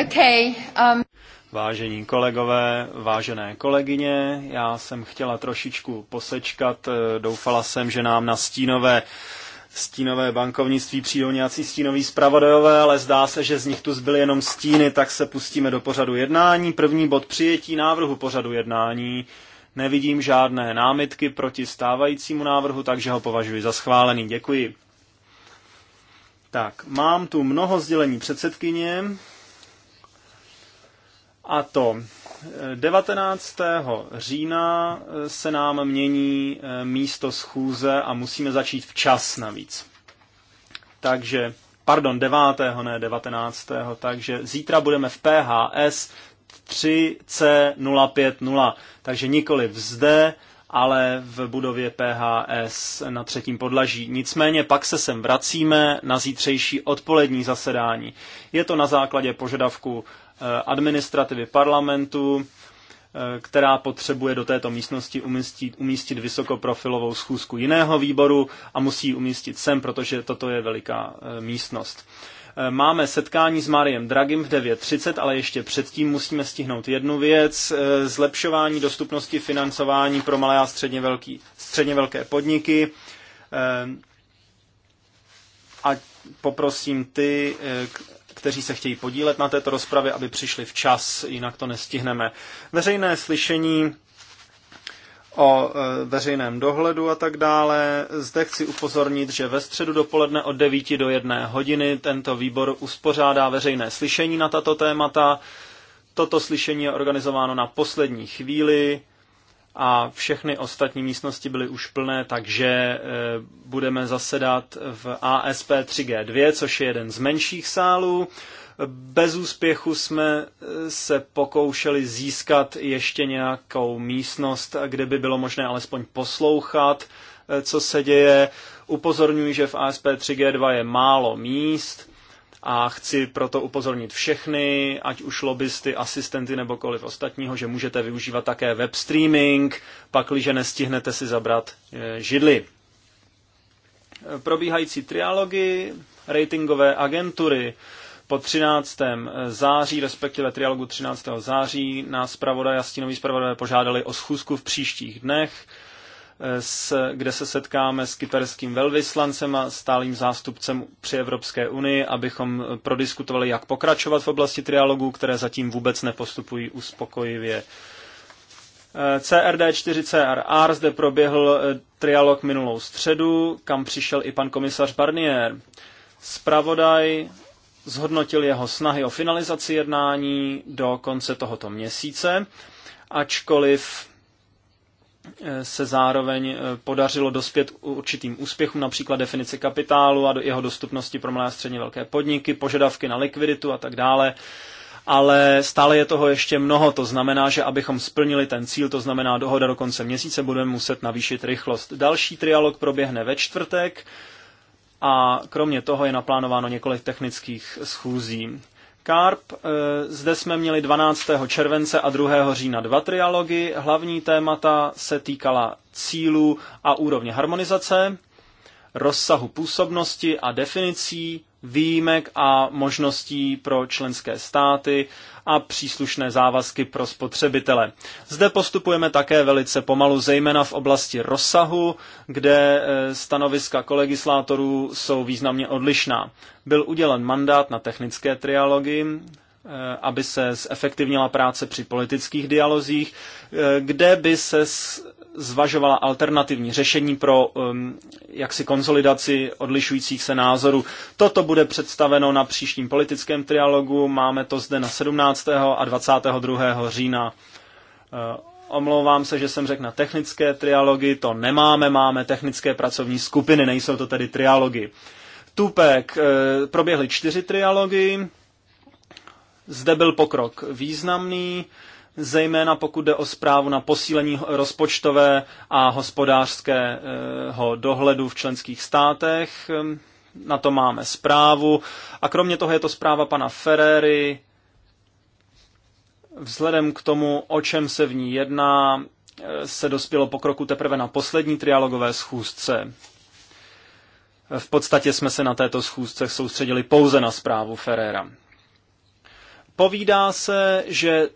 Okay, um... Vážení kolegové, vážené kolegyně, já jsem chtěla trošičku posečkat. Eh, doufala jsem, že nám na stínové stínové bankovnictví přijdou nějací stínoví zpravodajové, ale zdá se, že z nich tu zbyly jenom stíny, tak se pustíme do pořadu jednání. První bod přijetí návrhu pořadu jednání. Nevidím žádné námitky proti stávajícímu návrhu, takže ho považuji za schválený. Děkuji. Tak, mám tu mnoho sdělení předsedkyně. A to 19. Eh, října eh, se nám mění eh, místo schůze a musíme začít včas navíc. Takže, pardon, 9. ne 19. Takže zítra budeme v PHS 3C050, takže nikoli vzde, ale v budově PHS na třetím podlaží. Nicméně pak se sem vracíme na zítřejší odpolední zasedání. Je to na základě požadavku Eh, administrativy parlamentu, eh, která potřebuje do této místnosti umístit, umístit vysokoprofilovou schůzku jiného výboru a musí umístit sem, protože toto je veliká eh, místnost. Máme setkání s Mariem Dragim v 9.30, ale ještě předtím musíme stihnout jednu věc. Zlepšování dostupnosti financování pro malé a středně, velký, středně velké podniky. A poprosím ty, kteří se chtějí podílet na této rozpravě, aby přišli včas, jinak to nestihneme. Veřejné slyšení o e, veřejném dohledu a tak dále. Zde chci upozornit, že ve středu dopoledne od 9 do 1 hodiny tento výbor uspořádá veřejné slyšení na tato témata. Toto slyšení je organizováno na poslední chvíli a všechny ostatní místnosti byly už plné, takže e, budeme zasedat v ASP 3G2, což je jeden z menších sálů. Bez úspěchu jsme e, se pokoušeli získat ještě nějakou místnost, kde by bylo možné alespoň poslouchat, e, co se děje. Upozorňuji, že v ASP 3G2 je málo míst a chci proto upozornit všechny, ať už lobbysty, asistenty nebo koliv ostatního, že můžete využívat také web streaming, pakliže nestihnete si zabrat eh, židli. Probíhající triálogy, ratingové agentury, po 13. Eh, září, respektive trialogu 13. září, nás zpravodaj a stínový zpravodaj požádali o schůzku v příštích dnech s, kde se setkáme s kyperským velvyslancem a stálým zástupcem při Evropské unii, abychom prodiskutovali, jak pokračovat v oblasti trialogů, které zatím vůbec nepostupují uspokojivě. CRD 4CRR zde proběhl eh, trialog minulou středu, kam přišel i pan komisař Barnier. Spravodaj zhodnotil jeho snahy o finalizaci jednání do konce tohoto měsíce, ačkoliv se zároveň eh, podařilo dospět určitým úspěchům, například definici kapitálu a jeho dostupnosti pro malé a středně velké podniky, požadavky na likviditu a tak dále. Ale stále je toho ještě mnoho, to znamená, že abychom splnili ten cíl, to znamená dohoda do konce měsíce, budeme muset navýšit rychlost. Další trialog proběhne ve čtvrtek a kromě toho je naplánováno několik technických schůzí. Karp, eh, Zde jsme měli 12. července a 2. října dva trialogy. Hlavní témata se týkala cílů a úrovně harmonizace, rozsahu působnosti a definicí výjimek a možností pro členské státy a příslušné závazky pro spotřebitele. Zde postupujeme také velice pomalu, zejména v oblasti rozsahu, kde eh, stanoviska kolegislátorů jsou významně odlišná. Byl udělen mandát na technické trialogy, eh, aby se zefektivnila práce při politických dialozích, eh, kde by se zvažovala alternativní řešení pro um, jaksi konsolidaci odlišujících se názorů. Toto bude představeno na příštím politickém trialogu. Máme to zde na 17. a 22. října. Uh, omlouvám se, že jsem řekl na technické trialogy. To nemáme, máme technické pracovní skupiny, nejsou to tedy trialogy. Tupek, uh, proběhly čtyři trialogy. Zde byl pokrok významný. Uh, zejména pokud jde o zprávu na posílení rozpočtové a hospodářského dohledu v členských státech. Ehm, na to máme zprávu. A kromě toho je to zpráva pana Ferrery. Vzhledem k tomu, o čem se v ní jedná, eh, se dospělo pokroku teprve na poslední trialogové schůzce. V podstatě jsme se na této schůzce soustředili pouze na zprávu Ferrera. Povídá se, že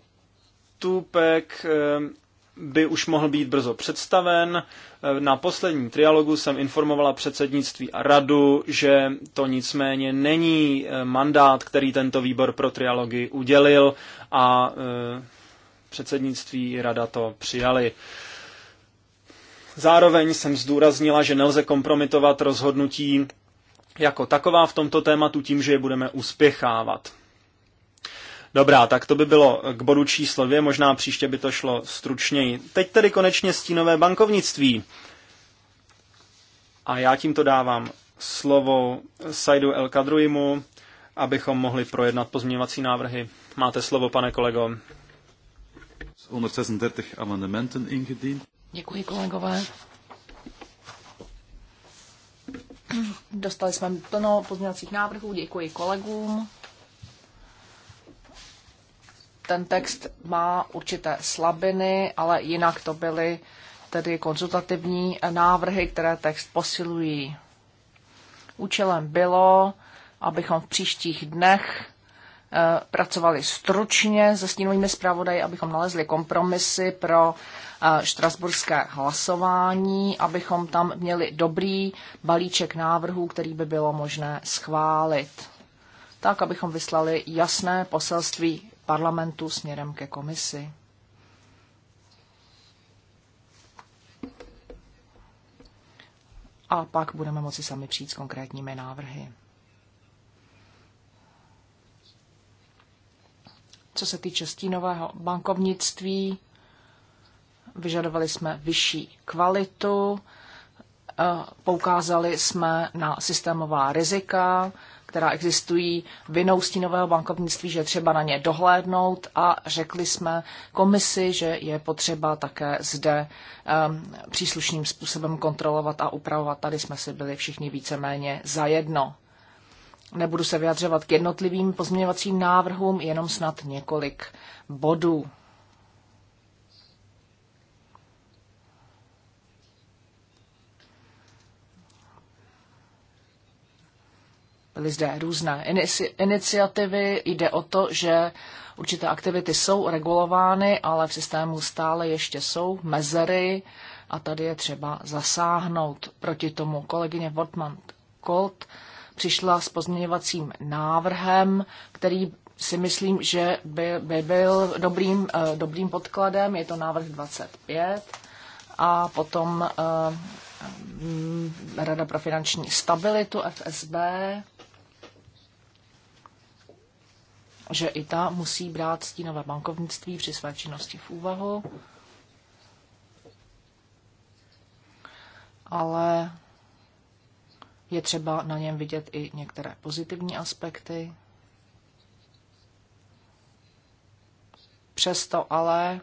Tupek eh, by už mohl být brzo představen. Eh, na posledním trialogu jsem informovala předsednictví a radu, že to nicméně není eh, mandát, který tento výbor pro trialogy udělil a předsednictví i rada to přijali. Zároveň jsem zdůraznila, že nelze kompromitovat rozhodnutí jako taková v tomto tématu tím, že je budeme uspěchávat. Dobrá, tak to by bylo k bodu číslo dvě, možná příště by to šlo stručněji. Teď tedy konečně stínové bankovnictví. A já tímto dávám slovo Saidu El Kadruimu, abychom mohli projednat pozměňovací návrhy. Máte slovo, pane kolego. 136 Děkuji, kolegové. Dostali jsme plno pozměňovacích návrhů, děkuji kolegům ten text má určité slabiny, ale jinak to byly tedy konzultativní návrhy, které text posilují. Účelem bylo, abychom v příštích dnech eh, pracovali stručně se stínovými zpravodaji, abychom nalezli kompromisy pro eh, štrasburské hlasování, abychom tam měli dobrý balíček návrhů, který by bylo možné schválit. Tak, abychom vyslali jasné poselství parlamentu směrem ke komisi. A pak budeme moci sami přijít s konkrétními návrhy. Co se týče stínového bankovnictví, vyžadovali jsme vyšší kvalitu, eh, poukázali jsme na systémová rizika, která existují vinou stínového bankovnictví, že třeba na ně dohlédnout a řekli jsme komisi, že je potřeba také zde um, příslušným způsobem kontrolovat a upravovat. Tady jsme si byli všichni víceméně zajedno. Nebudu se vyjadřovat k jednotlivým pozměňovacím návrhům, jenom snad několik bodů. zde různé iniciativy. Jde o to, že určité aktivity jsou regulovány, ale v systému stále ještě jsou mezery a tady je třeba zasáhnout proti tomu. Kolegyně Wortmann Kolt přišla s pozměňovacím návrhem, který si myslím, že by, by byl dobrým, eh, dobrým podkladem. Je to návrh 25 a potom eh, mm, Rada pro finanční stabilitu FSB že i ta musí brát stínové bankovnictví při své činnosti v úvahu. Ale je třeba na něm vidět i některé pozitivní aspekty. Přesto ale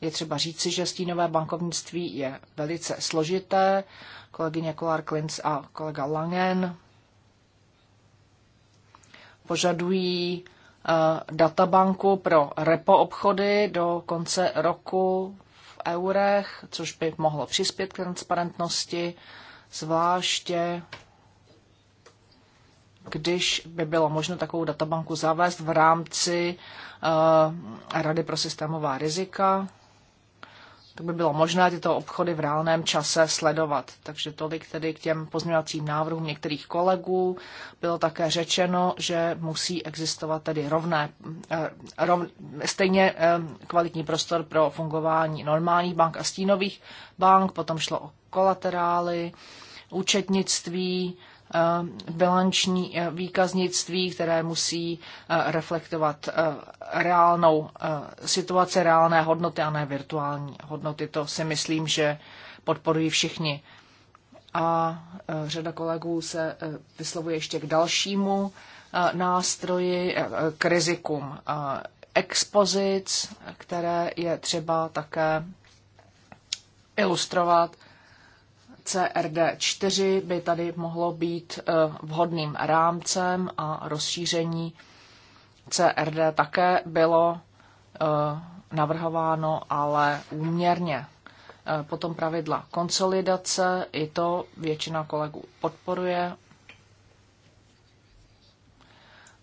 je třeba říci, že stínové bankovnictví je velice složité. Kolegyně Kolár Klinc a kolega Langen požadují Eh, databanku pro repo obchody do konce roku v eurech, což by mohlo přispět k transparentnosti, zvláště když by bylo možno takovou databanku zavést v rámci uh, Rady pro systémová rizika to by bylo možné tyto obchody v reálném čase sledovat. Takže tolik tedy k těm pozměňovacím návrhům některých kolegů. Bylo také řečeno, že musí existovat tedy rovné, eh, rov, stejně eh, kvalitní prostor pro fungování normálních bank a stínových bank, potom šlo o kolaterály, účetnictví, Eh, bilanční eh, výkaznictví, které musí eh, reflektovat reálnou situaci, reálné hodnoty a ne virtuální hodnoty. To si myslím, že podporují všichni. A řada kolegů se vyslovuje ještě k dalšímu nástroji, k rizikům expozic, které je třeba také ilustrovat CRD4 by tady mohlo být eh, vhodným rámcem a rozšíření CRD také bylo eh, navrhováno, ale úměrně. Eh, potom pravidla konsolidace, i to většina kolegů podporuje.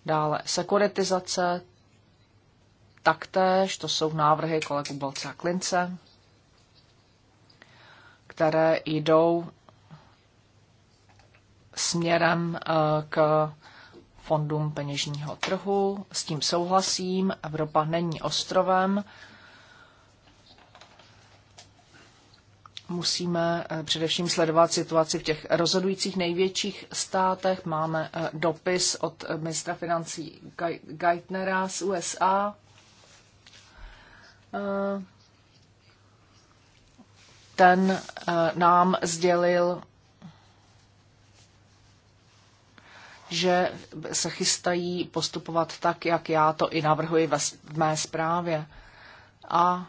Dále sekuritizace, taktéž, to jsou návrhy kolegů Balce a Klince které jdou směrem eh, k fondům peněžního trhu. S tím souhlasím, Evropa není ostrovem. Musíme eh, především sledovat situaci v těch rozhodujících největších státech. Máme eh, dopis od ministra financí Geithnera z USA ten eh, nám sdělil, že se chystají postupovat tak, jak já to i navrhuji v mé zprávě. A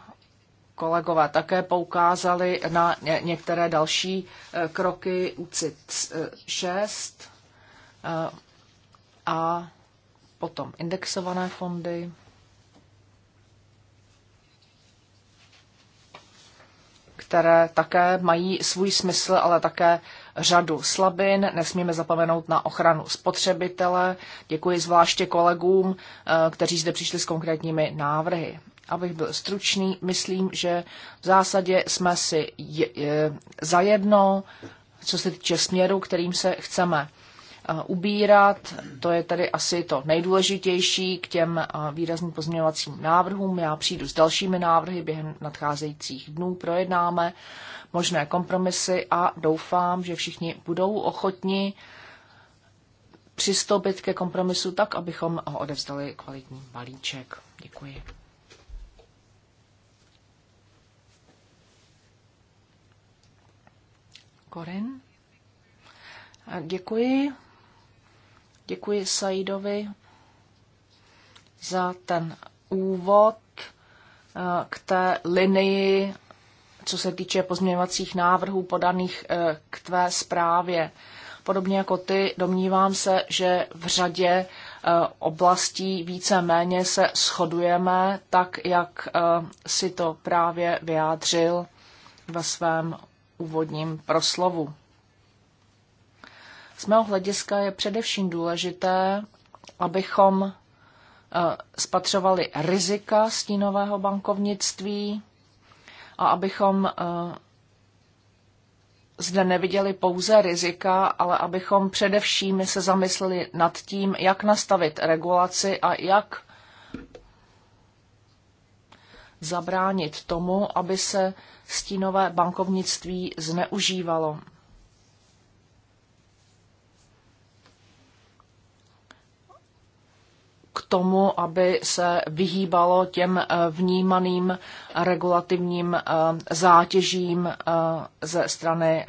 kolegové také poukázali na některé další eh, kroky UCIT 6 eh, a potom indexované fondy. které také mají svůj smysl, ale také řadu slabin. Nesmíme zapomenout na ochranu spotřebitele. Děkuji zvláště kolegům, eh, kteří zde přišli s konkrétními návrhy. Abych byl stručný, myslím, že v zásadě jsme si je, je, zajedno, co se týče směru, kterým se chceme ubírat. To je tady asi to nejdůležitější k těm výrazným pozměňovacím návrhům. Já přijdu s dalšími návrhy během nadcházejících dnů, projednáme možné kompromisy a doufám, že všichni budou ochotni přistoupit ke kompromisu tak, abychom ho odevzdali kvalitní balíček. Děkuji. Korin. Děkuji. Děkuji Saidovi za ten úvod eh, k té linii, co se týče pozměňovacích návrhů podaných eh, k tvé zprávě. Podobně jako ty, domnívám se, že v řadě eh, oblastí více méně se shodujeme, tak jak si to právě vyjádřil ve svém úvodním proslovu. Z mého hlediska je především důležité, abychom eh, spatřovali rizika stínového bankovnictví a abychom eh, zde neviděli pouze rizika, ale abychom především se zamysleli nad tím, jak nastavit regulaci a jak zabránit tomu, aby se stínové bankovnictví zneužívalo. k tomu, aby se vyhýbalo těm eh, vnímaným regulativním eh, zátěžím eh, ze strany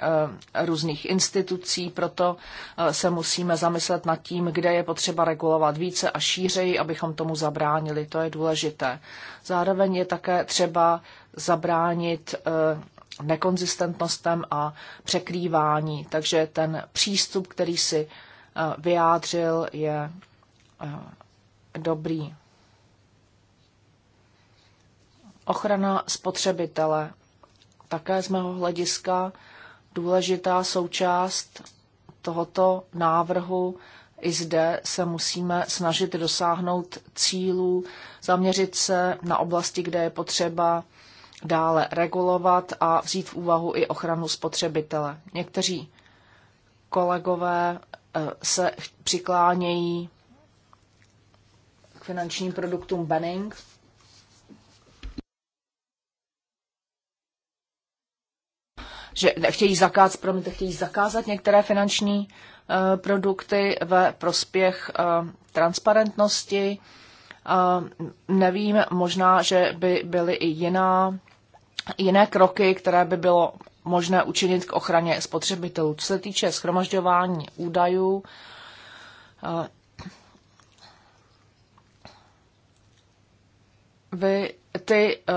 různých institucí. Proto se musíme zamyslet nad tím, kde je potřeba regulovat více a šířeji, abychom tomu zabránili. To je důležité. Zároveň je také třeba zabránit nekonzistentnostem a překrývání. Takže ten přístup, který si vyjádřil, je dobrý. Ochrana spotřebitele. Také z mého hlediska důležitá součást tohoto návrhu. I zde se musíme snažit dosáhnout cílů, zaměřit se na oblasti, kde je potřeba dále regulovat a vzít v úvahu i ochranu spotřebitele. Někteří kolegové eh, se přiklánějí finančním produktům Banning. Že chtějí, zakázat, promiňte, chtějí zakázat některé finanční uh, produkty ve prospěch uh, transparentnosti. Uh, nevím, možná, že by byly i jiná, jiné kroky, které by bylo možné učinit k ochraně spotřebitelů. Co se týče schromažďování údajů, Vy ty eh,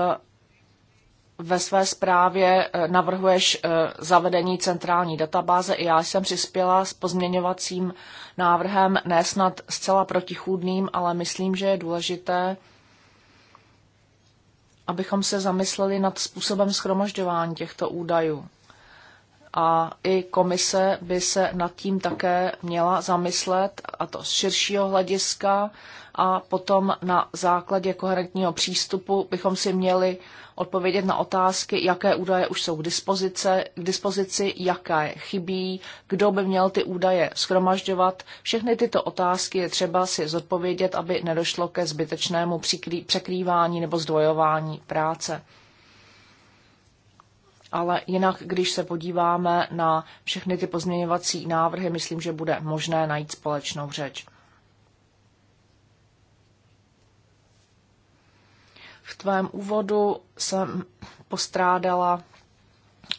ve své zprávě eh, navrhuješ eh, zavedení centrální databáze. I já jsem přispěla s pozměňovacím návrhem, ne snad zcela protichůdným, ale myslím, že je důležité, abychom se zamysleli nad způsobem schromažďování těchto údajů. A i komise by se nad tím také měla zamyslet, a to z širšího hlediska, a potom na základě koherentního přístupu bychom si měli odpovědět na otázky, jaké údaje už jsou k, dispozici, k dispozici, jaké chybí, kdo by měl ty údaje schromažďovat. Všechny tyto otázky je třeba si zodpovědět, aby nedošlo ke zbytečnému překrývání nebo zdvojování práce. Ale jinak, když se podíváme na všechny ty pozměňovací návrhy, myslím, že bude možné najít společnou řeč. V tvém úvodu jsem postrádala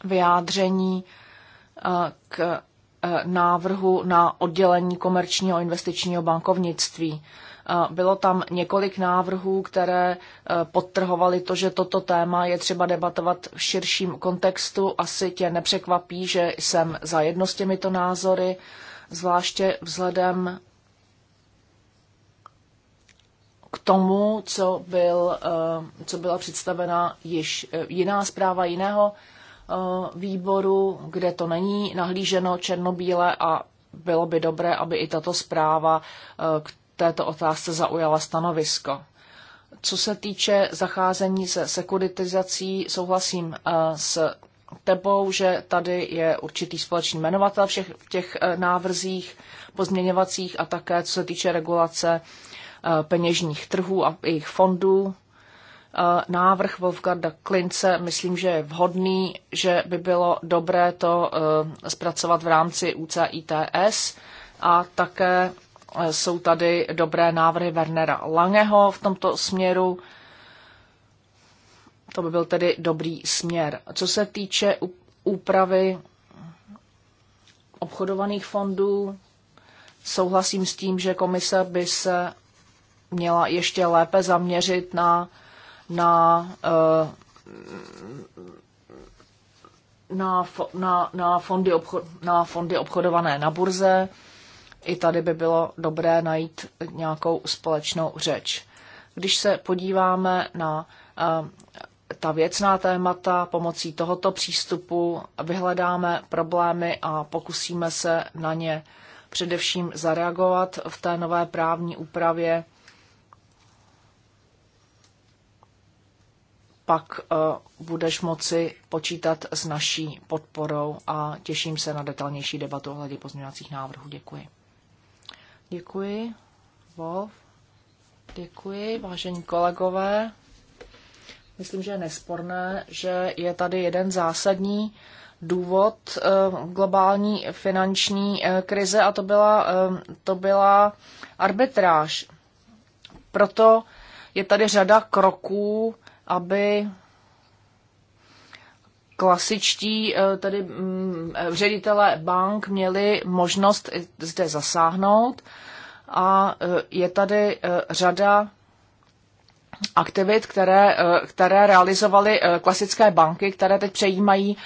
vyjádření eh, k eh, návrhu na oddělení komerčního investičního bankovnictví. Eh, bylo tam několik návrhů, které podtrhovaly to, že toto téma je třeba debatovat v širším kontextu. Asi tě nepřekvapí, že jsem za jedno s těmito názory, zvláště vzhledem k tomu, co, byl, eh, co byla představena již eh, jiná zpráva jiného eh, výboru, kde to není nahlíženo černobíle a bylo by dobré, aby i tato zpráva k této otázce zaujala stanovisko. Co se týče zacházení se sekuritizací, souhlasím s tebou, že tady je určitý společný jmenovatel všech těch návrzích pozměňovacích a také co se týče regulace Eh, peněžních trhů a jejich fondů. Eh, návrh Wolfgarda Klince myslím, že je vhodný, že by bylo dobré to eh, zpracovat v rámci UCITS a také jsou tady dobré návrhy Wernera Langeho v tomto směru. To by byl tedy dobrý směr. Co se týče úpravy obchodovaných fondů, souhlasím s tím, že komise by se měla ještě lépe zaměřit na, na, eh, na, na, na, fondy, obchod, na fondy obchodované na burze. I tady by bylo dobré najít nějakou společnou řeč. Když se podíváme na eh, ta věcná témata pomocí tohoto přístupu vyhledáme problémy a pokusíme se na ně především zareagovat v té nové právní úpravě pak eh, budeš moci počítat s naší podporou a těším se na detailnější debatu ohledně pozměňovacích návrhů. Děkuji. Děkuji. Wolf. Děkuji, vážení kolegové. Myslím, že je nesporné, že je tady jeden zásadní důvod eh, globální finanční eh, krize a to byla, to byla arbitráž. Proto je tady řada kroků, aby klasičtí eh, tedy mm, ředitelé bank měli možnost zde zasáhnout a eh, je tady eh, řada aktivit, které, které realizovaly klasické banky, které teď přejímají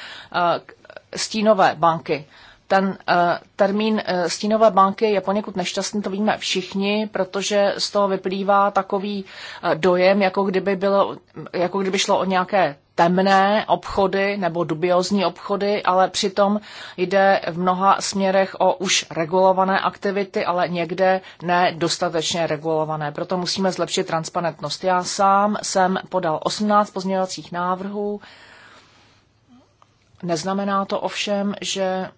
stínové banky ten eh, termín eh, stínové banky je poněkud nešťastný, to víme všichni, protože z toho vyplývá takový eh, dojem, jako kdyby, bylo, jako kdyby šlo o nějaké temné obchody nebo dubiozní obchody, ale přitom jde v mnoha směrech o už regulované aktivity, ale někde nedostatečně regulované. Proto musíme zlepšit transparentnost. Já sám jsem podal 18 pozměňovacích návrhů. Neznamená to ovšem, že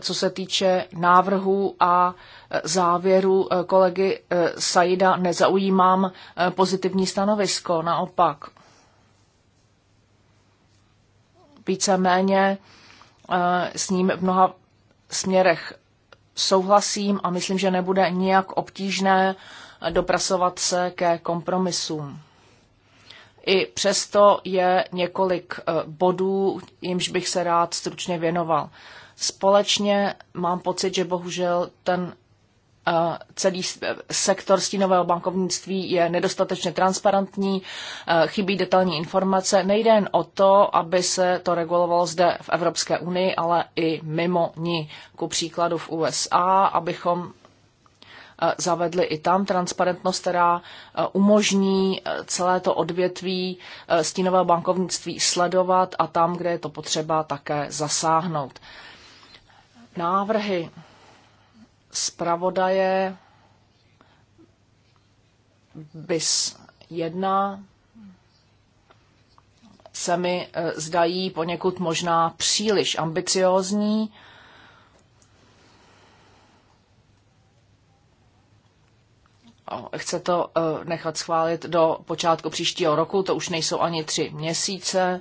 co se týče návrhu a závěru e, kolegy e, Saida, nezaujímám e, pozitivní stanovisko, naopak. Víceméně s ním v mnoha směrech souhlasím a myslím, že nebude nijak obtížné dopracovat se ke kompromisům. I přesto je několik bodů, jimž bych se rád stručně věnoval společně mám pocit, že bohužel ten eh, celý sektor stínového bankovnictví je nedostatečně transparentní, eh, chybí detailní informace. Nejde jen o to, aby se to regulovalo zde v Evropské unii, ale i mimo ní, ku příkladu v USA, abychom eh, zavedli i tam transparentnost, která umožní celé to odvětví stínového bankovnictví sledovat a tam, kde je to potřeba, také zasáhnout. Návrhy zpravodaje BIS 1 se mi e, zdají poněkud možná příliš ambiciózní. Chce to e, nechat schválit do počátku příštího roku, to už nejsou ani tři měsíce.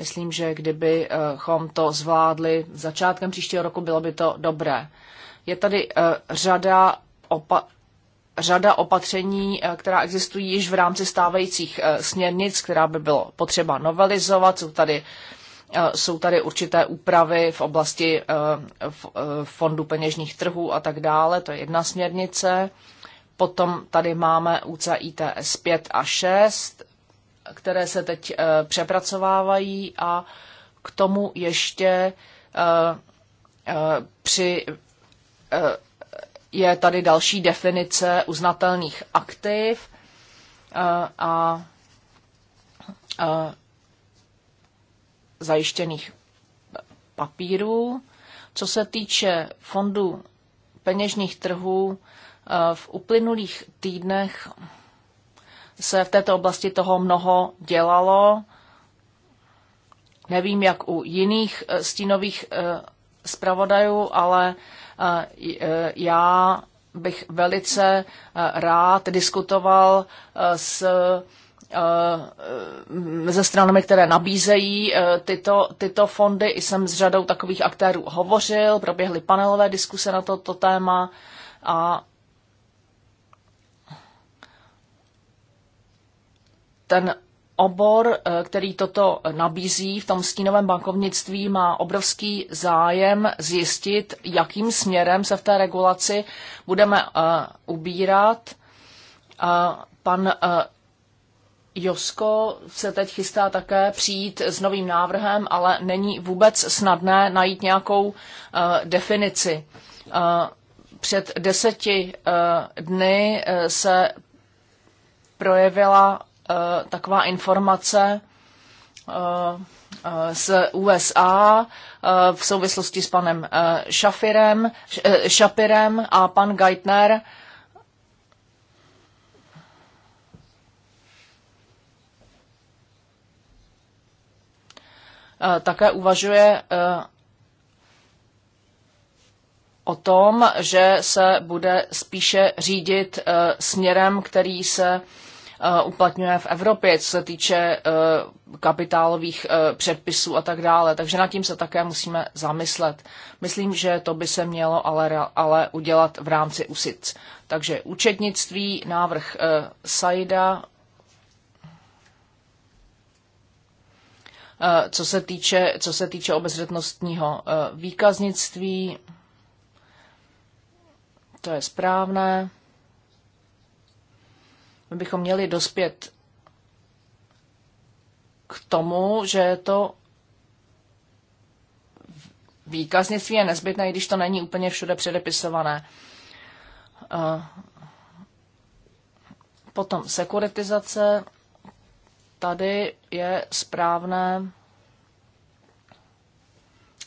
Myslím, že kdybychom to zvládli začátkem příštího roku, bylo by to dobré. Je tady eh, řada, opa- řada opatření, eh, která existují již v rámci stávajících eh, směrnic, která by bylo potřeba novelizovat. Jsou tady jsou tady určité úpravy v oblasti fondu peněžních trhů a tak dále, to je jedna směrnice. Potom tady máme UCITS 5 a 6, které se teď eh, přepracovávají a k tomu ještě eh, eh, při je tady další definice uznatelných aktiv a zajištěných papírů. Co se týče fondu peněžních trhů, v uplynulých týdnech se v této oblasti toho mnoho dělalo. Nevím, jak u jiných eh, stínových eh, zpravodajů, ale eh, já bych velice rád diskutoval s ze stranami, které nabízejí tyto, tyto fondy. I jsem s řadou takových aktérů hovořil, proběhly panelové diskuse na toto téma a ten obor, eh, který toto nabízí v tom stínovém bankovnictví, má obrovský zájem zjistit, jakým směrem se v té regulaci budeme uh, ubírat. Uh, pan uh, Josko se teď chystá také přijít s novým návrhem, ale není vůbec snadné najít nějakou uh, definici. Uh, před deseti uh, dny uh, se projevila Eh, taková informace eh, eh, z USA v souvislosti s panem Šafirem, Šapirem a pan Geithner také uvažuje o tom, že se bude spíše řídit směrem, který se Eh, uplatňuje v Evropě, co se týče eh, kapitálových eh, předpisů a tak dále. Takže nad tím se také musíme zamyslet. Myslím, že to by se mělo ale, ale udělat v rámci USIC. Takže účetnictví, návrh Saida, co se týče, co se týče obezřetnostního výkaznictví, to je správné. My bychom měli dospět k tomu, že to výkaznictví je nezbytné, i když to není úplně všude předepisované. Eh, potom sekuritizace. Tady je správné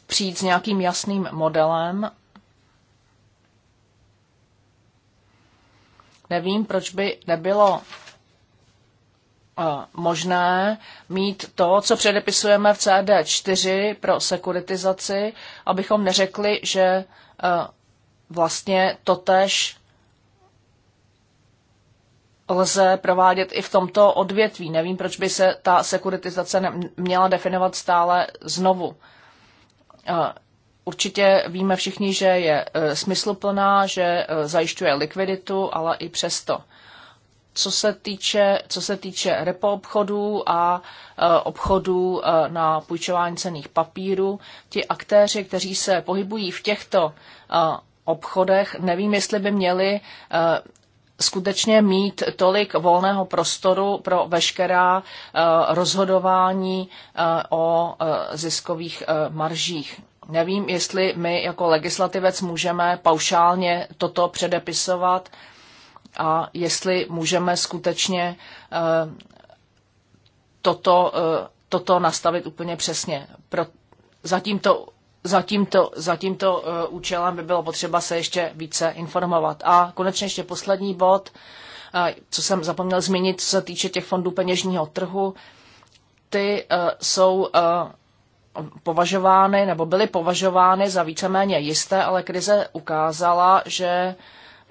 přijít s nějakým jasným modelem Nevím, proč by nebylo eh, možné mít to, co předepisujeme v CD4 pro sekuritizaci, abychom neřekli, že eh, vlastně totež lze provádět i v tomto odvětví. Nevím, proč by se ta sekuritizace měla definovat stále znovu. Eh, Určitě víme všichni, že je e, smysluplná, že e, zajišťuje likviditu, ale i přesto. Co se týče, co se týče repo obchodů a e, obchodů na půjčování cených papírů, ti aktéři, kteří se pohybují v těchto obchodech, nevím, jestli by měli skutečně mít tolik volného prostoru pro veškerá rozhodování o ziskových maržích. Nevím, jestli my jako legislativec můžeme paušálně toto předepisovat a jestli můžeme skutečně eh, toto, eh, toto nastavit úplně přesně. Pro, zatím to za tímto, za tímto eh, účelem by bylo potřeba se ještě více informovat. A konečně ještě poslední bod, co jsem zapomněl zmínit, co se týče těch fondů peněžního trhu. Ty jsou považovány nebo byly považovány za víceméně jisté, ale krize ukázala, že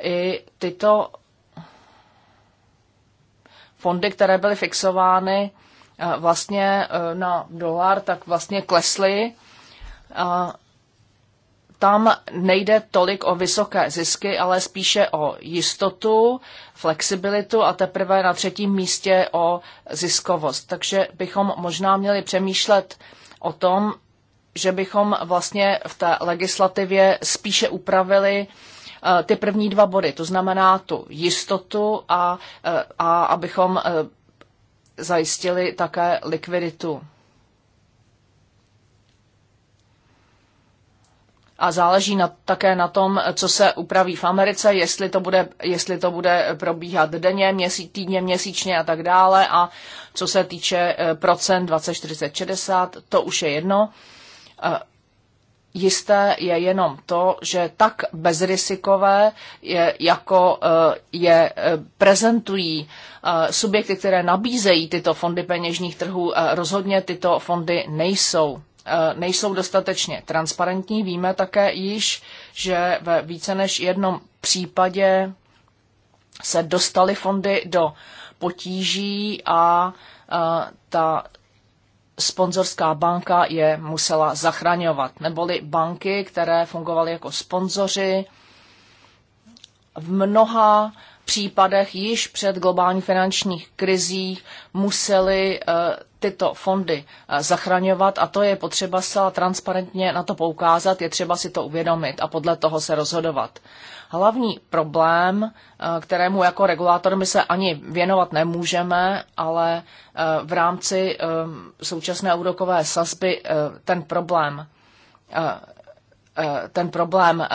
i tyto fondy, které byly fixovány eh, vlastně eh, na dolar, tak vlastně klesly. Eh, tam nejde tolik o vysoké zisky, ale spíše o jistotu, flexibilitu a teprve na třetím místě o ziskovost. Takže bychom možná měli přemýšlet, o tom, že bychom vlastně v té legislativě spíše upravili eh, ty první dva body, to znamená tu jistotu a, eh, a abychom eh, zajistili také likviditu. a záleží na, také na tom, co se upraví v Americe, jestli to bude, jestli to bude probíhat denně, měsíc, týdně, měsíčně a tak dále a co se týče eh, procent 20, 40, 60, to už je jedno. Eh, jisté je jenom to, že tak bezrisikové, je, jako eh, je prezentují subjekty, které nabízejí tyto fondy peněžních trhů, rozhodně tyto fondy nejsou. Eh, nejsou dostatečně transparentní. Víme také již, že ve více než jednom případě se dostaly fondy do potíží a eh, ta sponzorská banka je musela zachraňovat. Neboli banky, které fungovaly jako sponzoři, v mnoha případech již před globální finanční krizí museli eh, tyto fondy eh, zachraňovat a to je potřeba zcela transparentně na to poukázat, je třeba si to uvědomit a podle toho se rozhodovat. Hlavní problém, eh, kterému jako regulátor my se ani věnovat nemůžeme, ale eh, v rámci současné úrokové sazby ten problém ten problém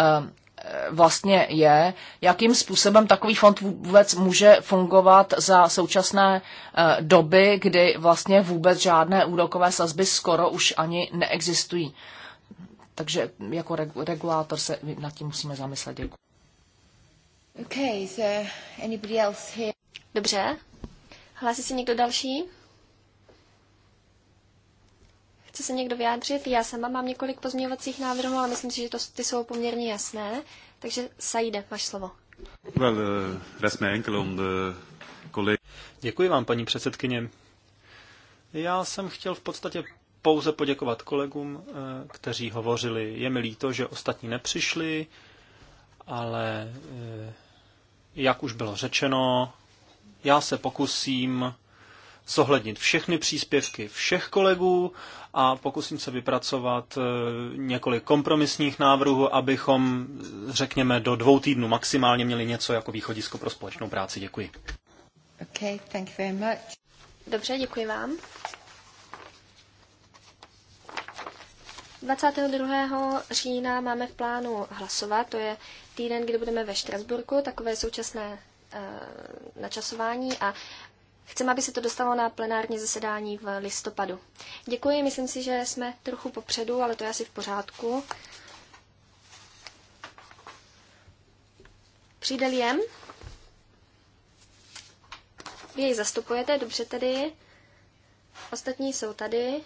vlastně je, jakým způsobem takový fond vůbec může fungovat za současné eh, doby, kdy vlastně vůbec žádné úrokové sazby skoro už ani neexistují. Takže jako regulátor se nad tím musíme zamyslet. Děkuji. Okay, so anybody else here? Dobře. Hlásí se někdo další? Chce se někdo vyjádřit? Já sama mám několik pozměňovacích návrhů, ale myslím si, že to, ty jsou poměrně jasné. Takže Saide, máš slovo. Well, eh, uh, Děkuji vám, paní předsedkyně. Já jsem chtěl v podstatě pouze poděkovat kolegům, eh, kteří hovořili. Je mi líto, že ostatní nepřišli, ale eh, jak už bylo řečeno, já se pokusím zohlednit všechny příspěvky všech kolegů a pokusím se vypracovat eh, několik kompromisních návrhů, abychom, eh, řekněme, do dvou týdnů maximálně měli něco jako východisko pro společnou práci. Děkuji. Okay, thank you very much. Dobře, děkuji vám. 22. října máme v plánu hlasovat, to je týden, kdy budeme ve Štrasburku, takové současné e, načasování a Chceme, aby se to dostalo na plenární zasedání v listopadu. Děkuji, myslím si, že jsme trochu popředu, ale to je asi v pořádku. Přijde Liem? Vy jej zastupujete, dobře tady. Ostatní jsou tady.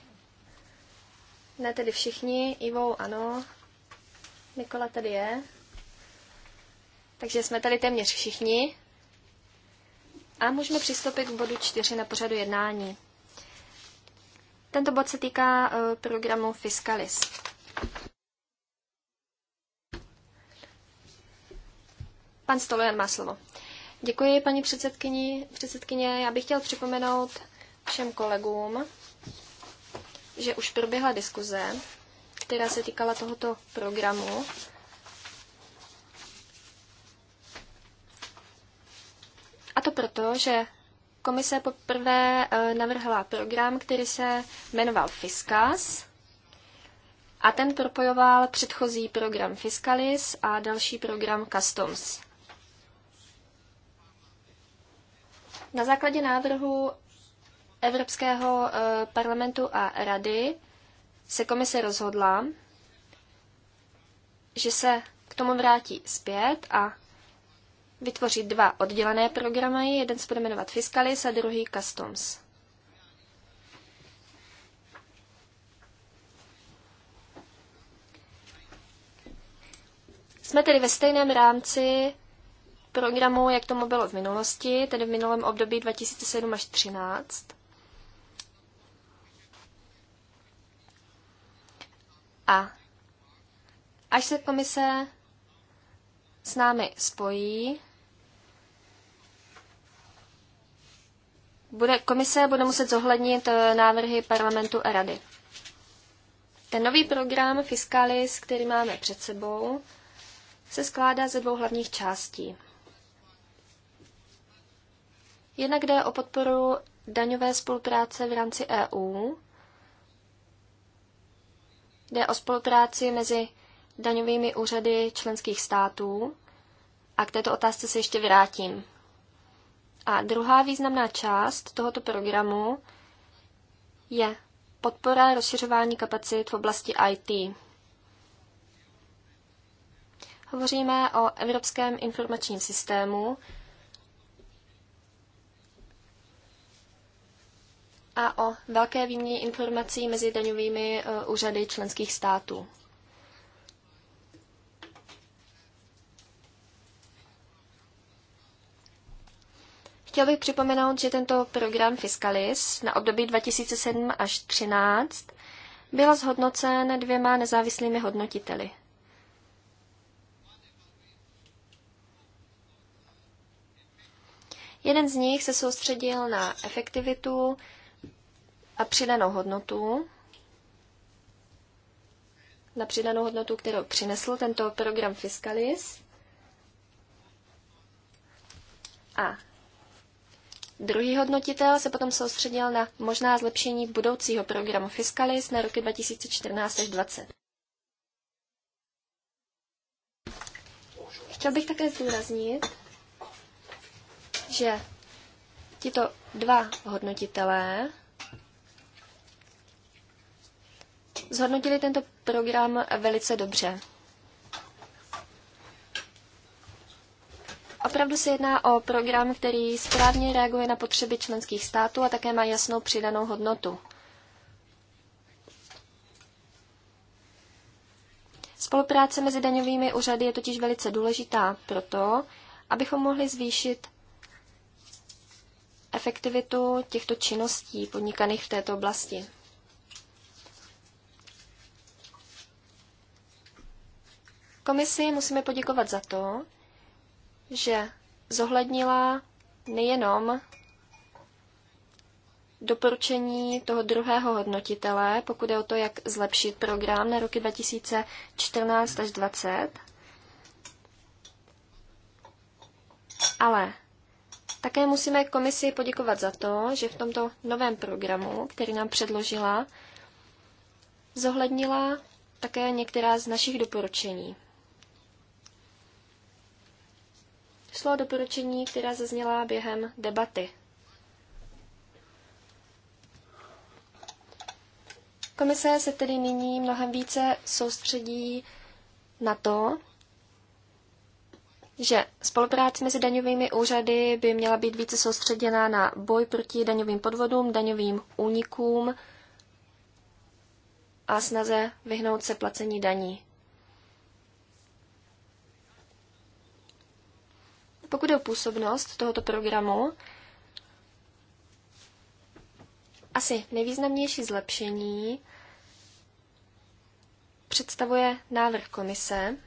Ne tedy všichni, Ivou ano. Nikola tady je. Takže jsme tady téměř všichni. A můžeme přistoupit k bodu 4 na pořadu jednání. Tento bod se týká eh, programu Fiscalis. Pan Stolojan má slovo. Děkuji, paní předsedkyni. předsedkyně. Já bych chtěl připomenout všem kolegům, že už proběhla diskuze, která se týkala tohoto programu to proto, že komise poprvé e, navrhla program, který se jmenoval Fiskas a ten propojoval předchozí program Fiscalis a další program Customs. Na základě návrhu Evropského e, parlamentu a rady se komise rozhodla, že se k tomu vrátí zpět a vytvořit dva oddělené programy, jeden se bude jmenovat Fiscalis a druhý Customs. Jsme tedy ve stejném rámci programu, jak tomu bylo v minulosti, tedy v minulém období 2007 až 2013. A až se komise s námi spojí, bude, komise bude muset zohlednit eh, návrhy parlamentu a rady. Ten nový program Fiscalis, který máme před sebou, se skládá ze dvou hlavních částí. Jednak jde o podporu daňové spolupráce v rámci EU, jde o spolupráci mezi daňovými úřady členských států a k této otázce se ještě vrátím. A druhá významná část tohoto programu je podpora rozšiřování kapacit v oblasti IT. Hovoříme o Evropském informačním systému a o velké výměně informací mezi daňovými eh, úřady členských států. Chtěl bych připomenout, že tento program Fiscalis na období 2007 až 2013 byl zhodnocen dvěma nezávislými hodnotiteli. Jeden z nich se soustředil na efektivitu a přidanou hodnotu, na přidanou hodnotu, kterou přinesl tento program Fiscalis. A Druhý hodnotitel se potom soustředil na možná zlepšení budoucího programu Fiscalis na roky 2014 až 2020. Chtěl bych také zdůraznit, že tito dva hodnotitelé zhodnotili tento program velice dobře. Opravdu se jedná o program, který správně reaguje na potřeby členských států a také má jasnou přidanou hodnotu. Spolupráce mezi daňovými úřady je totiž velice důležitá proto, abychom mohli zvýšit efektivitu těchto činností podnikaných v této oblasti. Komisi musíme poděkovat za to, že zohlednila nejenom doporučení toho druhého hodnotitele, pokud je o to, jak zlepšit program na roky 2014 až 2020, ale také musíme komisi poděkovat za to, že v tomto novém programu, který nám předložila, zohlednila také některá z našich doporučení. Šlo o doporučení, která zazněla během debaty. Komise se tedy nyní mnohem více soustředí na to, že spolupráce mezi daňovými úřady by měla být více soustředěna na boj proti daňovým podvodům, daňovým únikům a snaze vyhnout se placení daní. Pokud je o působnost tohoto programu, asi nejvýznamnější zlepšení představuje návrh komise.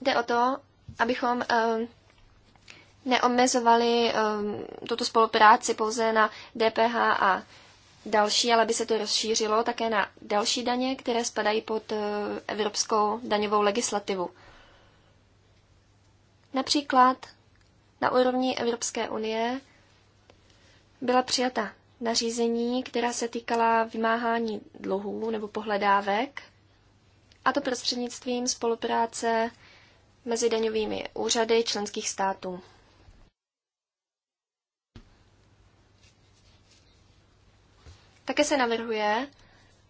Jde o to, abychom ehm, neomezovali ehm, tuto spolupráci pouze na DPH a další, ale by se to rozšířilo také na další daně, které spadají pod eh, evropskou daňovou legislativu. Například na úrovni Evropské unie byla přijata nařízení, která se týkala vymáhání dluhů nebo pohledávek, a to prostřednictvím spolupráce mezi daňovými úřady členských států. Také se navrhuje,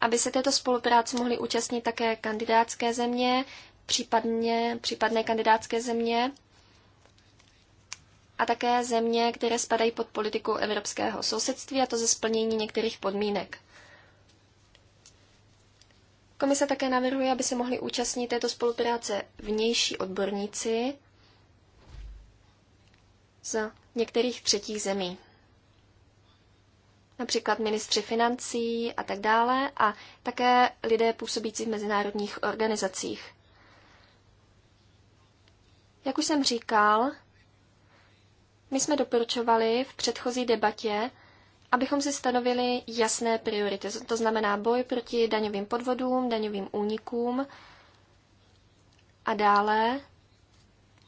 aby se této spolupráce mohly účastnit také kandidátské země, případně, případné kandidátské země a také země, které spadají pod politiku evropského sousedství, a to ze splnění některých podmínek. Komise také navrhuje, aby se mohli účastnit této spolupráce vnější odborníci z některých třetích zemí například ministři financí a tak dále, a také lidé působící v mezinárodních organizacích. Jak už jsem říkal, my jsme doporučovali v předchozí debatě, abychom si stanovili jasné priority. To znamená boj proti daňovým podvodům, daňovým únikům a dále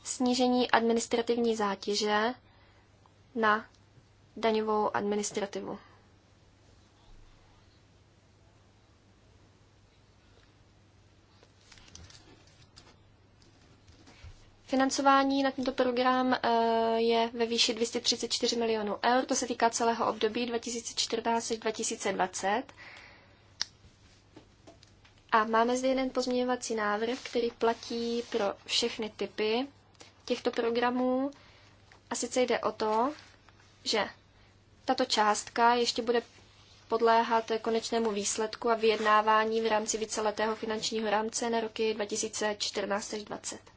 snížení administrativní zátěže na daňovou administrativu. Financování na tento program eh, je ve výši 234 milionů eur, to se týká celého období 2014 2020. A máme zde jeden pozměňovací návrh, který platí pro všechny typy těchto programů. A sice jde o to, že tato částka ještě bude podléhat konečnému výsledku a vyjednávání v rámci víceletého finančního rámce na roky 2014 2020.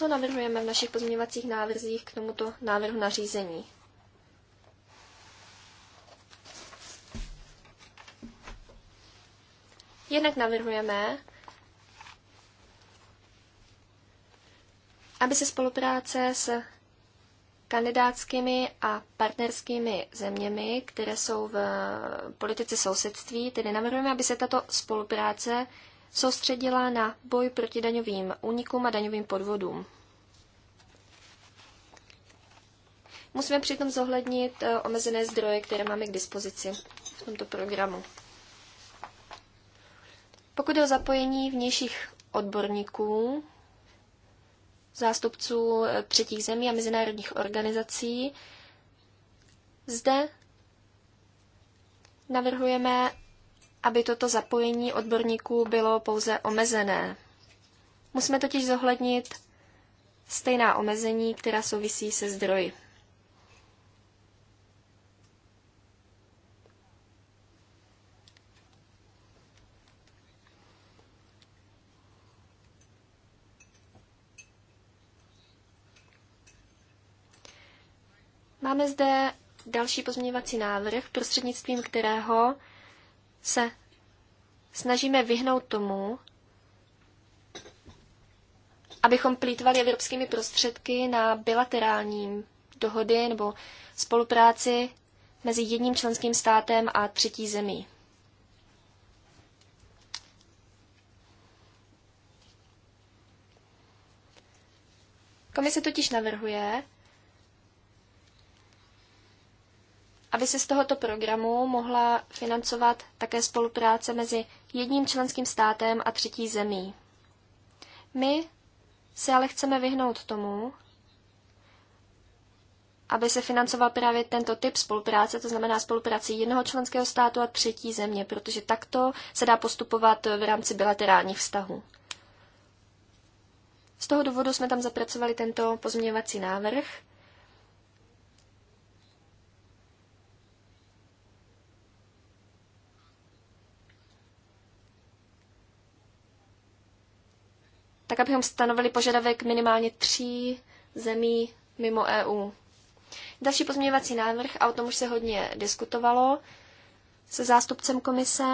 co navrhujeme v našich pozměňovacích návrzích k tomuto návrhu nařízení. Jednak navrhujeme, aby se spolupráce s kandidátskými a partnerskými zeměmi, které jsou v politice sousedství, tedy navrhujeme, aby se tato spolupráce soustředila na boj proti daňovým únikům a daňovým podvodům. Musíme přitom zohlednit eh, omezené zdroje, které máme k dispozici v tomto programu. Pokud je o zapojení vnějších odborníků, zástupců eh, třetích zemí a mezinárodních organizací, zde navrhujeme aby toto zapojení odborníků bylo pouze omezené. Musíme totiž zohlednit stejná omezení, která souvisí se zdroji. Máme zde další pozměňovací návrh, prostřednictvím kterého se snažíme vyhnout tomu, abychom plítvali evropskými prostředky na bilaterální dohody nebo spolupráci mezi jedním členským státem a třetí zemí. Komise totiž navrhuje, aby se z tohoto programu mohla financovat také spolupráce mezi jedním členským státem a třetí zemí. My se ale chceme vyhnout tomu, aby se financoval právě tento typ spolupráce, to znamená spolupráce jednoho členského státu a třetí země, protože takto se dá postupovat v rámci bilaterálních vztahů. Z toho důvodu jsme tam zapracovali tento pozměňovací návrh, tak abychom stanovili požadavek minimálně tří zemí mimo EU. Další pozměňovací návrh, a o tom už se hodně diskutovalo se zástupcem komise,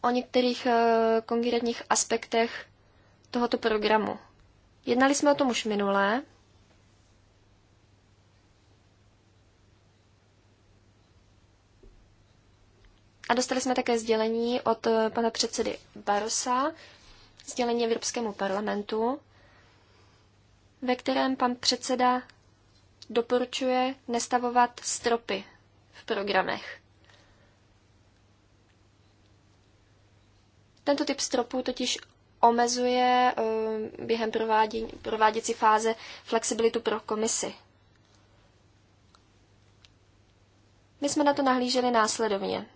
o některých eh, konkrétních aspektech tohoto programu. Jednali jsme o tom už minulé A dostali jsme také sdělení od eh, pana předsedy Barosa, sdělení Evropskému parlamentu, ve kterém pan předseda doporučuje nestavovat stropy v programech. Tento typ stropů totiž omezuje eh, během provádění, prováděcí fáze flexibilitu pro komisi. My jsme na to nahlíželi následovně.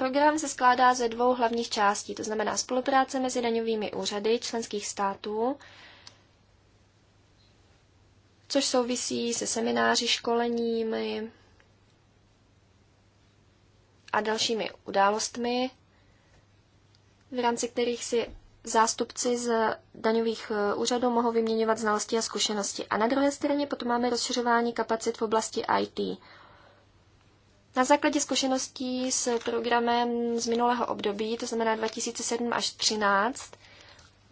Program se skládá ze dvou hlavních částí, to znamená spolupráce mezi daňovými úřady členských států, což souvisí se semináři, školeními a dalšími událostmi, v rámci kterých si zástupci z daňových eh, úřadů mohou vyměňovat znalosti a zkušenosti. A na druhé straně potom máme rozšiřování kapacit v oblasti IT. Na základě zkušeností s programem z minulého období, to znamená 2007 až 2013,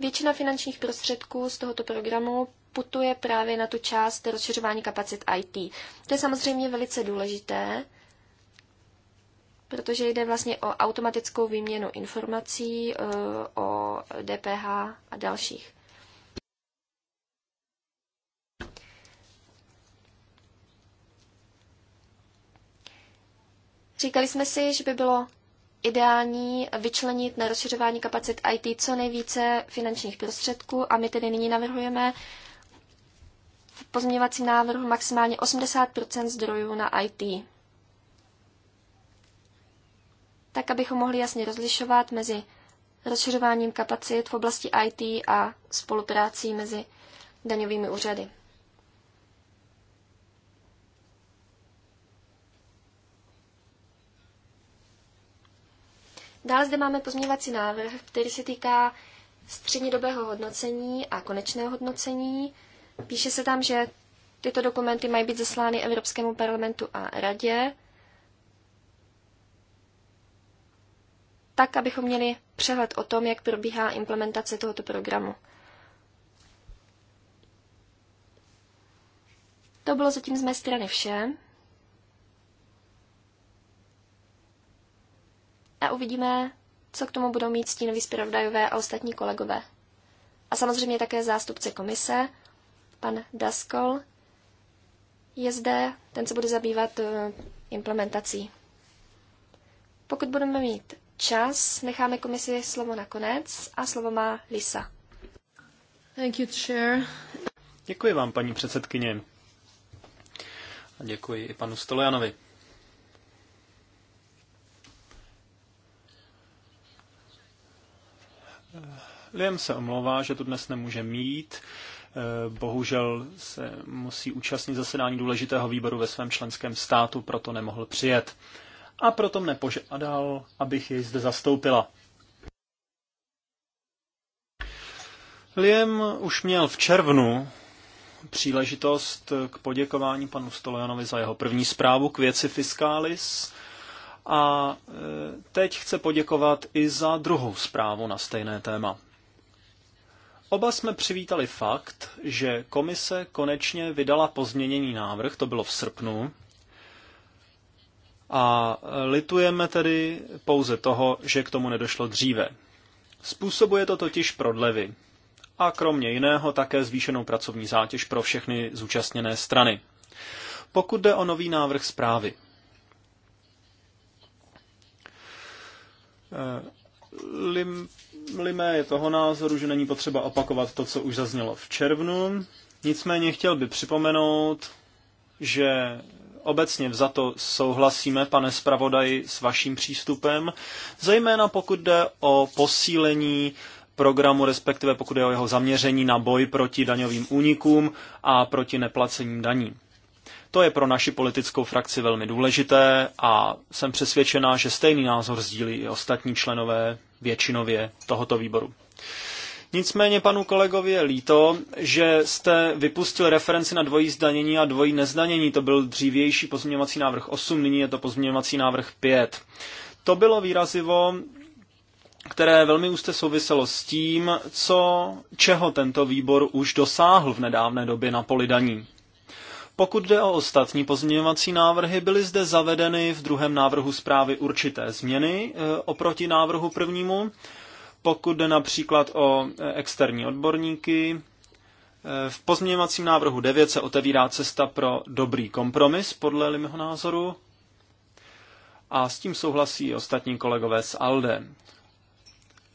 většina finančních prostředků z tohoto programu putuje právě na tu část rozšiřování kapacit IT. To je samozřejmě velice důležité, protože jde vlastně o automatickou výměnu informací, eh, o DPH a dalších. Říkali jsme si, že by bylo ideální vyčlenit na rozšiřování kapacit IT co nejvíce finančních prostředků a my tedy nyní navrhujeme v pozměňovacím návrhu maximálně 80 zdrojů na IT. Tak, abychom mohli jasně rozlišovat mezi rozšiřováním kapacit v oblasti IT a spoluprácí mezi daňovými úřady. Dále zde máme pozměňovací návrh, který se týká střednědobého hodnocení a konečného hodnocení. Píše se tam, že tyto dokumenty mají být zaslány Evropskému parlamentu a radě, tak, abychom měli přehled o tom, jak probíhá implementace tohoto programu. To bylo zatím z mé strany vše. a uvidíme, co k tomu budou mít stínoví zpravodajové a ostatní kolegové. A samozřejmě také zástupce komise, pan Daskol, je zde, ten se bude zabývat eh, implementací. Pokud budeme mít čas, necháme komisi slovo na konec a slovo má Lisa. Thank you, chair. Děkuji vám, paní předsedkyně. A děkuji i panu Stolianovi. Liam se omlouvá, že tu dnes nemůže mít. E, bohužel se musí účastnit zasedání důležitého výboru ve svém členském státu, proto nemohl přijet. A proto mne požádal, abych jej zde zastoupila. Liam už měl v červnu příležitost k poděkování panu Stolojanovi za jeho první zprávu k věci Fiscalis a e, teď chce poděkovat i za druhou zprávu na stejné téma. Oba jsme přivítali fakt, že komise konečně vydala pozměněný návrh, to bylo v srpnu, a litujeme tedy pouze toho, že k tomu nedošlo dříve. Způsobuje to totiž prodlevy a kromě jiného také zvýšenou pracovní zátěž pro všechny zúčastněné strany. Pokud jde o nový návrh zprávy. Eh, Lim Limé je toho názoru, že není potřeba opakovat to, co už zaznělo v červnu. Nicméně chtěl by připomenout, že obecně to souhlasíme, pane zpravodaji, s vaším přístupem, zejména pokud jde o posílení programu, respektive pokud je o jeho zaměření na boj proti daňovým únikům a proti neplacením daní. To je pro naši politickou frakci velmi důležité a jsem přesvědčená, že stejný názor sdílí i ostatní členové většinově tohoto výboru. Nicméně panu kolegovi je líto, že jste vypustil referenci na dvojí zdanění a dvojí nezdanění. To byl dřívější pozměňovací návrh 8, nyní je to pozměňovací návrh 5. To bylo výrazivo, které velmi úzce souviselo s tím, co, čeho tento výbor už dosáhl v nedávné době na poli daní. Pokud jde o ostatní pozměňovací návrhy, byly zde zavedeny v druhém návrhu zprávy určité změny e, oproti návrhu prvnímu. Pokud jde například o e, externí odborníky, e, v pozměňovacím návrhu 9 se otevírá cesta pro dobrý kompromis, podle mého názoru, a s tím souhlasí ostatní kolegové z ALDE.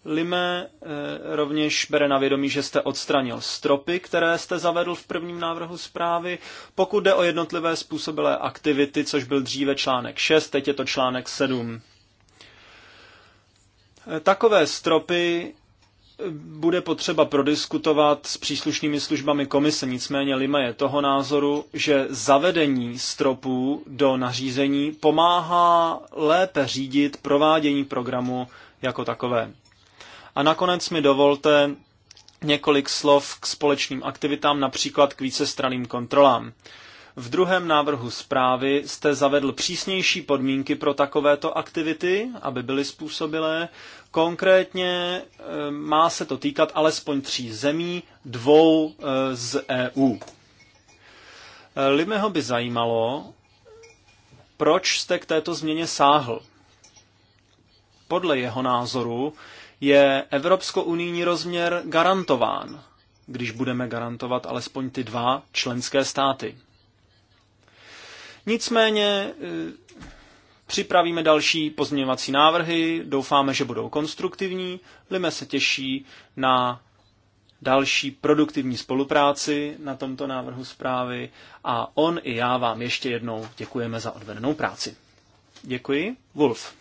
Lime eh, rovněž bere na vědomí, že jste odstranil stropy, které jste zavedl v prvním návrhu zprávy. Pokud jde o jednotlivé způsobilé aktivity, což byl dříve článek 6, teď je to článek 7. Eh, takové stropy eh, bude potřeba prodiskutovat s příslušnými službami komise, nicméně Lima je toho názoru, že zavedení stropů do nařízení pomáhá lépe řídit provádění programu jako takové. A nakonec mi dovolte několik slov k společným aktivitám, například k vícestraným kontrolám. V druhém návrhu zprávy jste zavedl přísnější podmínky pro takovéto aktivity, aby byly způsobilé. Konkrétně eh, má se to týkat alespoň tří zemí, dvou eh, z EU. Eh, Limeho by zajímalo, proč jste k této změně sáhl. Podle jeho názoru je evropsko-unijní rozměr garantován, když budeme garantovat alespoň ty dva členské státy. Nicméně eh, připravíme další pozměňovací návrhy, doufáme, že budou konstruktivní, Lime se těší na další produktivní spolupráci na tomto návrhu zprávy a on i já vám ještě jednou děkujeme za odvedenou práci. Děkuji. Wolf.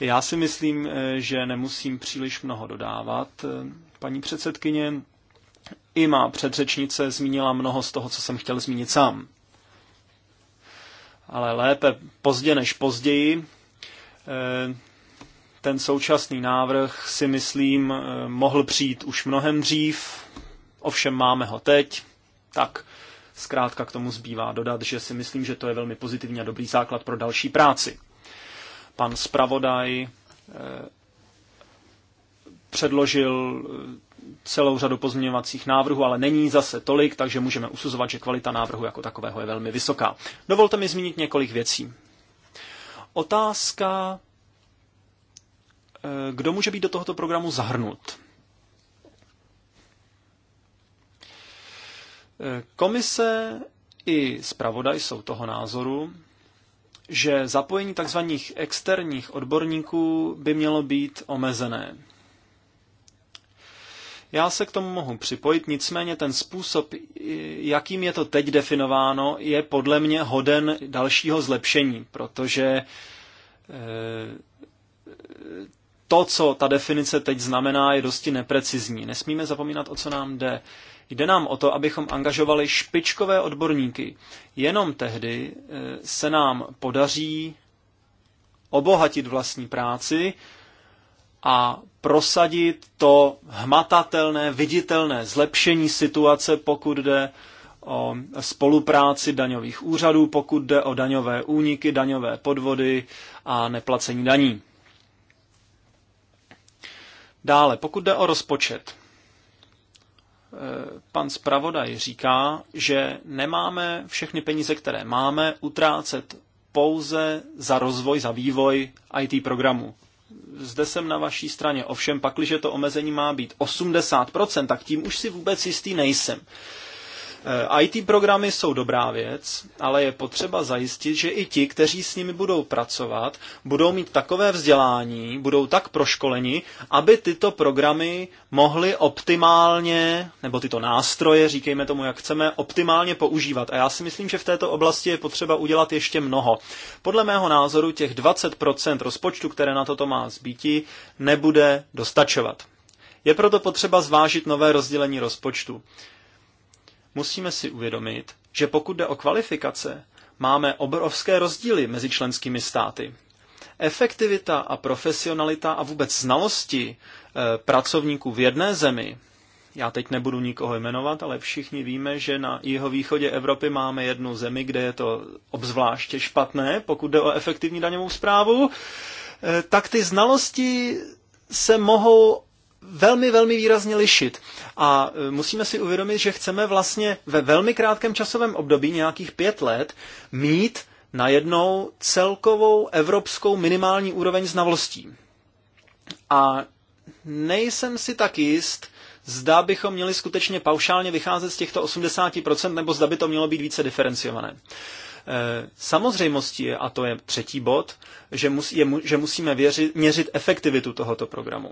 Já si myslím, eh, že nemusím příliš mnoho dodávat. Eh, paní předsedkyně, i má předřečnice zmínila mnoho z toho, co jsem chtěl zmínit sám. Ale lépe pozdě než později. Eh, ten současný návrh si myslím mohl přijít už mnohem dřív, ovšem máme ho teď. Tak zkrátka k tomu zbývá dodat, že si myslím, že to je velmi pozitivní a dobrý základ pro další práci pan zpravodaj eh, předložil eh, celou řadu pozměňovacích návrhů, ale není zase tolik, takže můžeme usuzovat, že kvalita návrhu jako takového je velmi vysoká. Dovolte mi zmínit několik věcí. Otázka, eh, kdo může být do tohoto programu zahrnut. Komise i zpravodaj jsou toho názoru, že zapojení tzv. externích odborníků by mělo být omezené. Já se k tomu mohu připojit, nicméně ten způsob, jakým je to teď definováno, je podle mě hoden dalšího zlepšení, protože e, to, co ta definice teď znamená, je dosti neprecizní. Nesmíme zapomínat, o co nám jde. Jde nám o to, abychom angažovali špičkové odborníky. Jenom tehdy eh, se nám podaří obohatit vlastní práci a prosadit to hmatatelné, viditelné zlepšení situace, pokud jde o spolupráci daňových úřadů, pokud jde o daňové úniky, daňové podvody a neplacení daní. Dále, pokud jde o rozpočet. Eh, pan zpravodaj říká, že nemáme všechny peníze, které máme, utrácet pouze za rozvoj, za vývoj IT programu. Zde jsem na vaší straně. Ovšem, pakliže to omezení má být 80%, tak tím už si vůbec jistý nejsem. Eh, IT programy jsou dobrá věc, ale je potřeba zajistit, že i ti, kteří s nimi budou pracovat, budou mít takové vzdělání, budou tak proškoleni, aby tyto programy mohly optimálně, nebo tyto nástroje, říkejme tomu, jak chceme, optimálně používat. A já si myslím, že v této oblasti je potřeba udělat ještě mnoho. Podle mého názoru těch 20% rozpočtu, které na toto má zbýti, nebude dostačovat. Je proto potřeba zvážit nové rozdělení rozpočtu musíme si uvědomit, že pokud jde o kvalifikace, máme obrovské rozdíly mezi členskými státy. Efektivita a profesionalita a vůbec znalosti eh, pracovníků v jedné zemi já teď nebudu nikoho jmenovat, ale všichni víme, že na jeho východě Evropy máme jednu zemi, kde je to obzvláště špatné, pokud jde o efektivní daňovou zprávu, eh, tak ty znalosti se mohou velmi, velmi výrazně lišit. A e, musíme si uvědomit, že chceme vlastně ve velmi krátkém časovém období, nějakých pět let, mít najednou celkovou evropskou minimální úroveň znalostí. A nejsem si tak jist, zda bychom měli skutečně paušálně vycházet z těchto 80%, nebo zda by to mělo být více diferenciované. E, samozřejmostí je, a to je třetí bod, že, mus, je, že musíme věřit, měřit efektivitu tohoto programu.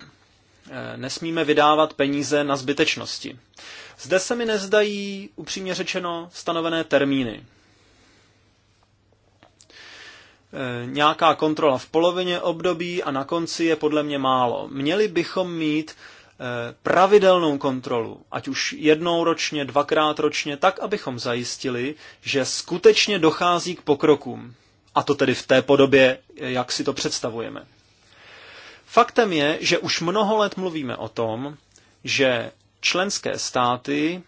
Eh, nesmíme vydávat peníze na zbytečnosti. Zde se mi nezdají, upřímně řečeno, stanovené termíny. Eh, nějaká kontrola v polovině období a na konci je podle mě málo. Měli bychom mít eh, pravidelnou kontrolu, ať už jednou ročně, dvakrát ročně, tak, abychom zajistili, že skutečně dochází k pokrokům. A to tedy v té podobě, jak si to představujeme. Faktem je, že už mnoho let mluvíme o tom, že členské státy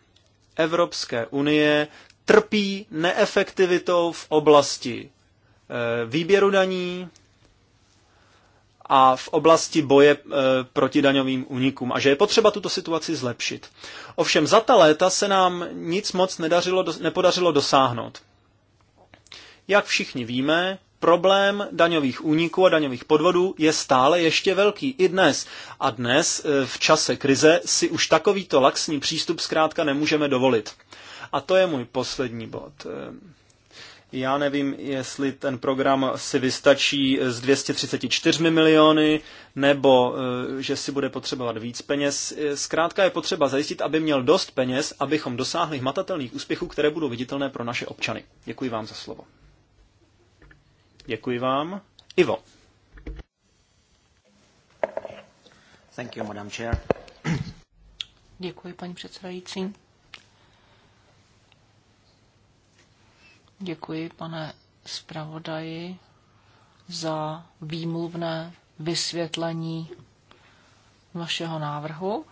Evropské unie trpí neefektivitou v oblasti eh, výběru daní a v oblasti boje eh, proti daňovým unikům, a že je potřeba tuto situaci zlepšit. Ovšem za ta léta se nám nic moc nedařilo, nepodařilo dosáhnout. Jak všichni víme, problém daňových úniků a daňových podvodů je stále ještě velký i dnes. A dnes eh, v čase krize si už takovýto laxní přístup zkrátka nemůžeme dovolit. A to je můj poslední bod. Eh, já nevím, jestli ten program si vystačí s 234 miliony, nebo eh, že si bude potřebovat víc peněz. Zkrátka je potřeba zajistit, aby měl dost peněz, abychom dosáhli hmatatelných úspěchů, které budou viditelné pro naše občany. Děkuji vám za slovo. Děkuji vám. Ivo. Thank you, Madam Chair. Děkuji, paní předsedající. Děkuji, pane zpravodaji, za výmluvné vysvětlení vašeho návrhu.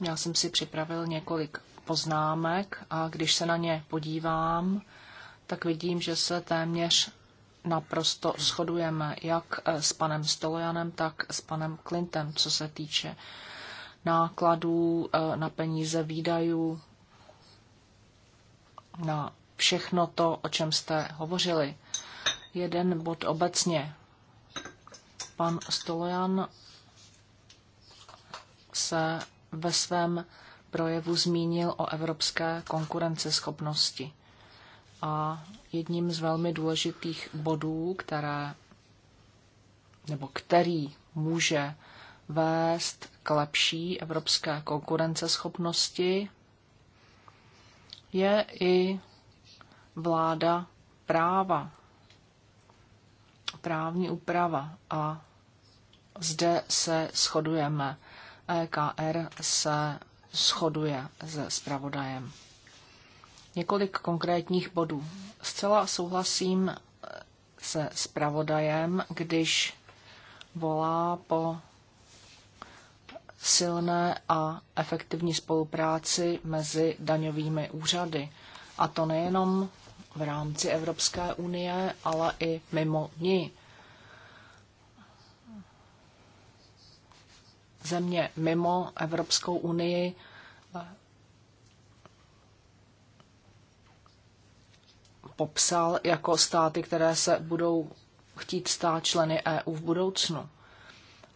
Já jsem si připravil několik poznámek a když se na ně podívám, tak vidím, že se téměř naprosto shodujeme jak eh, s panem Stolojanem, tak s panem Clintem, co se týče nákladů eh, na peníze výdajů, na všechno to, o čem jste hovořili. Jeden bod obecně. Pan Stolojan se ve svém projevu zmínil o evropské konkurenceschopnosti. A jedním z velmi důležitých bodů, které, nebo který může vést k lepší evropské konkurenceschopnosti, je i vláda práva, právní úprava. A zde se shodujeme. EKR se shoduje se zpravodajem. Několik konkrétních bodů. Zcela souhlasím eh, se zpravodajem, když volá po silné a efektivní spolupráci mezi daňovými úřady. A to nejenom v rámci Evropské unie, ale i mimo ní. Země mimo Evropskou unii popsal jako státy, které se budou chtít stát členy EU v budoucnu.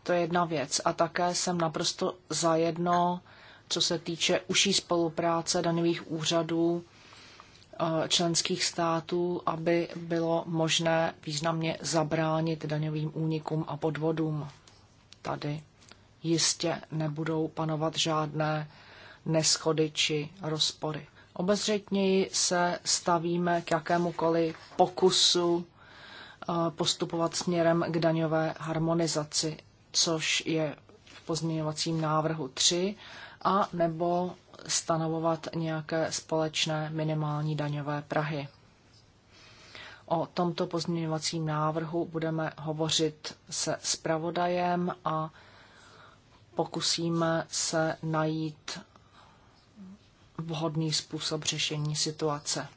To je jedna věc. A také jsem naprosto zajedno, co se týče užší spolupráce daných úřadů eh, členských států, aby bylo možné významně zabránit daňovým únikům a podvodům. Tady jistě nebudou panovat žádné neschody či rozpory obezřetněji se stavíme k jakémukoliv pokusu eh, postupovat směrem k daňové harmonizaci, což je v pozměňovacím návrhu 3, a nebo stanovovat nějaké společné minimální daňové prahy. O tomto pozměňovacím návrhu budeme hovořit se spravodajem a pokusíme se najít vhodný způsob řešení situace.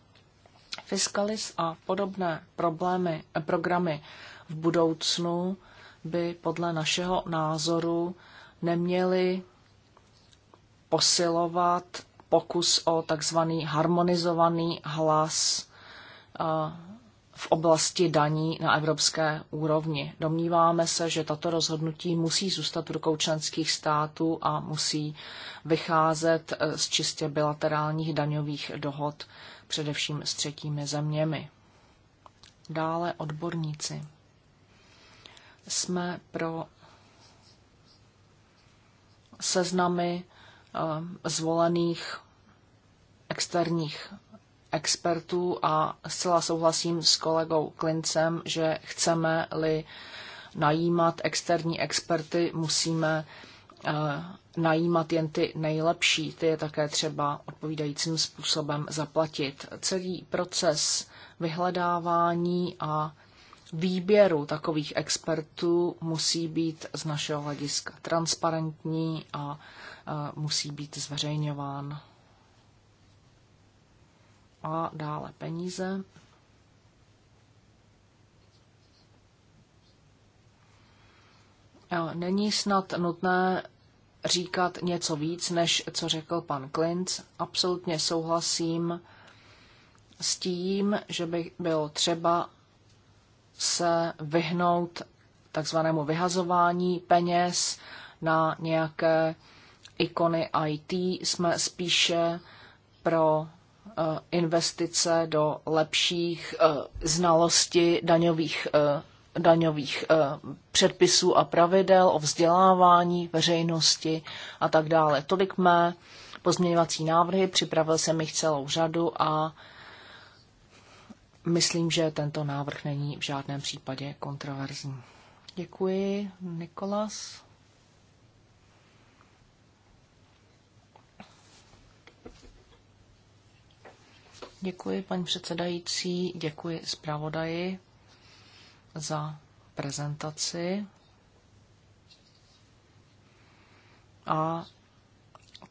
Fiskalis a podobné problémy, programy v budoucnu by podle našeho názoru neměly posilovat pokus o takzvaný harmonizovaný hlas eh, v oblasti daní na evropské úrovni. Domníváme se, že tato rozhodnutí musí zůstat v rukou členských států a musí vycházet eh, z čistě bilaterálních daňových dohod, především s třetími zeměmi. Dále odborníci. Jsme pro seznamy eh, zvolených externích expertů a zcela souhlasím s kolegou Klincem, že chceme-li najímat externí experty, musíme eh, najímat jen ty nejlepší, ty je také třeba odpovídajícím způsobem zaplatit. Celý proces vyhledávání a výběru takových expertů musí být z našeho hlediska transparentní a eh, musí být zveřejňován a dále peníze. Eh, není snad nutné říkat něco víc, než co řekl pan Klinc. Absolutně souhlasím s tím, že by bylo třeba se vyhnout takzvanému vyhazování peněz na nějaké ikony IT. Jsme spíše pro Eh, investice do lepších eh, znalosti daňových, eh, daňových předpisů a pravidel, o vzdělávání veřejnosti a tak dále. Tolik mé pozměňovací návrhy, připravil jsem jich celou řadu a myslím, že tento návrh není v žádném případě kontroverzní. Děkuji, Nikolas. Děkuji, paní předsedající, děkuji zpravodaji za prezentaci. A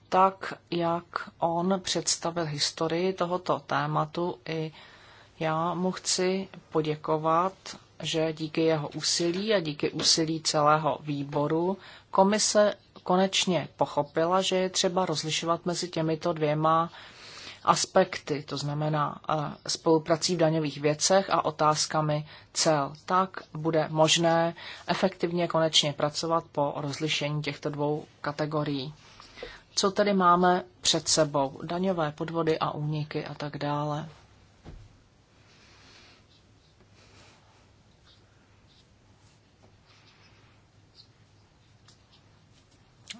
tak, jak on představil historii tohoto tématu, i já mu chci poděkovat, že díky jeho úsilí a díky úsilí celého výboru komise konečně pochopila, že je třeba rozlišovat mezi těmito dvěma aspekty, to znamená eh, spoluprací v daňových věcech a otázkami cel. Tak bude možné efektivně konečně pracovat po rozlišení těchto dvou kategorií. Co tedy máme před sebou? Daňové podvody a úniky a tak dále.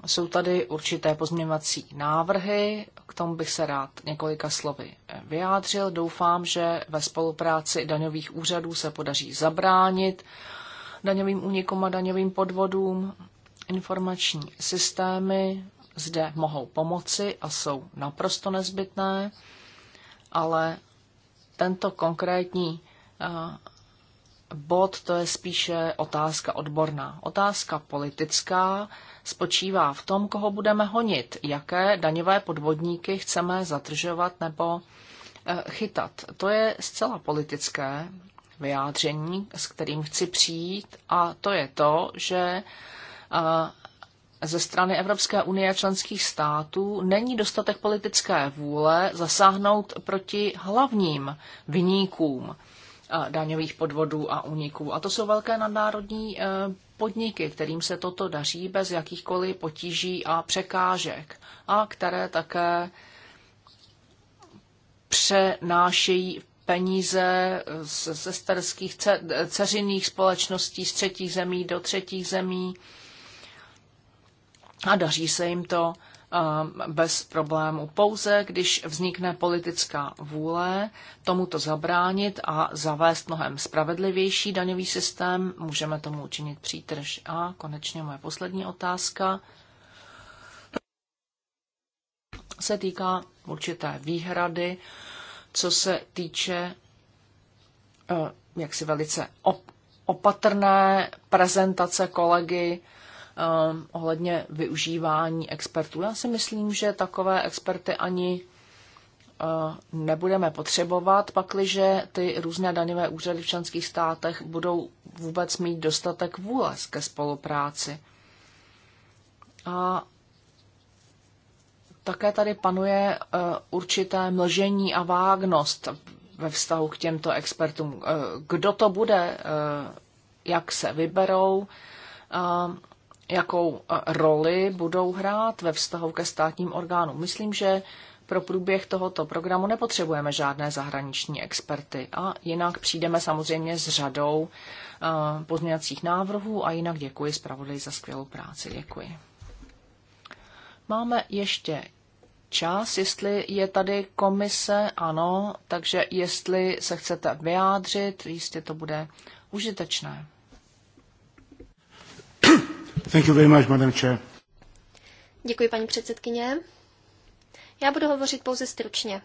Jsou tady určité pozměňovací návrhy k tomu bych se rád několika slovy eh, vyjádřil. Doufám, že ve spolupráci daňových úřadů se podaří zabránit daňovým únikům a daňovým podvodům. Informační systémy zde mohou pomoci a jsou naprosto nezbytné, ale tento konkrétní eh, bod, to je spíše otázka odborná. Otázka politická spočívá v tom, koho budeme honit, jaké daňové podvodníky chceme zatržovat nebo eh, chytat. To je zcela politické vyjádření, s kterým chci přijít, a to je to, že eh, ze strany Evropské unie a členských států není dostatek politické vůle zasáhnout proti hlavním vyníkům daňových podvodů a uniků. A to jsou velké nadnárodní eh, podniky, kterým se toto daří bez jakýchkoliv potíží a překážek a které také přenášejí peníze z sesterských ceřinných společností z třetích zemí do třetích zemí a daří se jim to Um, bez problému. Pouze když vznikne politická vůle tomuto zabránit a zavést mnohem spravedlivější daňový systém, můžeme tomu učinit přítrž. A konečně moje poslední otázka se týká určité výhrady, co se týče eh, jaksi velice opatrné prezentace kolegy um, ohledně využívání expertů. Já si myslím, že takové experty ani uh, nebudeme potřebovat, pakliže ty různé daňové úřady v členských státech budou vůbec mít dostatek vůle ke spolupráci. A také tady panuje uh, určité mlžení a vágnost ve vztahu k těmto expertům. Uh, kdo to bude, jak se vyberou, jakou eh, roli budou hrát ve vztahu ke státním orgánům. Myslím, že pro průběh tohoto programu nepotřebujeme žádné zahraniční experty a jinak přijdeme samozřejmě s řadou eh, pozměňovacích návrhů a jinak děkuji zpravodaj za skvělou práci. Děkuji. Máme ještě čas, jestli je tady komise, ano, takže jestli se chcete vyjádřit, jistě to bude užitečné. Thank you very much, Madam Chair. Děkuji, paní předsedkyně. Já budu hovořit pouze stručně.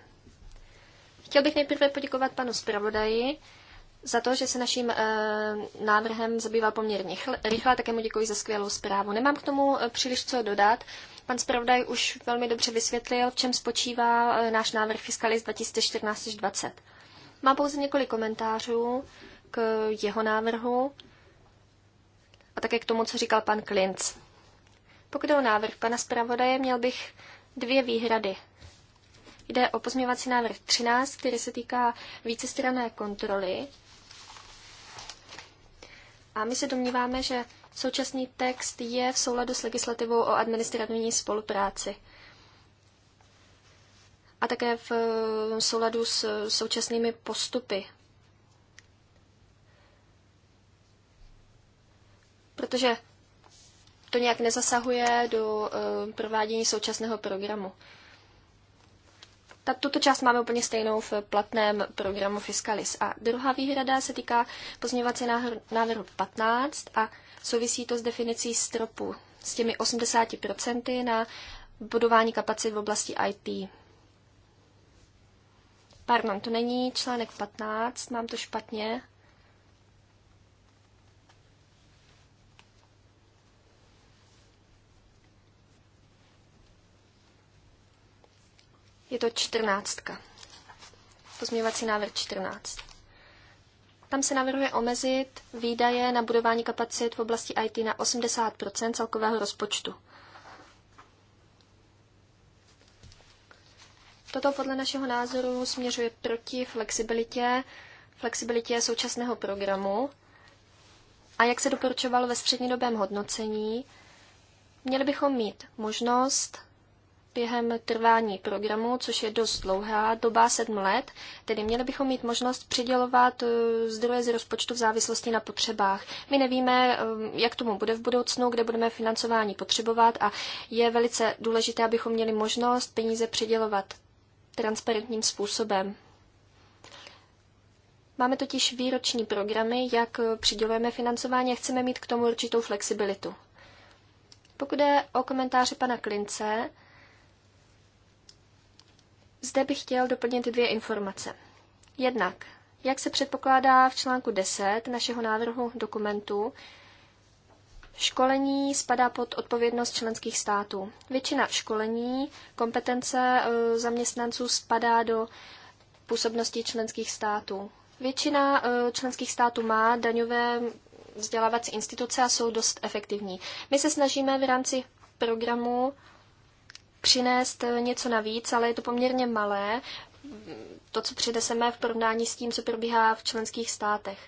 Chtěl bych nejprve poděkovat panu zpravodaji za to, že se naším e, návrhem zabýval poměrně rychle, také mu děkuji za skvělou zprávu. Nemám k tomu eh, příliš co dodat. Pan zpravodaj už velmi dobře vysvětlil, v čem spočívá eh, náš návrh Fiskalis 2014 20 Mám pouze několik komentářů k jeho návrhu a také k tomu, co říkal pan Klinc. Pokud o návrh pana zpravodaje, měl bych dvě výhrady. Jde o pozměňovací návrh 13, který se týká vícestranné kontroly. A my se domníváme, že současný text je v souladu s legislativou o administrativní spolupráci a také v souladu s současnými postupy protože to nějak nezasahuje do eh, provádění současného programu. Ta, tuto část máme úplně stejnou v platném programu Fiscalis. A druhá výhrada se týká pozměňovací návrhu 15 a souvisí to s definicí stropu, s těmi 80% na budování kapacit v oblasti IT. Pardon, to není článek 15, mám to špatně. Je to čtrnáctka. Pozměňovací návrh 14. Tam se navrhuje omezit výdaje na budování kapacit v oblasti IT na 80 celkového rozpočtu. Toto podle našeho názoru směřuje proti flexibilitě, flexibilitě současného programu. A jak se doporučovalo ve střednědobém hodnocení, měli bychom mít možnost během trvání programu, což je dost dlouhá doba, sedm let, tedy měli bychom mít možnost přidělovat eh, zdroje z rozpočtu v závislosti na potřebách. My nevíme, eh, jak tomu bude v budoucnu, kde budeme financování potřebovat a je velice důležité, abychom měli možnost peníze přidělovat transparentním způsobem. Máme totiž výroční programy, jak eh, přidělujeme financování a chceme mít k tomu určitou flexibilitu. Pokud je o komentáře pana Klince, zde bych chtěl doplnit dvě informace. Jednak, jak se předpokládá v článku 10 našeho návrhu dokumentu, Školení spadá pod odpovědnost členských států. Většina školení, kompetence e, zaměstnanců spadá do působnosti členských států. Většina e, členských států má daňové vzdělávací instituce a jsou dost efektivní. My se snažíme v rámci programu přinést eh, něco navíc, ale je to poměrně malé, to, co přineseme v porovnání s tím, co probíhá v členských státech.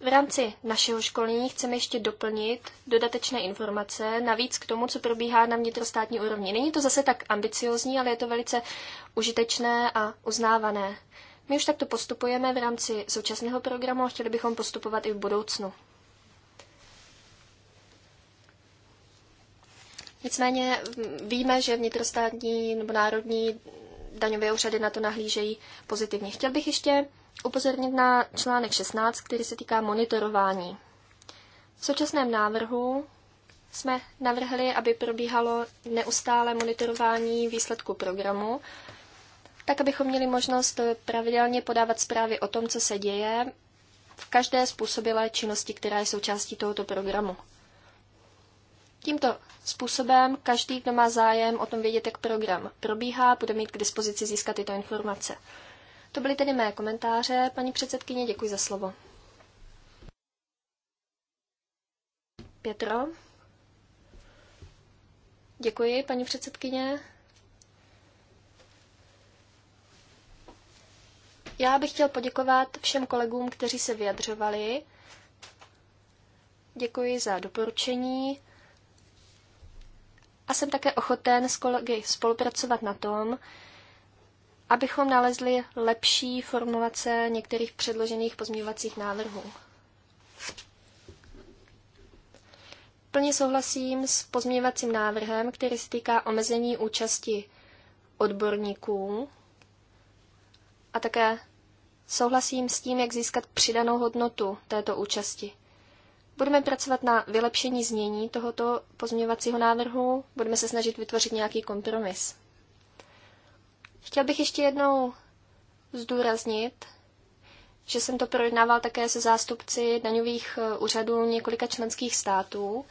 V rámci našeho školení chceme ještě doplnit dodatečné informace, navíc k tomu, co probíhá na vnitrostátní úrovni. Není to zase tak ambiciozní, ale je to velice užitečné a uznávané. My už takto postupujeme v rámci současného programu a chtěli bychom postupovat i v budoucnu. Nicméně víme, že vnitrostátní nebo národní daňové úřady na to nahlížejí pozitivně. Chtěl bych ještě upozornit na článek 16, který se týká monitorování. V současném návrhu jsme navrhli, aby probíhalo neustále monitorování výsledku programu, tak abychom měli možnost pravidelně podávat zprávy o tom, co se děje v každé způsobilé činnosti, která je součástí tohoto programu. Tímto způsobem každý, kdo má zájem o tom vědět, jak program probíhá, bude mít k dispozici získat tyto informace. To byly tedy mé komentáře. Paní předsedkyně, děkuji za slovo. Pětro? Děkuji, paní předsedkyně. Já bych chtěl poděkovat všem kolegům, kteří se vyjadřovali. Děkuji za doporučení a jsem také ochoten s kolegy spolupracovat na tom, abychom nalezli lepší formulace některých předložených pozměňovacích návrhů. Plně souhlasím s pozměňovacím návrhem, který se týká omezení účasti odborníků a také souhlasím s tím, jak získat přidanou hodnotu této účasti. Budeme pracovat na vylepšení znění tohoto pozměňovacího návrhu, budeme se snažit vytvořit nějaký kompromis. Chtěl bych ještě jednou zdůraznit, že jsem to projednával také se zástupci daňových eh, úřadů několika členských států.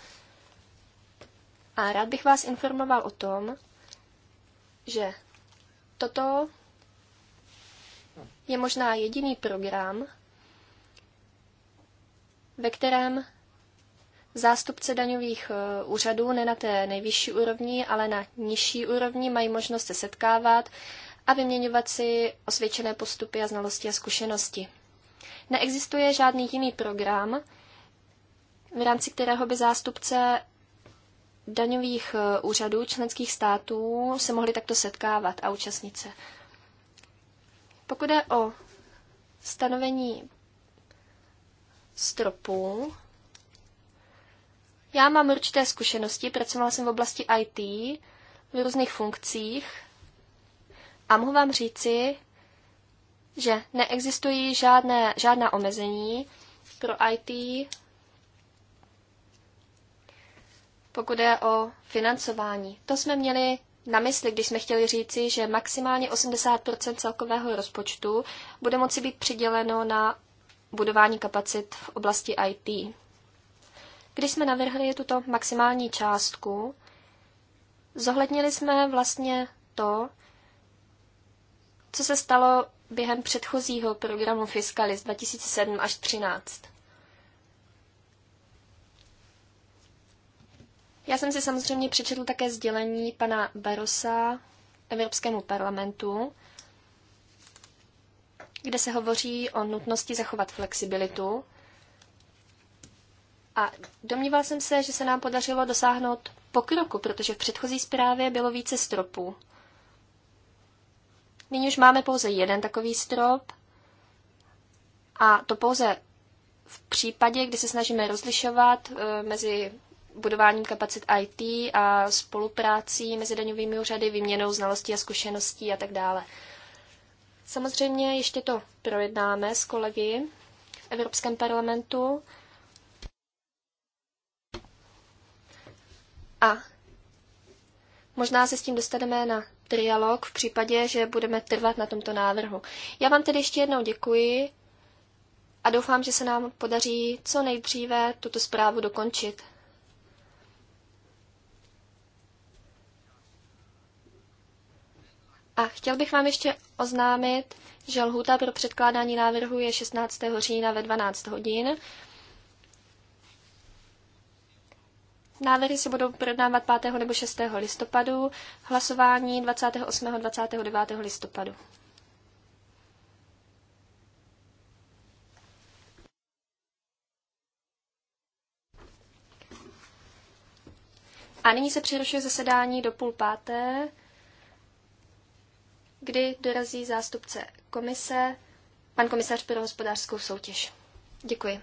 A rád bych vás informoval o tom, že toto je možná jediný program, ve kterém Zástupce daňových eh, úřadů ne na té nejvyšší úrovni, ale na nižší úrovni mají možnost se setkávat a vyměňovat si osvědčené postupy a znalosti a zkušenosti. Neexistuje žádný jiný program, v rámci kterého by zástupce daňových eh, úřadů členských států se mohli takto setkávat a účastnit se. Pokud je o stanovení stropů, já mám určité zkušenosti, pracovala jsem v oblasti IT, v různých funkcích a mohu vám říci, že neexistují žádné, žádná omezení pro IT, pokud je o financování. To jsme měli na mysli, když jsme chtěli říci, že maximálně 80% celkového rozpočtu bude moci být přiděleno na budování kapacit v oblasti IT. Když jsme navrhli tuto maximální částku, zohlednili jsme vlastně to, co se stalo během předchozího programu Fiscalis 2007 až 2013. Já jsem si samozřejmě přečetl také sdělení pana Barosa Evropskému parlamentu, kde se hovoří o nutnosti zachovat flexibilitu a domníval jsem se, že se nám podařilo dosáhnout pokroku, protože v předchozí zprávě bylo více stropů. Nyní už máme pouze jeden takový strop a to pouze v případě, kdy se snažíme rozlišovat eh, mezi budováním kapacit IT a spoluprácí mezi daňovými úřady, výměnou znalostí a zkušeností a tak dále. Samozřejmě ještě to projednáme s kolegy v Evropském parlamentu A možná se s tím dostaneme na trialog v případě, že budeme trvat na tomto návrhu. Já vám tedy ještě jednou děkuji a doufám, že se nám podaří co nejdříve tuto zprávu dokončit. A chtěl bych vám ještě oznámit, že lhůta pro předkládání návrhu je 16. října ve 12 hodin. Návrhy se budou projednávat 5. nebo 6. listopadu, hlasování 28. a 29. listopadu. A nyní se přerušuje zasedání do půl páté, kdy dorazí zástupce komise, pan komisař pro hospodářskou soutěž. Děkuji.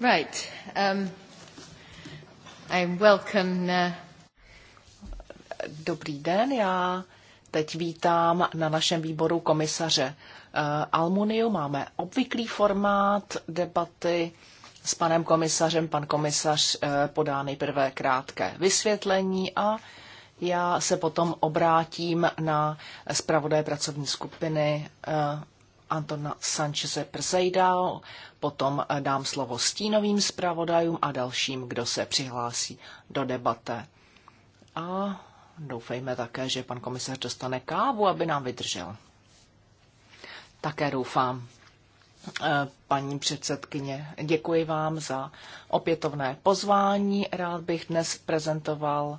Right. Um, I welcome, uh... Dobrý den, já teď vítám na našem výboru komisaře uh, Almuniu. Máme obvyklý formát debaty s panem komisařem. Pan komisař uh, podá nejprve krátké vysvětlení a já se potom obrátím na zpravodaje pracovní skupiny uh, Antona Sancheze Przejda, potom eh, dám slovo stínovým zpravodajům a dalším, kdo se přihlásí do debate. A doufejme také, že pan komisař dostane kávu, aby nám vydržel. Také doufám. Eh, paní předsedkyně, děkuji vám za opětovné pozvání. Rád bych dnes prezentoval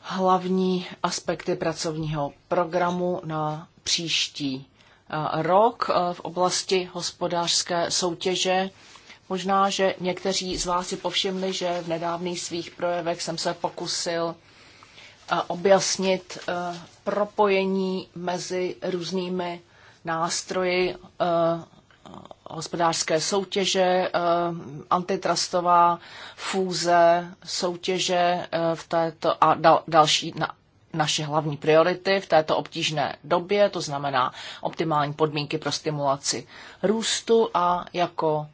hlavní aspekty pracovního programu na příští Eh, rok eh, v oblasti hospodářské soutěže. Možná, že někteří z vás si povšimli, že v nedávných svých projevech jsem se pokusil eh, objasnit propojení mezi různými nástroji hospodářské soutěže, antitrustová fúze, soutěže v této a další na, naše hlavní priority v této obtížné době, to znamená optimální podmínky pro stimulaci růstu a jako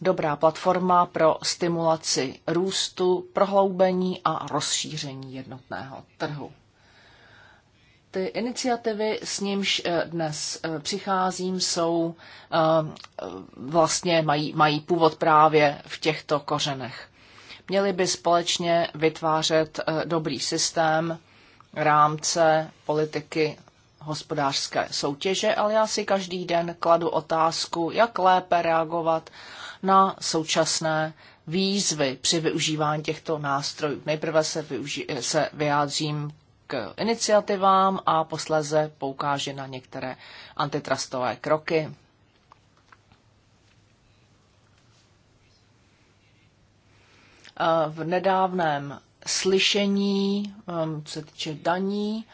dobrá platforma pro stimulaci růstu, prohloubení a rozšíření jednotného trhu. Ty iniciativy, s nímž eh, dnes eh, přicházím, jsou eh, vlastně mají, mají původ právě v těchto kořenech. Měli by společně vytvářet dobrý systém, rámce politiky hospodářské soutěže, ale já si každý den kladu otázku, jak lépe reagovat na současné výzvy při využívání těchto nástrojů. Nejprve se, využi- se vyjádřím k iniciativám a posléze poukáže na některé antitrustové kroky. V nedávném slyšení, um, co se týče daní,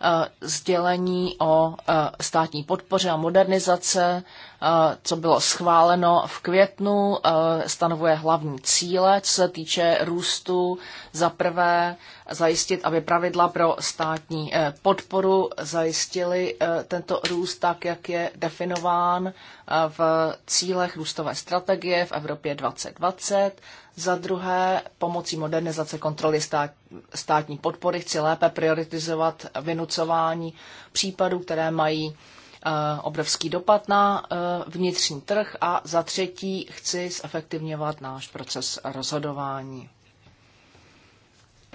uh, sdělení o uh, státní podpoře a modernizace Eh, co bylo schváleno v květnu, eh, stanovuje hlavní cíle, co se týče růstu. Za prvé zajistit, aby pravidla pro státní eh, podporu zajistili tento růst tak, jak je definován v cílech růstové strategie v Evropě 2020. Za druhé, pomocí modernizace kontroly stát, státní podpory chci lépe prioritizovat vynucování případů, které mají Eh, obrovský dopad na eh, vnitřní trh a za třetí chci zefektivňovat náš proces rozhodování.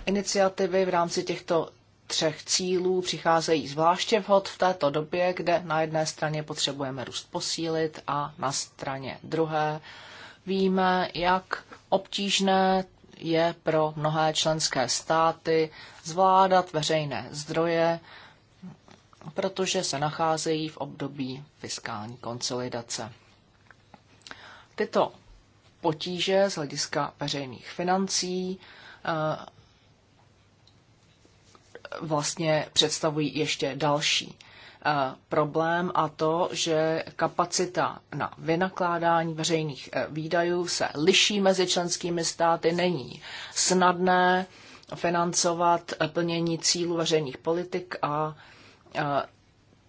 Iniciativy v rámci těchto třech cílů přicházejí zvláště vhod v této době, kde na jedné straně potřebujeme růst posílit a na straně druhé víme, jak obtížné je pro mnohé členské státy zvládat veřejné zdroje protože se nacházejí v období fiskální konsolidace. Tyto potíže z hlediska veřejných financí eh, vlastně představují ještě další eh, problém a to, že kapacita na vynakládání veřejných eh, výdajů se liší mezi členskými státy, není snadné financovat plnění cílů veřejných politik a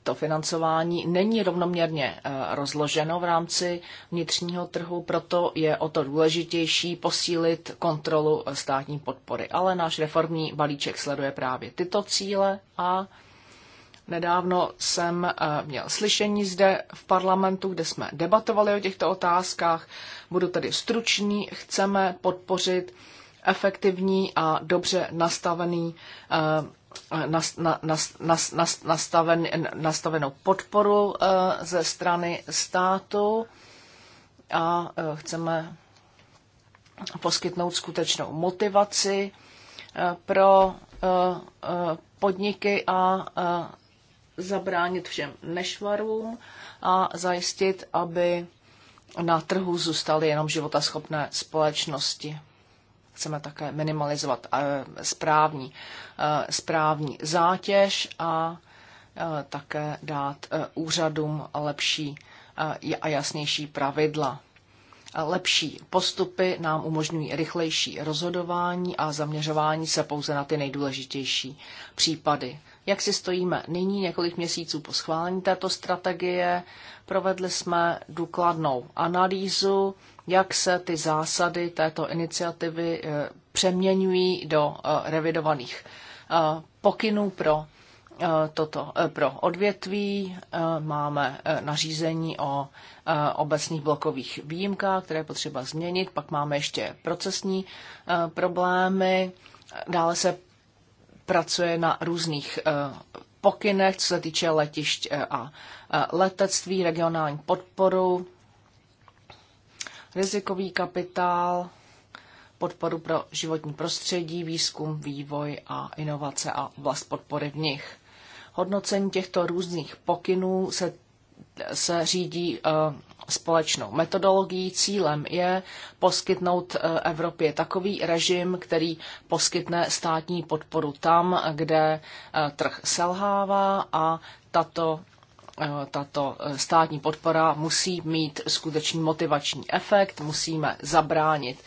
to financování není rovnoměrně eh, rozloženo v rámci vnitřního trhu, proto je o to důležitější posílit kontrolu eh, státní podpory. Ale náš reformní balíček sleduje právě tyto cíle a Nedávno jsem eh, měl slyšení zde v parlamentu, kde jsme debatovali o těchto otázkách. Budu tedy stručný. Chceme podpořit efektivní a dobře nastavený Eh, nastaven, nastavenou podporu eh, ze strany státu a eh, chceme poskytnout skutečnou motivaci pro podniky a zabránit všem nešvarům a zajistit, aby na trhu zůstaly jenom životaschopné společnosti. Chceme také minimalizovat eh, správní, eh, správní zátěž a eh, také dát úřadům lepší a jasnější pravidla. Lepší postupy nám umožňují rychlejší rozhodování a zaměřování se pouze na ty nejdůležitější případy jak si stojíme nyní, několik měsíců po schválení této strategie. Provedli jsme důkladnou analýzu, jak se ty zásady této iniciativy eh, přeměňují do eh, revidovaných eh, pokynů pro toto pro odvětví. Máme nařízení o obecných blokových výjimkách, které je potřeba změnit. Pak máme ještě procesní problémy. Dále se pracuje na různých eh, pokynech, co se týče letišť eh, a eh, letectví, regionální podporu, rizikový kapitál, podporu pro životní prostředí, výzkum, vývoj a inovace a vlast podpory v nich. Hodnocení těchto různých pokynů se se řídí eh, společnou metodologií. Cílem je poskytnout eh, Evropě takový režim, který poskytne státní podporu tam, kde eh, trh selhává a tato tato státní podpora musí mít skutečný motivační efekt, musíme zabránit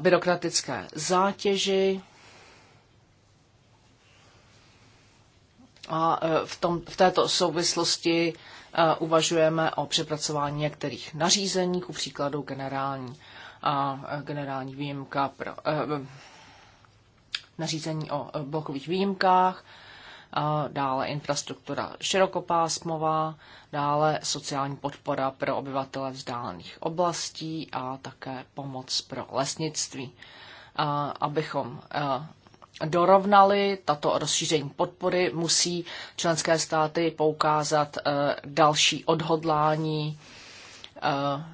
byrokratické zátěži, A e, v, tom, v této souvislosti e, uvažujeme o přepracování některých nařízení, ku příkladu generální, e, generální výjimka pro, nařízení o blokových výjimkách, dále infrastruktura širokopásmová, dále sociální podpora pro obyvatele vzdálených oblastí a také pomoc pro lesnictví. Abychom dorovnali tato rozšíření podpory, musí členské státy poukázat eh, další odhodlání eh,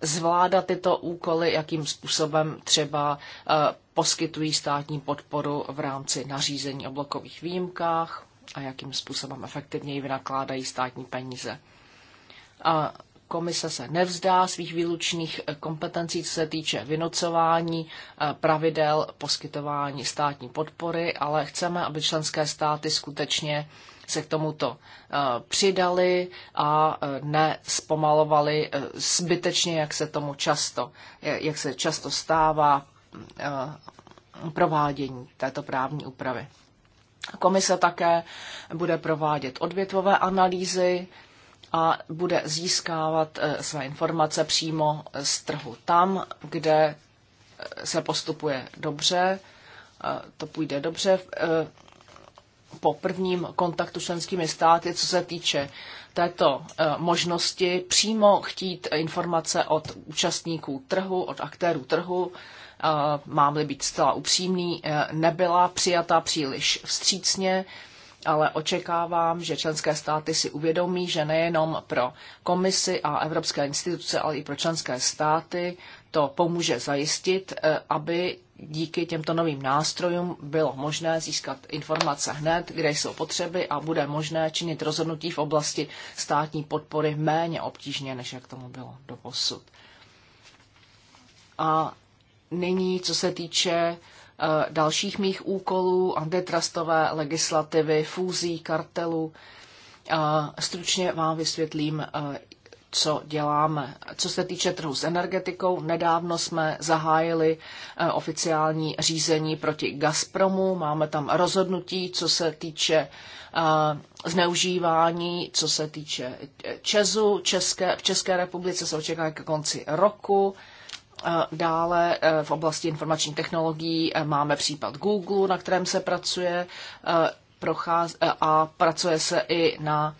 zvládat tyto úkoly, jakým způsobem třeba eh, poskytují státní podporu v rámci nařízení o blokových výjimkách a jakým způsobem efektivněji vynakládají státní peníze. A komise se nevzdá svých výlučných kompetencí, co se týče vynocování eh, pravidel poskytování státní podpory, ale chceme, aby členské státy skutečně se k tomuto eh, přidali a eh, nespomalovali zbytečně, jak se tomu často, jak se často stává provádění této právní úpravy. Komise také bude provádět odvětvové analýzy a bude získávat eh, své informace přímo z trhu. Tam, kde eh, se postupuje dobře, eh, to půjde dobře po prvním kontaktu s členskými státy, co se týče této možnosti přímo chtít informace od účastníků trhu, od aktérů trhu, mám-li být zcela upřímný, nebyla přijata příliš vstřícně ale očekávám, že členské státy si uvědomí, že nejenom pro komisi a evropské instituce, ale i pro členské státy to pomůže zajistit, eh, aby díky těmto novým nástrojům bylo možné získat informace hned, kde jsou potřeby a bude možné činit rozhodnutí v oblasti státní podpory méně obtížně, než jak tomu bylo do posud. A nyní, co se týče Eh, dalších mých úkolů, antitrustové legislativy, fúzí, kartelu. Eh, stručně vám vysvětlím, eh, co děláme. Co se týče trhu s energetikou, nedávno jsme zahájili oficiální řízení proti Gazpromu. Máme tam rozhodnutí, co se týče zneužívání, co se týče Česu. České, v České republice se očekává ke konci roku. Dále e, v oblasti informačních technologií e, máme případ Google, na kterém se pracuje e, a pracuje se i na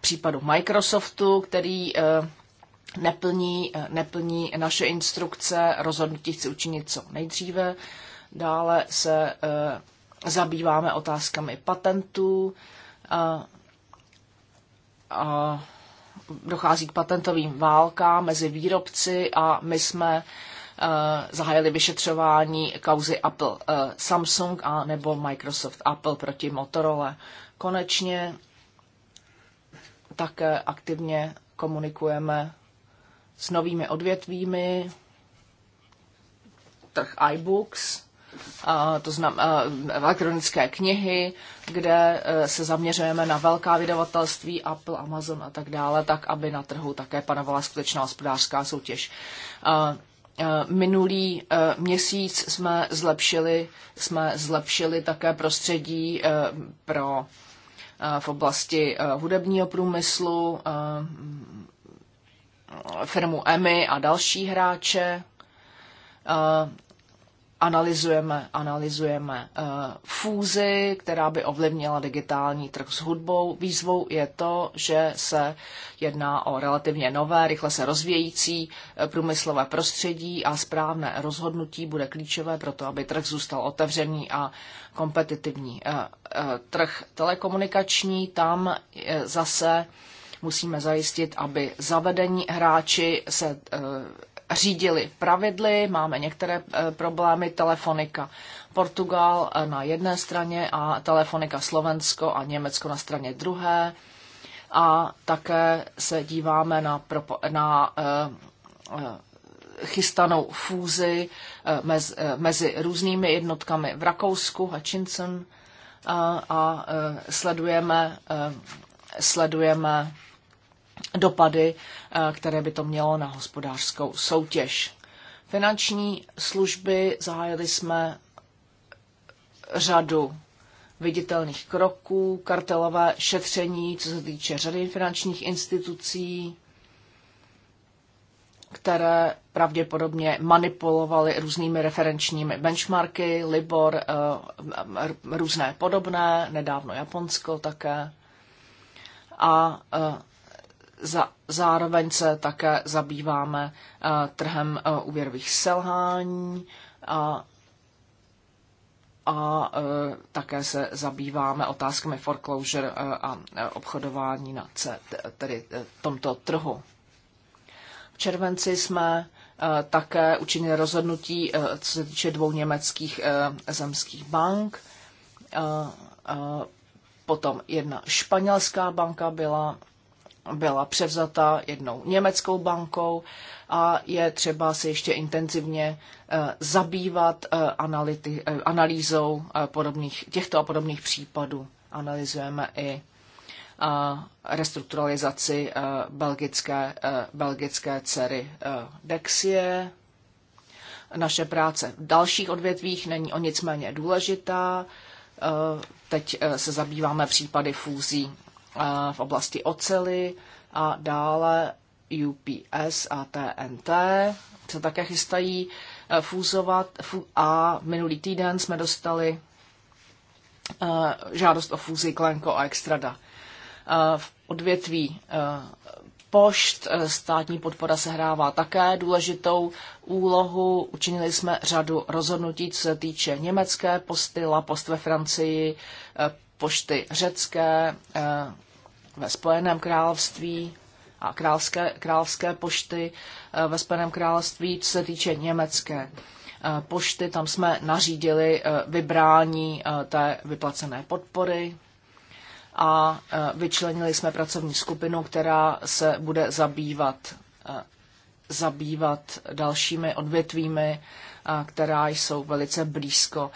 případu Microsoftu, který neplní, neplní naše instrukce, rozhodnutí chci učinit co nejdříve. Dále se zabýváme otázkami patentů. A, a dochází k patentovým válkám mezi výrobci a my jsme eh, zahájili vyšetřování kauzy Apple eh, Samsung a nebo Microsoft Apple proti Motorola. Konečně také aktivně komunikujeme s novými odvětvími, trh iBooks, to znam, elektronické knihy, kde e, se zaměřujeme na velká vydavatelství, Apple, Amazon a tak dále, tak aby na trhu také panovala skutečná hospodářská soutěž. E, minulý e, měsíc jsme zlepšili, jsme zlepšili také prostředí pro v oblasti hudebního průmyslu, firmu EMI a další hráče analyzujeme, analyzujeme eh, fúzi, která by ovlivnila digitální trh s hudbou. Výzvou je to, že se jedná o relativně nové, rychle se rozvějící eh, průmyslové prostředí a správné rozhodnutí bude klíčové pro to, aby trh zůstal otevřený a kompetitivní. Eh, trh telekomunikační, tam zase musíme zajistit, aby zavedení hráči se řídili pravidly, máme některé eh, problémy, telefonika Portugal eh, na jedné straně a telefonika Slovensko a Německo na straně druhé. A také se díváme na, na eh, chystanou fúzi mezi, různými jednotkami v Rakousku, Hutchinson, a sledujeme, sledujeme dopady, eh, které by to mělo na hospodářskou soutěž. Finanční služby zahájili jsme řadu viditelných kroků, kartelové šetření, co se týče řady finančních institucí, které pravděpodobně manipulovaly různými referenčními benchmarky, Libor, eh, různé podobné, nedávno Japonsko také. A eh, za, zároveň se také zabýváme eh, trhem eh, úvěrových selhání a, a eh, také se zabýváme otázkami foreclosure a obchodování na C, tedy tomto trhu. V červenci jsme také učinili rozhodnutí, co se týče dvou německých zemských bank. Potom jedna španělská banka byla byla převzata jednou německou bankou a je třeba se ještě intenzivně eh, zabývat eh, eh, analýzou podobných, těchto a podobných případů. Analyzujeme i restrukturalizaci belgické, belgické dcery Dexie. Naše práce v dalších odvětvích není o nicméně důležitá. Teď se zabýváme případy fúzí v oblasti ocely a dále UPS a TNT se také chystají e, fúzovat a minulý týden jsme dostali e, žádost o fúzi Klenko a Extrada. E, v odvětví pošt státní podpora sehrává také důležitou úlohu. Učinili jsme řadu rozhodnutí, co se týče německé posty, La Post ve Francii, pošty řecké eh, ve Spojeném království a královské, královské pošty eh, ve Spojeném království, co se týče německé eh, pošty, tam jsme nařídili vybrání té vyplacené podpory a vyčlenili jsme pracovní skupinu, která se bude zabývat zabývat dalšími odvětvími, která jsou velice blízko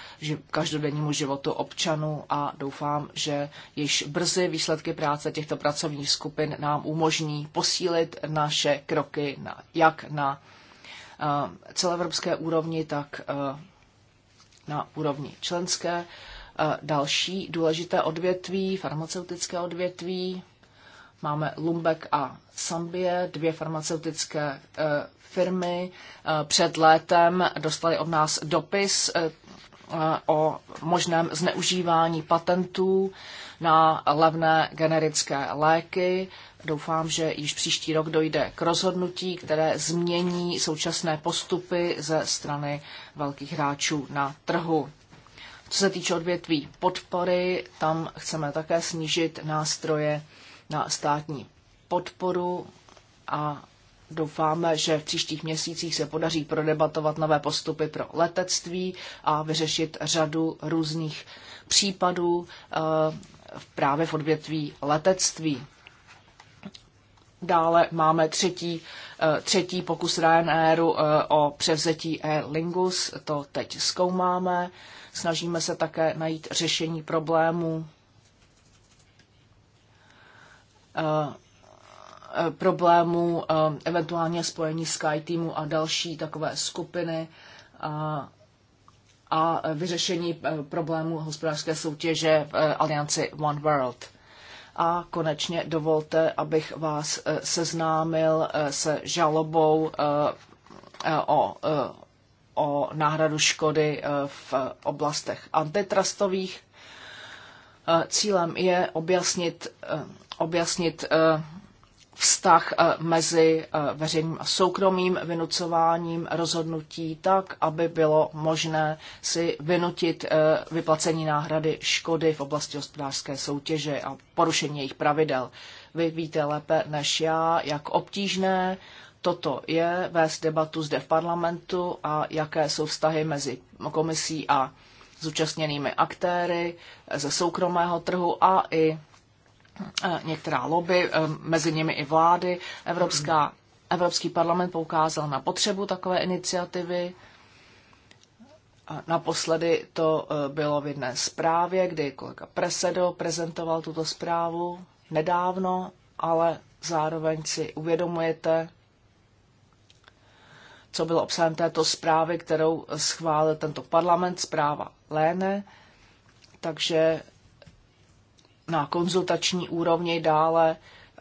každodennímu životu občanů a doufám, že již brzy výsledky práce těchto pracovních skupin nám umožní posílit naše kroky na, jak na celoevropské úrovni, tak na úrovni členské. Další důležité odvětví, farmaceutické odvětví, Máme Lumbek a Sambie, dvě farmaceutické eh, firmy. Eh, před létem dostali od nás dopis eh, o možném zneužívání patentů na levné generické léky. Doufám, že již příští rok dojde k rozhodnutí, které změní současné postupy ze strany velkých hráčů na trhu. Co se týče odvětví podpory, tam chceme také snížit nástroje na státní podporu a doufáme, že v příštích měsících se podaří prodebatovat nové postupy pro letectví a vyřešit řadu různých případů eh, právě v odvětví letectví. Dále máme třetí, eh, třetí pokus Ryanairu eh, o převzetí Air Lingus. To teď zkoumáme. Snažíme se také najít řešení problému Eh, problémů, eh, eventuálně spojení SkyTeamu a další takové skupiny a, a vyřešení eh, problémů hospodářské soutěže v alianci One World. A konečně dovolte, abych vás seznámil se žalobou o, o náhradu škody v oblastech antitrustových. Cílem je objasnit objasnit eh, vztah eh, mezi eh, veřejným a soukromým vynucováním rozhodnutí tak, aby bylo možné si vynutit vyplacení náhrady škody v oblasti hospodářské soutěže a porušení jejich pravidel. Vy víte lépe než já, jak obtížné toto je vést debatu zde v parlamentu a jaké jsou vztahy mezi komisí a zúčastněnými aktéry ze soukromého trhu a i Eh, některá lobby, eh, mezi nimi i vlády. Evropská, Evropský parlament poukázal na potřebu takové iniciativy. Naposledy to eh, bylo v jedné zprávě, kdy kolega Presedo prezentoval tuto zprávu nedávno, ale zároveň si uvědomujete, co bylo obsahem této zprávy, kterou schválil tento parlament, zpráva Léne. Takže na konzultační úrovni dále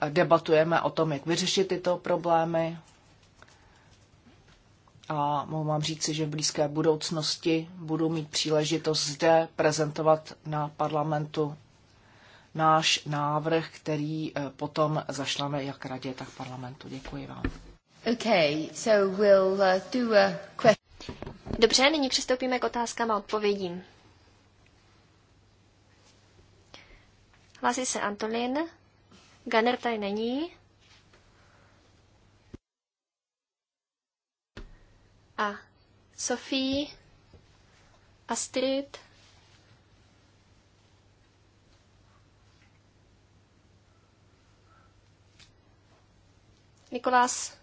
debatujeme o tom, jak vyřešit tyto problémy. A mohu vám říci, že v blízké budoucnosti budu mít příležitost zde prezentovat na parlamentu náš návrh, který eh, potom zašleme jak radě, tak parlamentu. Děkuji vám. Okay, so we'll eh, do a question. Dobře, nyní přistoupíme k otázkám a odpovědím. Hlasí se Antonin, Gunner tady není. A Sophie. Astrid. Nikolás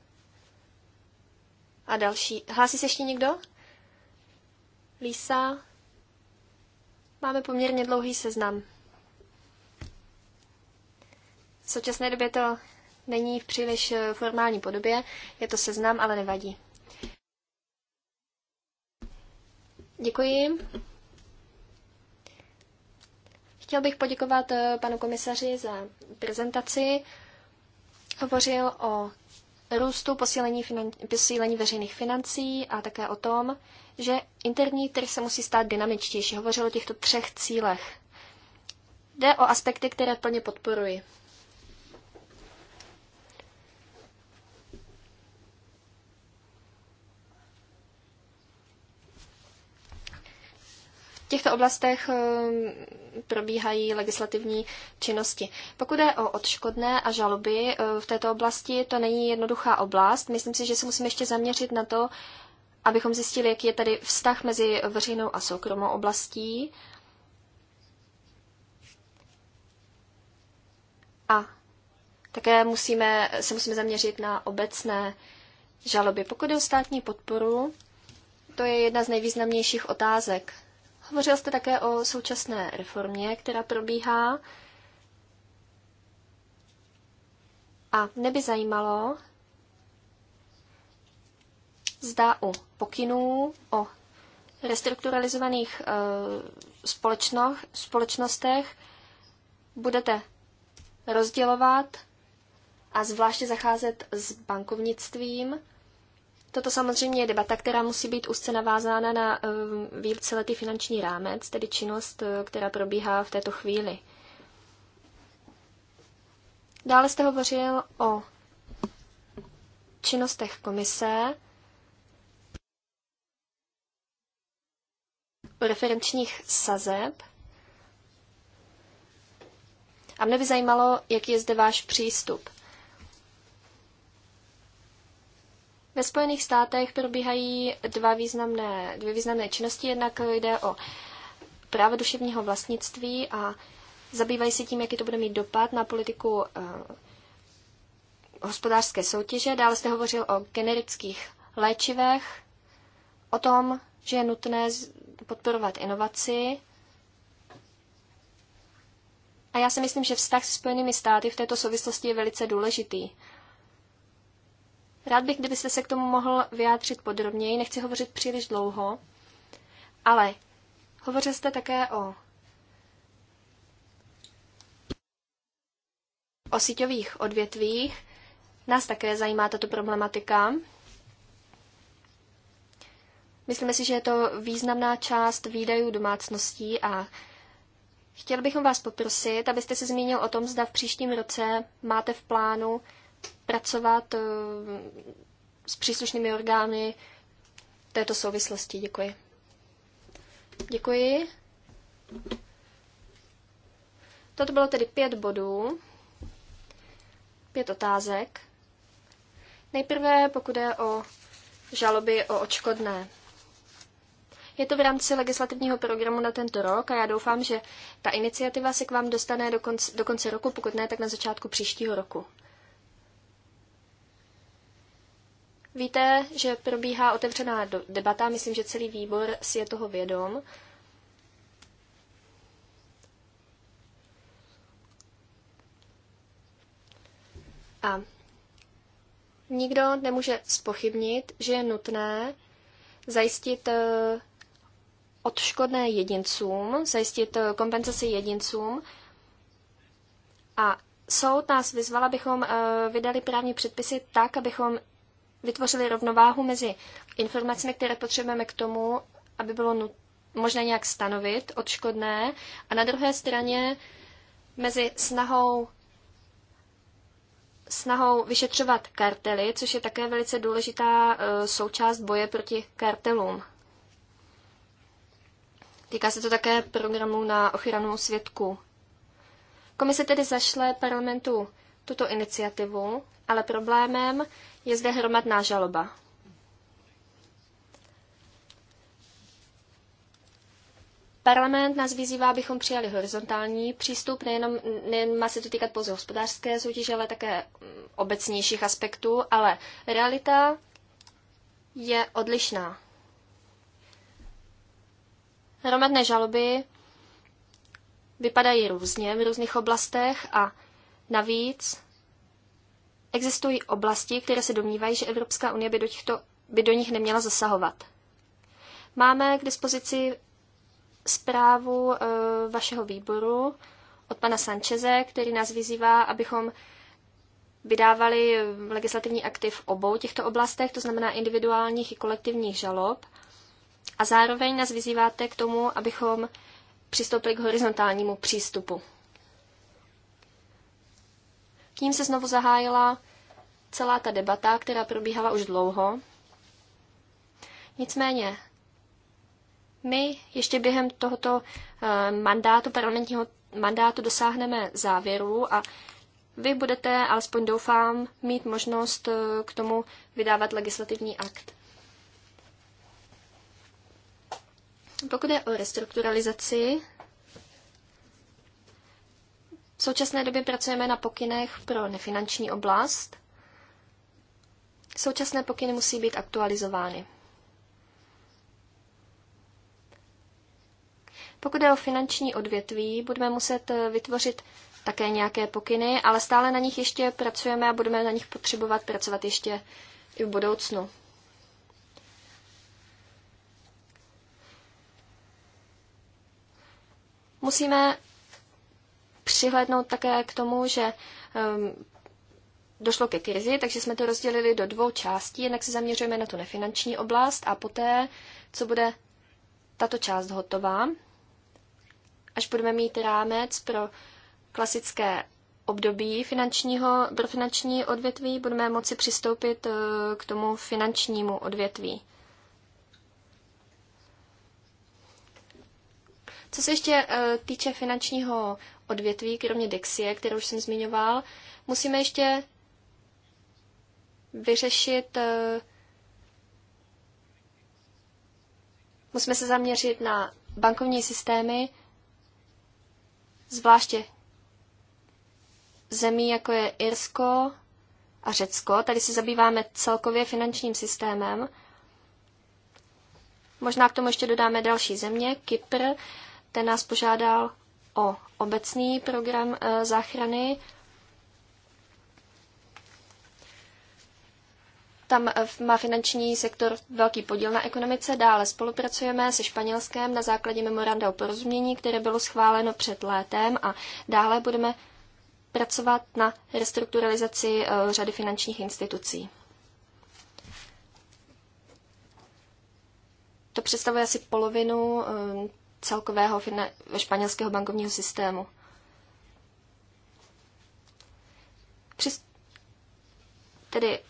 a další. Hlásí se ještě někdo? Lisa. Máme poměrně dlouhý seznam. V současné době to není v příliš eh, formální podobě, je to seznam, ale nevadí. Děkuji. Chtěl bych poděkovat eh, panu komisaři za prezentaci. Hovořil o růstu, posílení, finan- posílení veřejných financí a také o tom, že interní trh se musí stát dynamičtější. Hovořil o těchto třech cílech. Jde o aspekty, které plně podporuji. V těchto oblastech eh, probíhají legislativní činnosti. Pokud je o odškodné a žaloby eh, v této oblasti, to není jednoduchá oblast. Myslím si, že se musíme ještě zaměřit na to, abychom zjistili, jaký je tady vztah mezi veřejnou a soukromou oblastí. A také musíme, se musíme zaměřit na obecné žaloby. Pokud je o státní podporu, to je jedna z nejvýznamnějších otázek Hovořil jste také o současné reformě, která probíhá. A mě by zajímalo, zda u pokynů o restrukturalizovaných e, společnostech budete rozdělovat a zvláště zacházet s bankovnictvím Toto samozřejmě je debata, která musí být úzce navázána na eh, víceletý finanční rámec, tedy činnost, eh, která probíhá v této chvíli. Dále jste hovořil o činnostech komise, o referenčních sazeb. A mne by zajímalo, jaký je zde váš přístup. Ve Spojených státech probíhají dva významné, dvě významné činnosti. Jednak jde o právo duševního vlastnictví a zabývají se tím, jaký to bude mít dopad na politiku eh, hospodářské soutěže. Dále jste hovořil o generických léčivech, o tom, že je nutné podporovat inovaci. A já si myslím, že vztah s Spojenými státy v této souvislosti je velice důležitý. Rád bych, kdybyste se k tomu mohl vyjádřit podrobněji, nechci hovořit příliš dlouho, ale hovořil jste také o o síťových odvětvích. Nás také zajímá tato problematika. Myslíme si, že je to významná část výdajů domácností a chtěl bychom vás poprosit, abyste se zmínil o tom, zda v příštím roce máte v plánu pracovat eh, s příslušnými orgány této souvislosti. Děkuji. Děkuji. Toto bylo tedy pět bodů, pět otázek. Nejprve, pokud je o žaloby o očkodné. Je to v rámci legislativního programu na tento rok a já doufám, že ta iniciativa se k vám dostane do konce, do konce roku, pokud ne, tak na začátku příštího roku. Víte, že probíhá otevřená debata, myslím, že celý výbor si je toho vědom. A nikdo nemůže spochybnit, že je nutné zajistit eh, odškodné jedincům, zajistit eh, kompenzaci jedincům. A soud nás vyzval, abychom eh, vydali právní předpisy tak, abychom vytvořili rovnováhu mezi informacemi, které potřebujeme k tomu, aby bylo nut, možné nějak stanovit odškodné, a na druhé straně mezi snahou snahou vyšetřovat kartely, což je také velice důležitá eh, součást boje proti kartelům. Týká se to také programu na ochranu světku. Komise tedy zašle parlamentu tuto iniciativu, ale problémem je zde hromadná žaloba. Parlament nás vyzývá, abychom přijali horizontální přístup, nejenom, nejen má se to týkat pouze hospodářské soutěže, ale také mm, obecnějších aspektů, ale realita je odlišná. Hromadné žaloby vypadají různě v různých oblastech a Navíc existují oblasti, které se domnívají, že Evropská unie by do, těchto, by do nich neměla zasahovat. Máme k dispozici zprávu e, vašeho výboru od pana Sancheze, který nás vyzývá, abychom vydávali eh, legislativní aktiv v obou těchto oblastech, to znamená individuálních i kolektivních žalob. A zároveň nás vyzýváte k tomu, abychom přistoupili k horizontálnímu přístupu. Tím se znovu zahájila celá ta debata, která probíhala už dlouho. Nicméně, my ještě během tohoto eh, mandátu, parlamentního mandátu dosáhneme závěru a vy budete, alespoň doufám, mít možnost eh, k tomu vydávat legislativní akt. Pokud je o restrukturalizaci, v současné době pracujeme na pokynech pro nefinanční oblast. Současné pokyny musí být aktualizovány. Pokud je o finanční odvětví, budeme muset eh, vytvořit také nějaké pokyny, ale stále na nich ještě pracujeme a budeme na nich potřebovat pracovat ještě i v budoucnu. Musíme přihlednout také k tomu, že um, došlo ke krizi, takže jsme to rozdělili do dvou částí. Jednak se zaměřujeme na tu nefinanční oblast a poté, co bude tato část hotová, až budeme mít rámec pro klasické období finančního, pro finanční odvětví, budeme moci přistoupit eh, k tomu finančnímu odvětví. Co se ještě eh, týče finančního odvětví, kromě Dexie, kterou už jsem zmiňoval, musíme ještě vyřešit, eh, musíme se zaměřit na bankovní systémy, zvláště zemí, jako je Irsko a Řecko. Tady se zabýváme celkově finančním systémem. Možná k tomu ještě dodáme další země, Kypr, ten nás požádal o obecný program eh, záchrany. Tam eh, má finanční sektor velký podíl na ekonomice. Dále spolupracujeme se Španělskem na základě memoranda o porozumění, které bylo schváleno před létem a dále budeme pracovat na restrukturalizaci eh, řady finančních institucí. To představuje asi polovinu celkového španělského bankovního systému. Při, tedy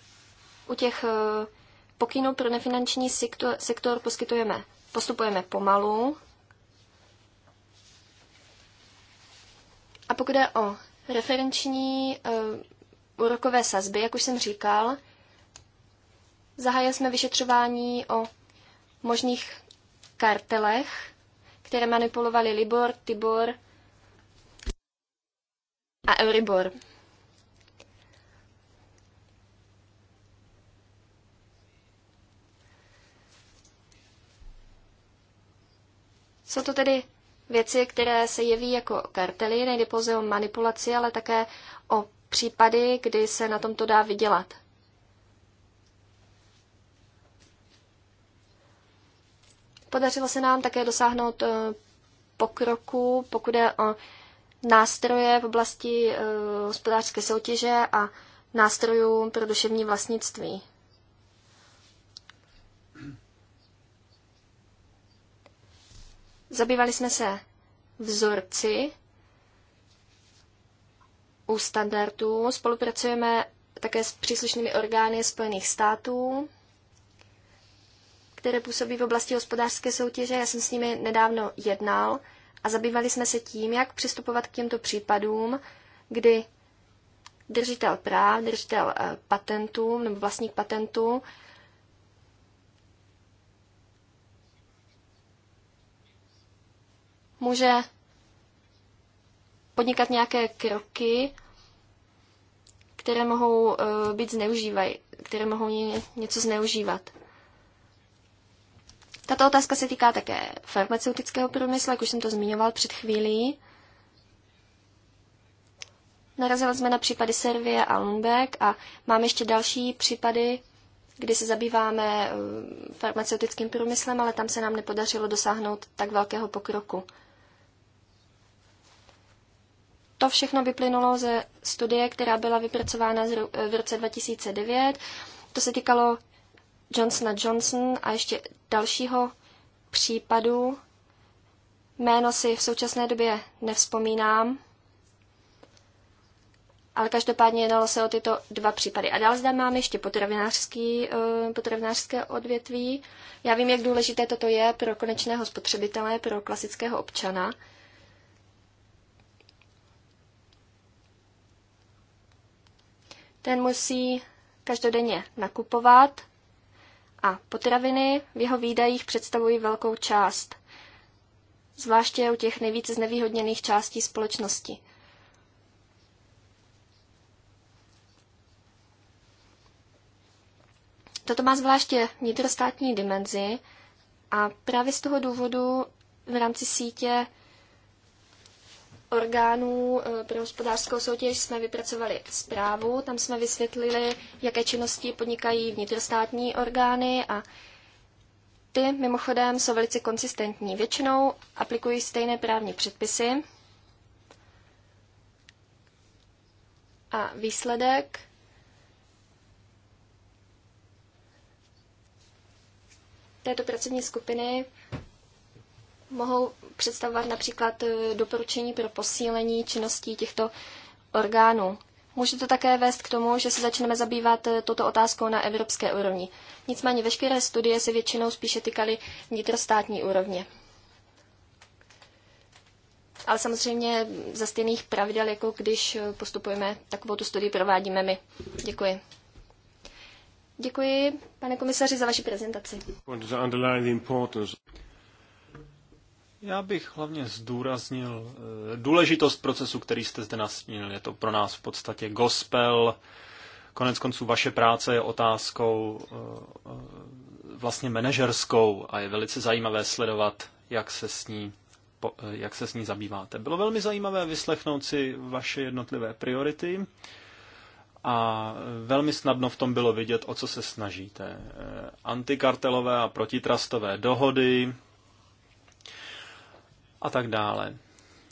u těch eh, pokynů pro nefinanční sektor, sektor poskytujeme, postupujeme pomalu. A pokud je o referenční uh, úrokové sazby, jak už jsem říkal, zahájili jsme vyšetřování o možných kartelech které manipulovali Libor, Tibor a Euribor. Jsou to tedy věci, které se jeví jako kartely, nejde pouze o manipulaci, ale také o případy, kdy se na tom to dá vydělat. Podařilo se nám také dosáhnout eh, pokroku, pokud je o nástroje v oblasti eh, hospodářské soutěže a nástrojů pro duševní vlastnictví. Zabývali jsme se vzorci u standardů, spolupracujeme také s příslušnými orgány Spojených států, které působí v oblasti hospodářské soutěže. Já jsem s nimi nedávno jednal a zabývali jsme se tím, jak přistupovat k těmto případům, kdy držitel práv, držitel eh, patentů nebo vlastník patentů může podnikat nějaké kroky, které mohou eh, být zneužívají, které mohou něco zneužívat. Tato otázka se týká také farmaceutického průmyslu, jak už jsem to zmiňoval před chvílí. Narazili jsme na případy Servie a Lundbeck a máme ještě další případy, kdy se zabýváme eh, farmaceutickým průmyslem, ale tam se nám nepodařilo dosáhnout tak velkého pokroku. To všechno vyplynulo ze studie, která byla vypracována eh, v roce 2009. To se týkalo Johnsona Johnson a ještě dalšího případu. Jméno si v současné době nevzpomínám, ale každopádně jednalo se o tyto dva případy. A dál zde mám ještě potravinářský, eh, potravinářské odvětví. Já vím, jak důležité toto je pro konečného spotřebitele, pro klasického občana. Ten musí každodenně nakupovat a potraviny v jeho výdajích představují velkou část, zvláště u těch nejvíce znevýhodněných částí společnosti. Toto má zvláště vnitrostátní dimenzi a právě z toho důvodu v rámci sítě orgánů eh, pro hospodářskou soutěž jsme vypracovali zprávu. Tam jsme vysvětlili, jaké činnosti podnikají vnitrostátní orgány a ty mimochodem jsou velice konsistentní. Většinou aplikují stejné právní předpisy a výsledek této pracovní skupiny mohou představovat například e, doporučení pro posílení činností těchto orgánů. Může to také vést k tomu, že se začneme zabývat e, toto otázkou na evropské úrovni. Nicméně veškeré studie se většinou spíše týkaly vnitrostátní úrovně. Ale samozřejmě za stejných pravidel, jako když e, postupujeme, takovou tu studii provádíme my. Děkuji. Děkuji, pane komisaři, za vaši prezentaci. Já bych hlavně zdůraznil eh, důležitost procesu, který jste zde nastínil. Je to pro nás v podstatě gospel. Konec konců vaše práce je otázkou eh, vlastně manažerskou a je velice zajímavé sledovat, jak se s ní eh, jak se s ní zabýváte. Bylo velmi zajímavé vyslechnout si vaše jednotlivé priority a velmi snadno v tom bylo vidět, o co se snažíte. Antikartelové a protitrastové dohody, a tak dále.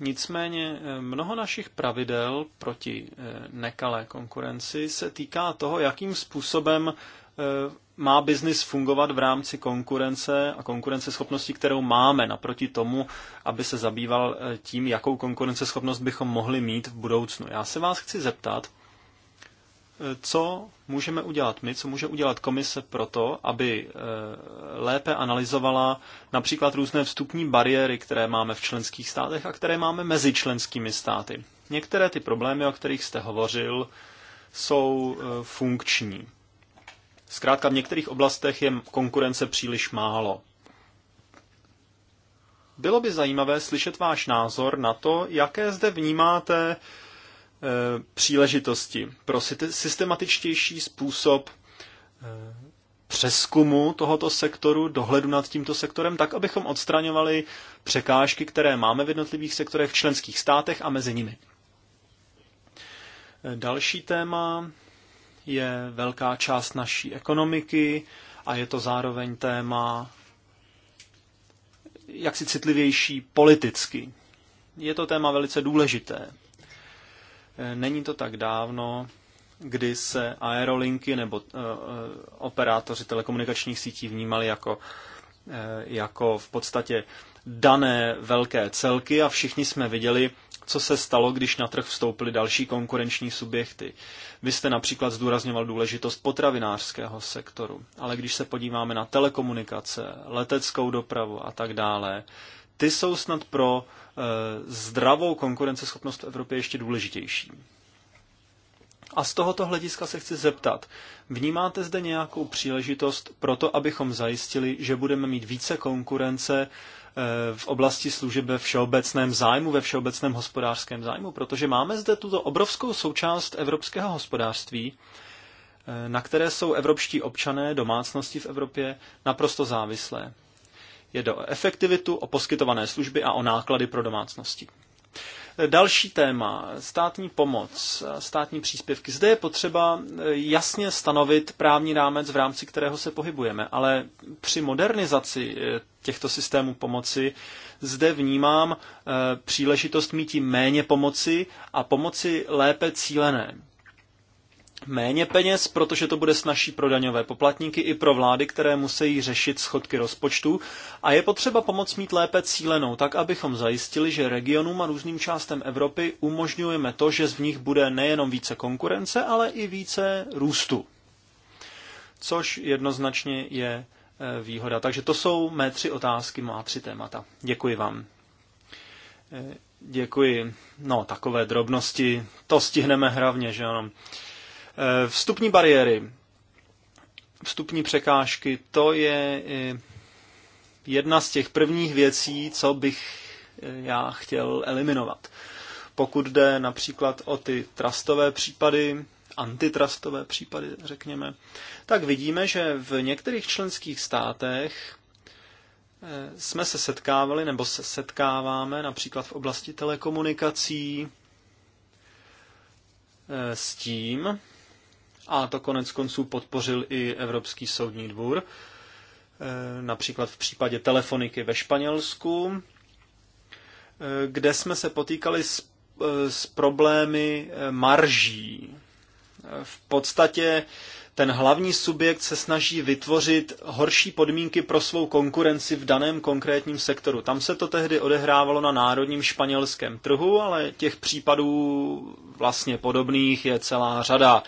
Nicméně eh, mnoho našich pravidel proti eh, nekalé konkurenci se týká toho, jakým způsobem eh, má biznis fungovat v rámci konkurence a konkurenceschopnosti, kterou máme, naproti tomu, aby se zabýval tím, jakou konkurenceschopnost bychom mohli mít v budoucnu. Já se vás chci zeptat, co můžeme udělat my, co může udělat komise proto, aby eh, lépe analyzovala například různé vstupní bariéry, které máme v členských státech a které máme mezi členskými státy. Některé ty problémy, o kterých jste hovořil, jsou eh, funkční. Zkrátka v některých oblastech je konkurence příliš málo. Bylo by zajímavé slyšet váš názor na to, jaké zde vnímáte Eh, příležitosti pro systematičtější způsob eh, přeskumu tohoto sektoru, dohledu nad tímto sektorem, tak abychom odstraňovali překážky, které máme v jednotlivých sektorech v členských státech a mezi nimi. Eh, další téma je velká část naší ekonomiky a je to zároveň téma jaksi citlivější politicky. Je to téma velice důležité, Eh, není to tak dávno, kdy se aerolinky nebo eh, eh, operátoři telekomunikačních sítí vnímali jako, jako v podstatě dané velké celky a všichni jsme viděli, co se stalo, když na trh vstoupily další konkurenční subjekty. Vy jste například zdůrazňoval důležitost potravinářského sektoru, ale když se podíváme na telekomunikace, leteckou dopravu a tak dále, ty jsou snad pro eh, zdravou konkurenceschopnost v Evropě ještě důležitější. A z tohoto hlediska se chci zeptat, vnímáte zde nějakou příležitost pro to, abychom zajistili, že budeme mít více konkurence eh, v oblasti služeb ve všeobecném zájmu, ve všeobecném hospodářském zájmu, protože máme zde tuto obrovskou součást evropského hospodářství, eh, na které jsou evropští občané, domácnosti v Evropě naprosto závislé. Jde o efektivitu, o poskytované služby a o náklady pro domácnosti. Další téma, státní pomoc, státní příspěvky. Zde je potřeba eh, jasně stanovit právní rámec, v rámci kterého se pohybujeme, ale při modernizaci eh, těchto systémů pomoci zde vnímám eh, příležitost mít méně pomoci a pomoci lépe cílené méně peněz, protože to bude snažší pro daňové poplatníky i pro vlády, které musí řešit schodky rozpočtu. A je potřeba pomoc mít lépe cílenou, tak abychom zajistili, že regionům a různým částem Evropy umožňujeme to, že v nich bude nejenom více konkurence, ale i více růstu. Což jednoznačně je e, výhoda. Takže to jsou mé tři otázky, má tři témata. Děkuji vám. E, děkuji. No, takové drobnosti, to stihneme hravně, že ano. Eh, vstupní bariéry, vstupní překážky, to je eh, jedna z těch prvních věcí, co bych eh, já chtěl eliminovat. Pokud jde například o ty trastové případy, antitrastové případy, řekněme, tak vidíme, že v některých členských státech jsme se setkávali nebo se setkáváme například v oblasti telekomunikací s tím, a to konec konců podpořil i Evropský soudní dvůr, eh, například v případě telefoniky ve Španělsku, eh, kde jsme se potýkali s, eh, s problémy marží. V podstatě ten hlavní subjekt se snaží vytvořit horší podmínky pro svou konkurenci v daném konkrétním sektoru. Tam se to tehdy odehrávalo na národním španělském trhu, ale těch případů vlastně podobných je celá řada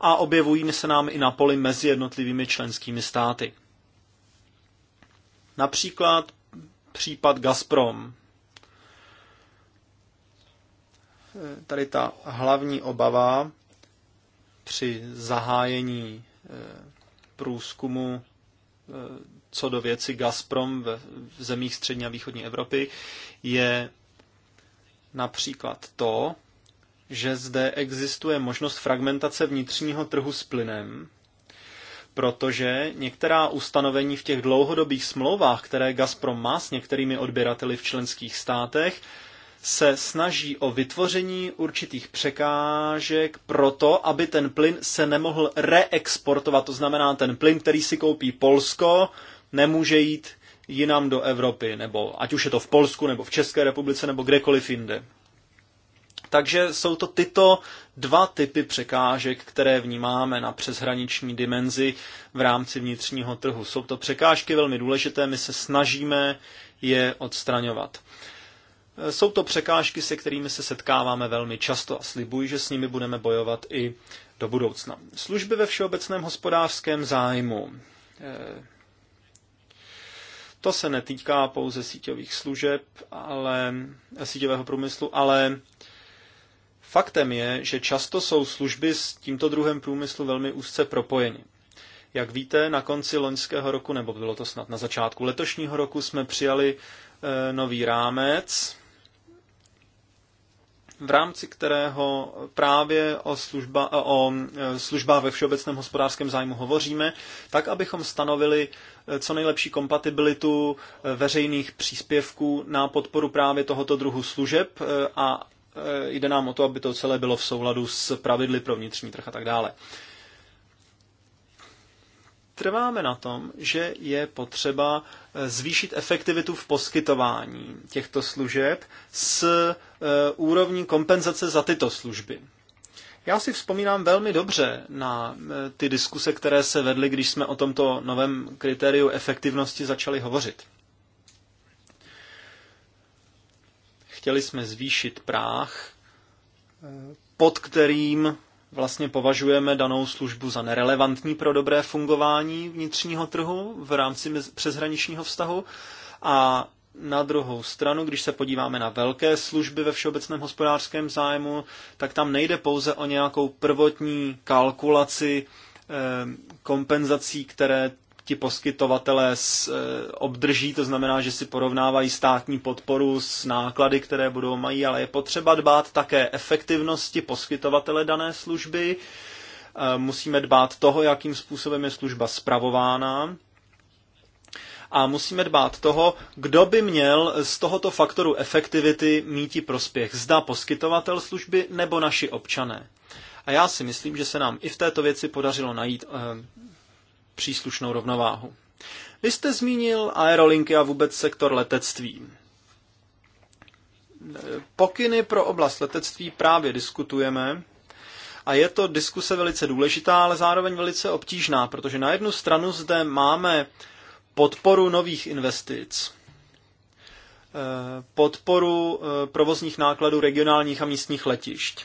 a objevují se nám i na poli mezi jednotlivými členskými státy. Například případ Gazprom. Tady ta hlavní obava při zahájení eh, průzkumu eh, co do věci Gazprom v zemích střední a východní Evropy je například to, že zde existuje možnost fragmentace vnitřního trhu s plynem, protože některá ustanovení v těch dlouhodobých smlouvách, které Gazprom má s některými odběrateli v členských státech, se snaží o vytvoření určitých překážek pro to, aby ten plyn se nemohl reexportovat. To znamená, ten plyn, který si koupí Polsko, nemůže jít jinam do Evropy, nebo ať už je to v Polsku, nebo v České republice, nebo kdekoliv jinde. Takže jsou to tyto dva typy překážek, které vnímáme na přeshraniční dimenzi v rámci vnitřního trhu. Jsou to překážky velmi důležité, my se snažíme je odstraňovat. Jsou to překážky, se kterými se setkáváme velmi často a slibuji, že s nimi budeme bojovat i do budoucna. Služby ve všeobecném hospodářském zájmu. Eh, to se netýká pouze síťových služeb, ale síťového průmyslu, ale Faktem je, že často jsou služby s tímto druhem průmyslu velmi úzce propojeny. Jak víte, na konci loňského roku, nebo bylo to snad na začátku letošního roku, jsme přijali e, nový rámec, v rámci kterého právě o, služba, e, o e, službách ve všeobecném hospodářském zájmu hovoříme, tak abychom stanovili e, co nejlepší kompatibilitu veřejných příspěvků na podporu právě tohoto druhu služeb a Eh, jde nám o to, aby to celé bylo v souladu s pravidly pro vnitřní trh a tak dále. Trváme na tom, že je potřeba eh, zvýšit efektivitu v poskytování těchto služeb s eh, úrovní kompenzace za tyto služby. Já si vzpomínám velmi dobře na ty diskuse, které se vedly, když jsme o tomto novém kritériu efektivnosti začali hovořit. Chtěli jsme zvýšit práh, pod kterým vlastně považujeme danou službu za nerelevantní pro dobré fungování vnitřního trhu v rámci přeshraničního vztahu. A na druhou stranu, když se podíváme na velké služby ve všeobecném hospodářském zájmu, tak tam nejde pouze o nějakou prvotní kalkulaci eh, kompenzací, které ti poskytovatelé eh, obdrží, to znamená, že si porovnávají státní podporu s náklady, které budou mají, ale je potřeba dbát také efektivnosti poskytovatele dané služby. Eh, musíme dbát toho, jakým způsobem je služba spravována. A musíme dbát toho, kdo by měl z tohoto faktoru efektivity i prospěch. Zda poskytovatel služby nebo naši občané. A já si myslím, že se nám i v této věci podařilo najít eh, příslušnou rovnováhu. Vy jste zmínil aerolinky a vůbec sektor letectví. Pokyny pro oblast letectví právě diskutujeme a je to diskuse velice důležitá, ale zároveň velice obtížná, protože na jednu stranu zde máme podporu nových investic, eh, podporu eh, provozních nákladů regionálních a místních letišť.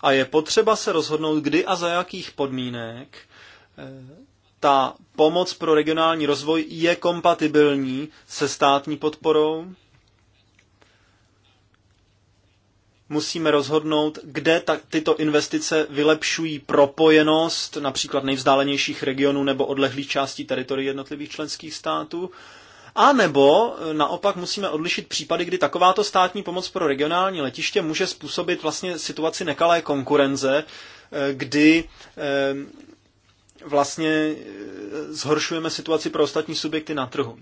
A je potřeba se rozhodnout, kdy a za jakých podmínek eh, ta pomoc pro regionální rozvoj je kompatibilní se státní podporou. Musíme rozhodnout, kde ta, tyto investice vylepšují propojenost například nejvzdálenějších regionů nebo odlehlých částí teritorie jednotlivých členských států. A nebo e, naopak musíme odlišit případy, kdy takováto státní pomoc pro regionální letiště může způsobit vlastně situaci nekalé konkurence, e, kdy e, vlastně e, zhoršujeme situaci pro ostatní subjekty na trhu.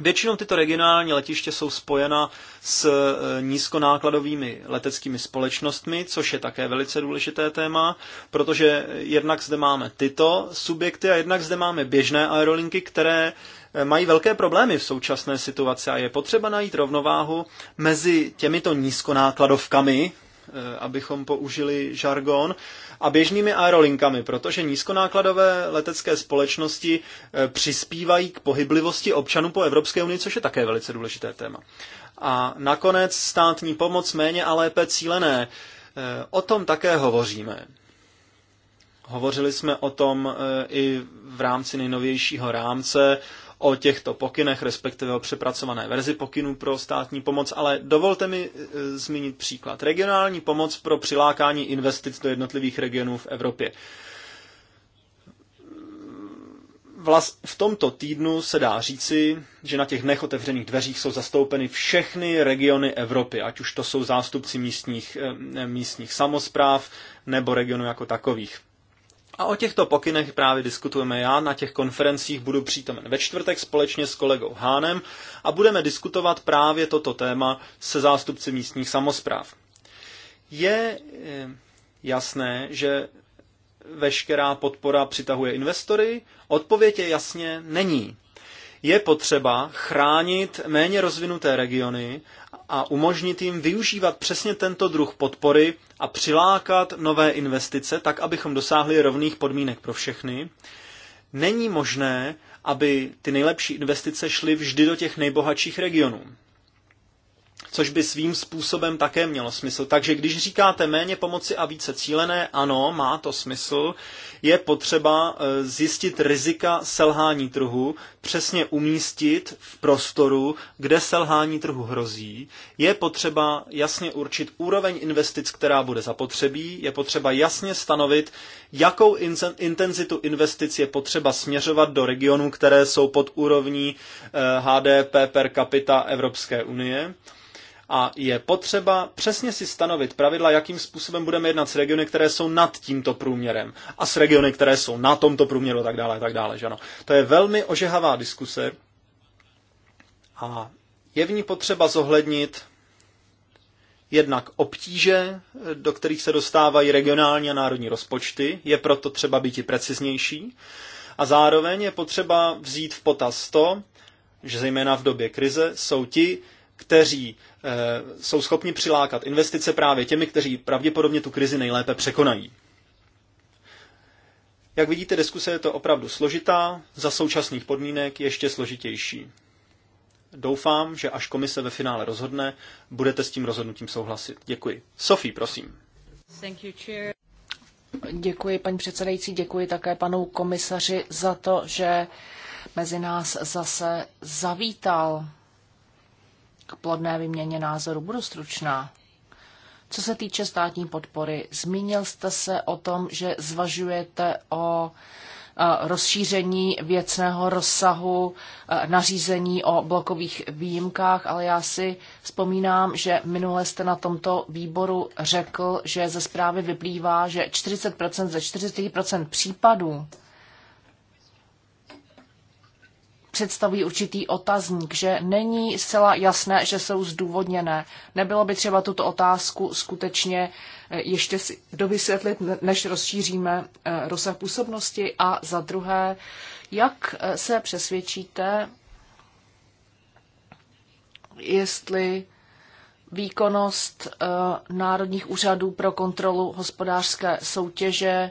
Většinou tyto regionální letiště jsou spojena s e, nízkonákladovými leteckými společnostmi, což je také velice důležité téma, protože jednak zde máme tyto subjekty a jednak zde máme běžné aerolinky, které e, mají velké problémy v současné situaci a je potřeba najít rovnováhu mezi těmito nízkonákladovkami, Eh, abychom použili žargon, a běžnými aerolinkami, protože nízkonákladové letecké společnosti eh, přispívají k pohyblivosti občanů po Evropské unii, což je také velice důležité téma. A nakonec státní pomoc méně a lépe cílené. Eh, o tom také hovoříme. Hovořili jsme o tom i v rámci nejnovějšího rámce o těchto pokynech, respektive o přepracované verzi pokynů pro státní pomoc, ale dovolte mi e, zmínit příklad. Regionální pomoc pro přilákání investic do jednotlivých regionů v Evropě. Vlast, v tomto týdnu se dá říci, že na těch nechotevřených dveřích jsou zastoupeny všechny regiony Evropy, ať už to jsou zástupci místních, e, místních samozpráv nebo regionů jako takových. A o těchto pokynech právě diskutujeme já. Na těch konferencích budu přítomen ve čtvrtek společně s kolegou Hánem a budeme diskutovat právě toto téma se zástupci místních samozpráv. Je eh, jasné, že veškerá podpora přitahuje investory? Odpověď je jasně není. Je potřeba chránit méně rozvinuté regiony a umožnit jim využívat přesně tento druh podpory a přilákat nové investice tak, abychom dosáhli rovných podmínek pro všechny, není možné, aby ty nejlepší investice šly vždy do těch nejbohatších regionů což by svým způsobem také mělo smysl. Takže když říkáte méně pomoci a více cílené, ano, má to smysl, je potřeba e, zjistit rizika selhání trhu, přesně umístit v prostoru, kde selhání trhu hrozí. Je potřeba jasně určit úroveň investic, která bude zapotřebí, je potřeba jasně stanovit, jakou intenzitu investic je potřeba směřovat do regionů, které jsou pod úrovní e, HDP per capita Evropské unie a je potřeba přesně si stanovit pravidla, jakým způsobem budeme jednat s regiony, které jsou nad tímto průměrem a s regiony, které jsou na tomto průměru a tak dále, tak dále, že ano. To je velmi ožehavá diskuse a je v ní potřeba zohlednit jednak obtíže, do kterých se dostávají regionální a národní rozpočty, je proto třeba být i preciznější, a zároveň je potřeba vzít v potaz to, že zejména v době krize jsou ti, kteří Eh, jsou schopni přilákat investice právě těmi, kteří pravděpodobně tu krizi nejlépe překonají. Jak vidíte, diskuse je to opravdu složitá, za současných podmínek ještě složitější. Doufám, že až komise ve finále rozhodne, budete s tím rozhodnutím souhlasit. Děkuji. Sofie, prosím. Thank you, chair. Děkuji, paní předsedající, děkuji také panu komisaři za to, že mezi nás zase zavítal k plodné vyměně názoru. Budu stručná. Co se týče státní podpory, zmínil jste se o tom, že zvažujete o e, rozšíření věcného rozsahu e, nařízení o blokových výjimkách, ale já si vzpomínám, že minule jste na tomto výboru řekl, že ze zprávy vyplývá, že 40% ze 40% případů představují určitý otazník, že není zcela jasné, že jsou zdůvodněné. Nebylo by třeba tuto otázku skutečně eh, ještě si dovysvětlit, než rozšíříme eh, rozsah působnosti? A za druhé, jak eh, se přesvědčíte, jestli výkonnost národních úřadů pro kontrolu hospodářské soutěže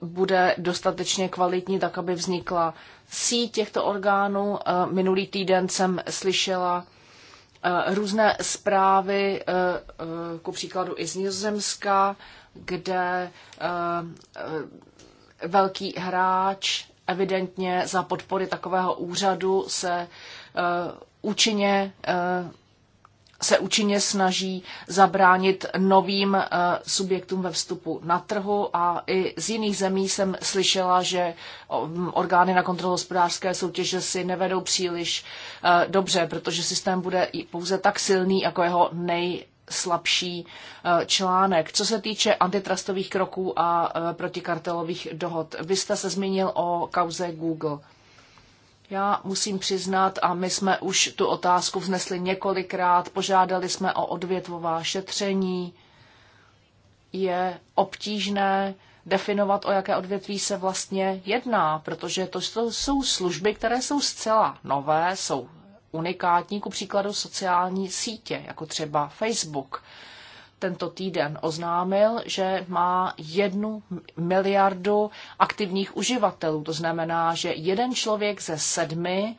bude dostatečně kvalitní, tak aby vznikla síť těchto orgánů. Eh, minulý týden jsem slyšela eh, různé zprávy, eh, ku příkladu i z Nizozemska, kde velký hráč evidentně za podpory takového úřadu se účinně se účinně snaží zabránit novým eh, subjektům ve vstupu na trhu a i z jiných zemí jsem slyšela, že orgány na kontrolu hospodářské soutěže si nevedou příliš eh, dobře, protože systém bude pouze tak silný jako jeho nej slabší eh, článek. Co se týče antitrustových kroků a protikartelových dohod, vy jste se zmínil o kauze Google. Já musím přiznat, a my jsme už tu otázku vznesli několikrát, požádali jsme o odvětvová šetření. Je obtížné definovat, o jaké odvětví se vlastně jedná, protože to jsou služby, které jsou zcela nové, jsou unikátní, ku příkladu sociální sítě, jako třeba Facebook tento týden oznámil, že má jednu miliardu aktivních uživatelů. To znamená, že jeden člověk ze sedmi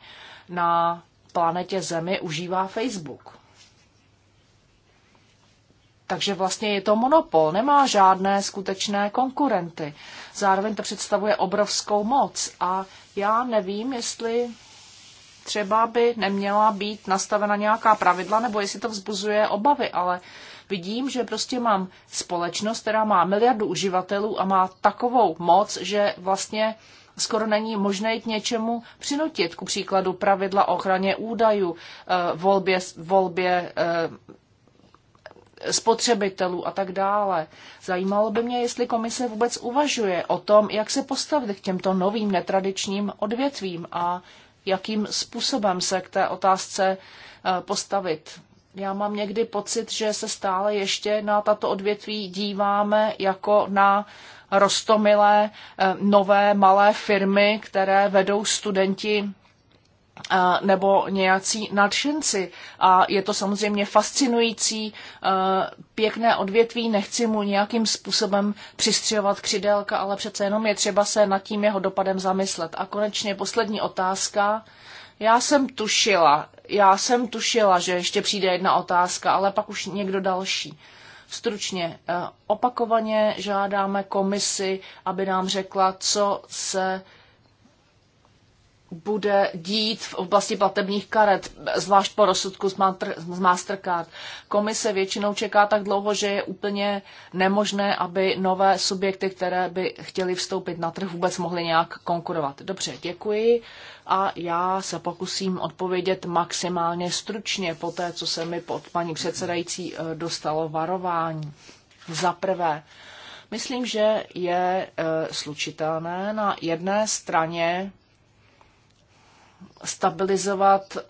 na planetě Zemi užívá Facebook. Takže vlastně je to monopol, nemá žádné skutečné konkurenty. Zároveň to představuje obrovskou moc a já nevím, jestli třeba by neměla být nastavena nějaká pravidla, nebo jestli to vzbuzuje obavy, ale vidím, že prostě mám společnost, která má miliardu uživatelů a má takovou moc, že vlastně skoro není možné k něčemu přinutit. Ku příkladu pravidla o ochraně údajů, eh, volbě, volbě eh, spotřebitelů a tak dále. Zajímalo by mě, jestli komise vůbec uvažuje o tom, jak se postavit k těmto novým netradičním odvětvím a jakým způsobem se k té otázce eh, postavit já mám někdy pocit, že se stále ještě na tato odvětví díváme jako na rostomilé eh, nové malé firmy, které vedou studenti eh, nebo nějací nadšenci. A je to samozřejmě fascinující, eh, pěkné odvětví, nechci mu nějakým způsobem přistřihovat křidelka, ale přece jenom je třeba se nad tím jeho dopadem zamyslet. A konečně poslední otázka. Já jsem tušila, já jsem tušila, že ještě přijde jedna otázka, ale pak už někdo další. Stručně, eh, opakovaně žádáme komisi, aby nám řekla, co se bude dít v oblasti platebních karet, zvlášť po rozsudku z Mastercard. Komise většinou čeká tak dlouho, že je úplně nemožné, aby nové subjekty, které by chtěly vstoupit na trh, vůbec mohly nějak konkurovat. Dobře, děkuji a já se pokusím odpovědět maximálně stručně po té, co se mi pod paní předsedající eh, dostalo varování. Za prvé, myslím, že je eh, slučitelné na jedné straně stabilizovat eh,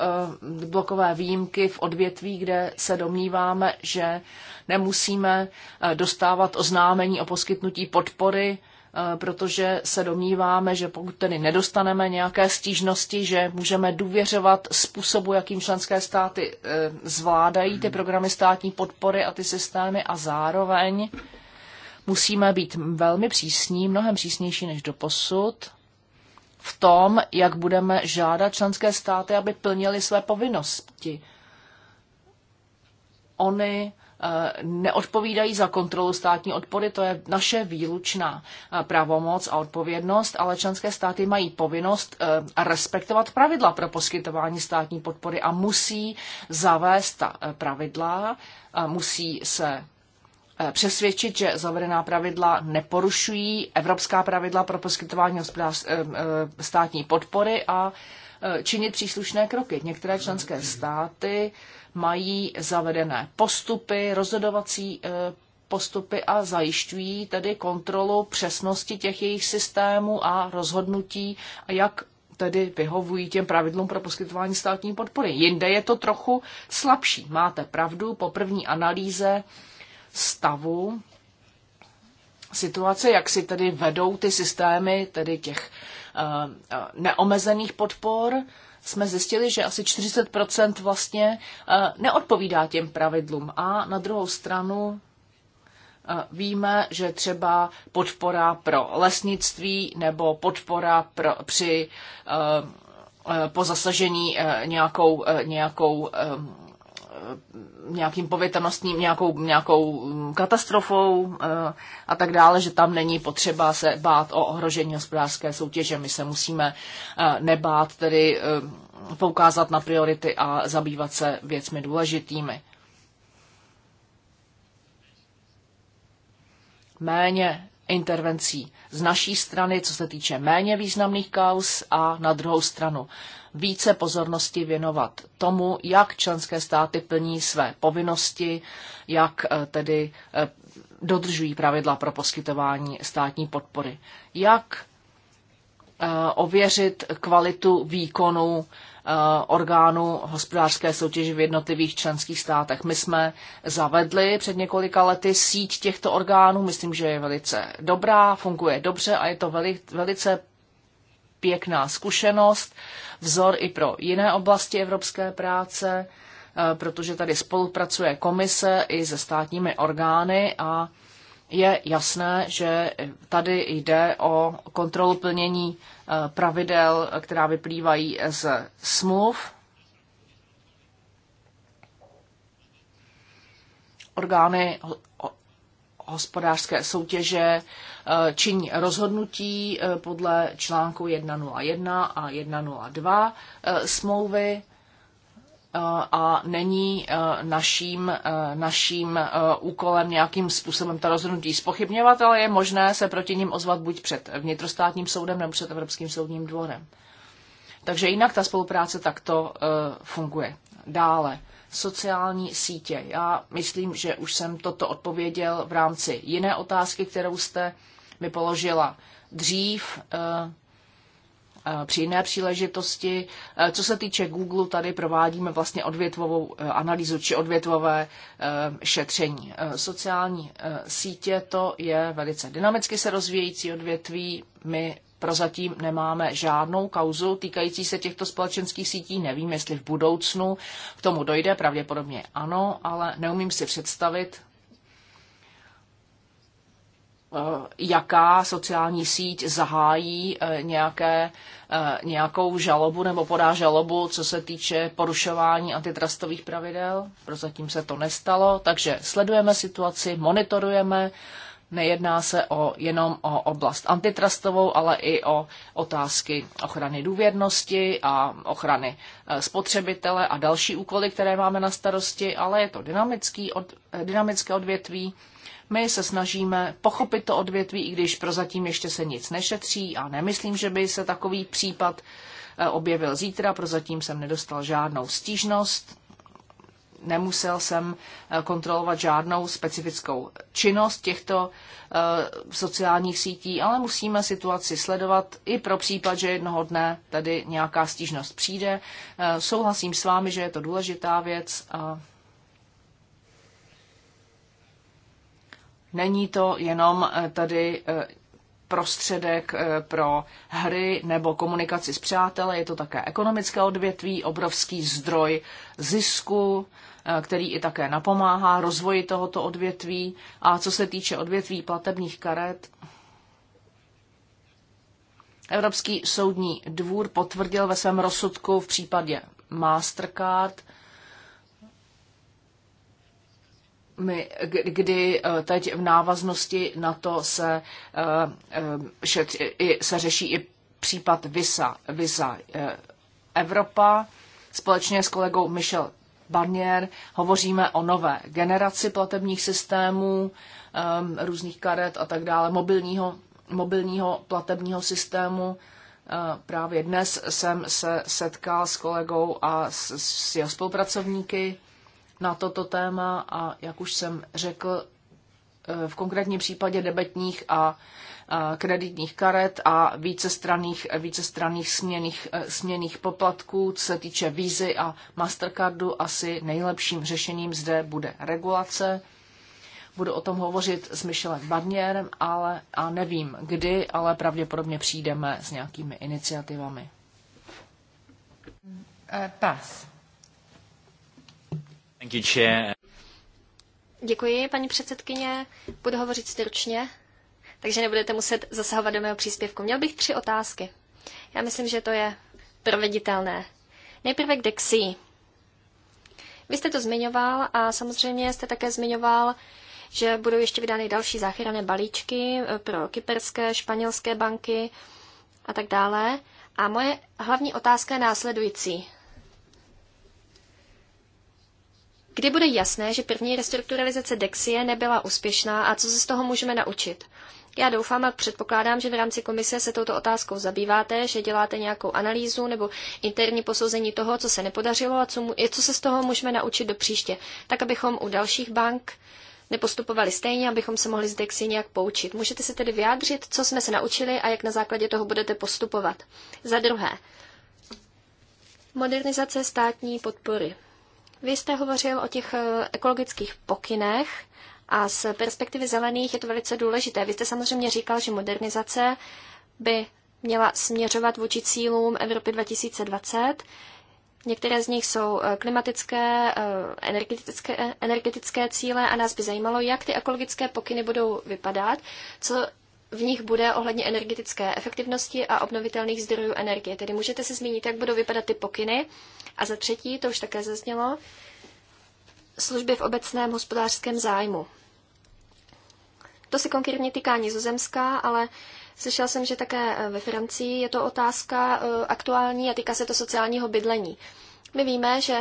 blokové výjimky v odvětví, kde se domníváme, že nemusíme eh, dostávat oznámení o poskytnutí podpory, eh, protože se domníváme, že pokud tedy nedostaneme nějaké stížnosti, že můžeme důvěřovat způsobu, jakým členské státy zvládají ty programy státní podpory a ty systémy a zároveň musíme být velmi přísní, mnohem přísnější než do posud, v tom, jak budeme žádat členské státy, aby plnili své povinnosti. Oni eh, neodpovídají za kontrolu státní odpory, to je naše výlučná eh, pravomoc a odpovědnost, ale členské státy mají povinnost eh, respektovat pravidla pro poskytování státní podpory a musí zavést ta pravidla, musí se Eh, přesvědčit, že zavedená pravidla neporušují evropská pravidla pro poskytování eh, eh, státní podpory a činit příslušné kroky. Některé členské státy mají zavedené postupy, rozhodovací postupy a zajišťují tedy kontrolu přesnosti těch jejich systémů a rozhodnutí a jak tedy vyhovují těm pravidlům pro poskytování státní podpory. Jinde je to trochu slabší. Máte pravdu, po první analýze stavu situace, jak si tedy vedou ty systémy, tedy těch eh, eh, neomezených podpor, jsme zjistili, že asi 40% vlastně eh, neodpovídá těm pravidlům. A na druhou stranu víme, že třeba podpora pro lesnictví nebo podpora pro, při po zasažení nějakou, nějakou Eh, nějakým povětrnostním, nějakou, nějakou mm, katastrofou eh, a tak dále, že tam není potřeba se bát o ohrožení hospodářské soutěže. My se musíme eh, nebát tedy poukázat na priority a zabývat se věcmi důležitými. Méně intervencí z naší strany, co se týče méně významných kaus a na druhou stranu více pozornosti věnovat tomu, jak členské státy plní své povinnosti, jak eh, tedy eh, dodržují pravidla pro poskytování státní podpory. Jak eh, ověřit kvalitu výkonu Eh, orgánů hospodářské soutěže v jednotlivých členských státech. My jsme zavedli před několika lety síť těchto orgánů, myslím, že je velice dobrá, funguje dobře a je to veli, velice pěkná zkušenost, vzor i pro jiné oblasti evropské práce, eh, protože tady spolupracuje komise i se státními orgány a je jasné, že tady jde o kontrolu plnění Eh, pravidel, která vyplývají z smluv. Orgány hospodářské soutěže eh, činí rozhodnutí eh, podle článku 101 a 102 smlouvy a není eh, naším, eh, naším eh, úkolem nějakým způsobem ta rozhodnutí spochybňovat, ale je možné se proti ním ozvat buď před vnitrostátním soudem nebo před Evropským soudním dvorem. Takže jinak ta spolupráce takto funguje. Dále, sociální sítě. Já myslím, že už jsem toto odpověděl v rámci jiné otázky, kterou jste mi položila dřív. Eh, při jiné příležitosti. Eh, co se týče Google, tady provádíme vlastně odvětvovou eh, analýzu či odvětvové šetření. Sociální sítě to je velice dynamicky se rozvíjející odvětví. My prozatím nemáme žádnou kauzu týkající se těchto společenských sítí. Nevím, jestli v budoucnu k tomu dojde, pravděpodobně ano, ale neumím si představit, Eh, jaká sociální síť zahájí eh, nějaké, eh, nějakou žalobu nebo podá žalobu, co se týče porušování antitrustových pravidel. Prozatím se to nestalo, takže sledujeme situaci, monitorujeme. Nejedná se o, jenom o oblast antitrustovou, ale i o otázky ochrany důvěrnosti a ochrany spotřebitele a další úkoly, které máme na starosti, ale je to dynamický od, dynamické odvětví my se snažíme pochopit to odvětví, i když prozatím ještě se nic nešetří a nemyslím, že by se takový případ eh, objevil zítra. Prozatím jsem nedostal žádnou stížnost, nemusel jsem eh, kontrolovat žádnou specifickou činnost těchto eh, sociálních sítí, ale musíme situaci sledovat i pro případ, že jednoho dne tady nějaká stížnost přijde. Souhlasím s vámi, že je to důležitá věc a Není to jenom eh, tady eh, prostředek eh, pro hry nebo komunikaci s přáteli, je to také ekonomické odvětví, obrovský zdroj zisku, který i také napomáhá rozvoji tohoto odvětví. A co se týče odvětví platebních karet, Evropský soudní dvůr potvrdil ve svém rozsudku v případě Mastercard, my, kdy eh, teď v návaznosti na to se, eh, eh, šetři, se řeší i případ VISA. VISA Evropa společně s kolegou Michel Barnier hovoříme o nové generaci platebních systémů, různých karet a tak dále, mobilního, mobilního platebního systému. Právě dnes jsem se setkal s kolegou a s, s jeho spolupracovníky na toto téma a jak už jsem řekl, e, v konkrétním případě debetních a kreditních karet a vícestranných, vícestranných směných, e, směných poplatků, co se týče vízy a Mastercardu, asi nejlepším řešením zde bude regulace. Budu o tom hovořit s Michelem Barnierem, ale a nevím kdy, ale pravděpodobně přijdeme s nějakými iniciativami. E, pass. Děkuji, paní předsedkyně. Budu hovořit stručně, takže nebudete muset zasahovat do mého příspěvku. Měl bych tři otázky. Já myslím, že to je proveditelné. Nejprve k Dexi. Vy jste to zmiňoval a samozřejmě jste také zmiňoval, že budou ještě vydány další záchranné balíčky eh, pro kyperské, španělské banky a tak dále. A moje hlavní otázka je následující. Kdy bude jasné, že první restrukturalizace Dexie nebyla úspěšná a co se z toho můžeme naučit? Já doufám a předpokládám, že v rámci komise se touto otázkou zabýváte, že děláte nějakou analýzu nebo interní posouzení toho, co se nepodařilo a co, mu, co se z toho můžeme naučit do příště, tak abychom u dalších bank nepostupovali stejně, abychom se mohli z Dexy nějak poučit. Můžete se tedy vyjádřit, co jsme se naučili a jak na základě toho budete postupovat. Za druhé, modernizace státní podpory. Vy jste hovořil o těch eh, ekologických pokynech a z perspektivy zelených je to velice důležité. Vy jste samozřejmě říkal, že modernizace by měla směřovat vůči cílům Evropy 2020. Některé z nich jsou eh, klimatické, eh, energetické, energetické cíle a nás by zajímalo, jak ty ekologické pokyny budou vypadat, co v nich bude ohledně energetické efektivnosti a obnovitelných zdrojů energie. Tedy můžete se zmínit, jak budou vypadat ty pokyny a za třetí, to už také zaznělo, služby v obecném hospodářském zájmu. To se konkrétně týká nizozemská, ale slyšel jsem, že také eh, ve Francii je to otázka eh, aktuální a týká se to sociálního bydlení. My víme, že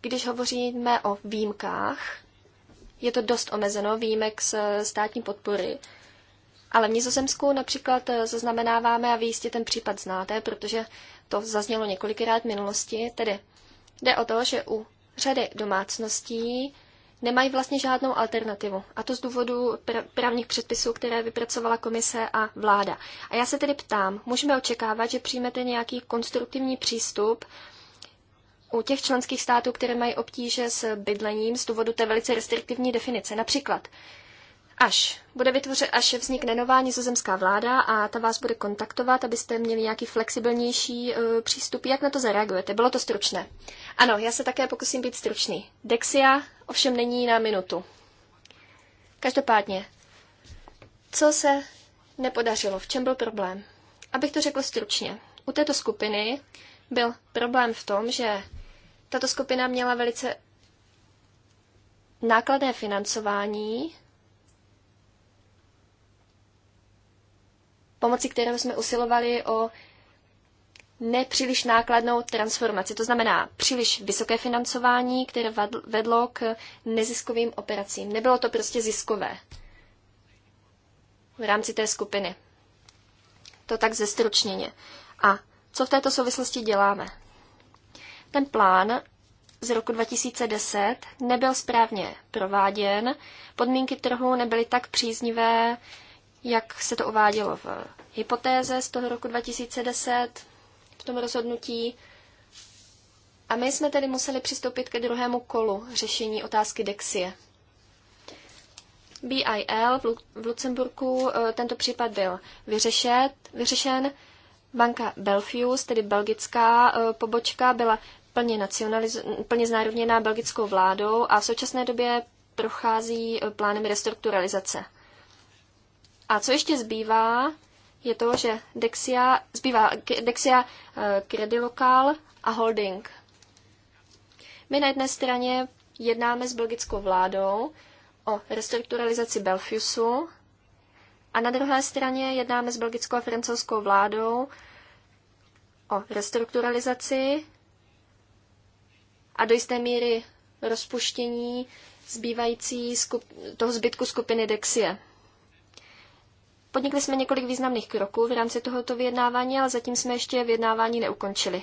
když hovoříme o výjimkách, je to dost omezeno výjimek z eh, státní podpory. Ale v Nizozemsku například eh, zaznamenáváme, a vy jistě ten případ znáte, protože to zaznělo několikrát v minulosti, tedy jde o to, že u řady domácností nemají vlastně žádnou alternativu. A to z důvodu pr- právních předpisů, které vypracovala komise a vláda. A já se tedy ptám, můžeme očekávat, že přijmete nějaký konstruktivní přístup u těch členských států, které mají obtíže s bydlením z důvodu té velice restriktivní definice. Například Až. Bude vytvořen, až vznikne nová nizozemská vláda a ta vás bude kontaktovat, abyste měli nějaký flexibilnější uh, přístup. Jak na to zareagujete? Bylo to stručné. Ano, já se také pokusím být stručný. Dexia ovšem není na minutu. Každopádně, co se nepodařilo? V čem byl problém? Abych to řekl stručně. U této skupiny byl problém v tom, že tato skupina měla velice nákladné financování pomocí kterého jsme usilovali o nepříliš nákladnou transformaci. To znamená příliš vysoké financování, které vedlo k neziskovým operacím. Nebylo to prostě ziskové v rámci té skupiny. To tak zestručněně. A co v této souvislosti děláme? Ten plán z roku 2010 nebyl správně prováděn, podmínky trhu nebyly tak příznivé, jak se to uvádělo v hypotéze z toho roku 2010, v tom rozhodnutí. A my jsme tedy museli přistoupit ke druhému kolu řešení otázky Dexie. BIL v Lucemburku e, tento případ byl vyřešet, vyřešen. Banka Belfius, tedy belgická e, pobočka, byla plně, nacionaliz- plně znárodněná belgickou vládou a v současné době prochází e, plánem restrukturalizace. A co ještě zbývá, je to, že Dexia, zbývá Dexia, eh, Credilokal a Holding. My na jedné straně jednáme s belgickou vládou o restrukturalizaci Belfiusu a na druhé straně jednáme s belgickou a francouzskou vládou o restrukturalizaci a do jisté míry rozpuštění zbývající skup- toho zbytku skupiny Dexie. Podnikli jsme několik významných kroků v rámci tohoto vyjednávání, ale zatím jsme ještě vyjednávání neukončili.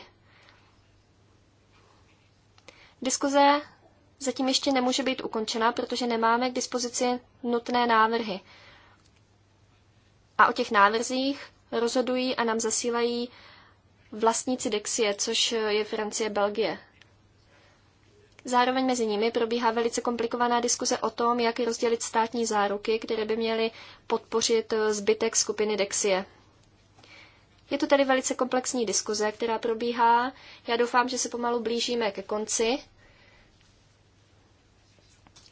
Diskuze zatím ještě nemůže být ukončena, protože nemáme k dispozici nutné návrhy. A o těch návrzích rozhodují a nám zasílají vlastníci Dexie, což je Francie, Belgie. Zároveň mezi nimi probíhá velice komplikovaná diskuze o tom, jak rozdělit státní záruky, které by měly podpořit eh, zbytek skupiny Dexie. Je to tedy velice komplexní diskuze, která probíhá. Já doufám, že se pomalu blížíme ke konci,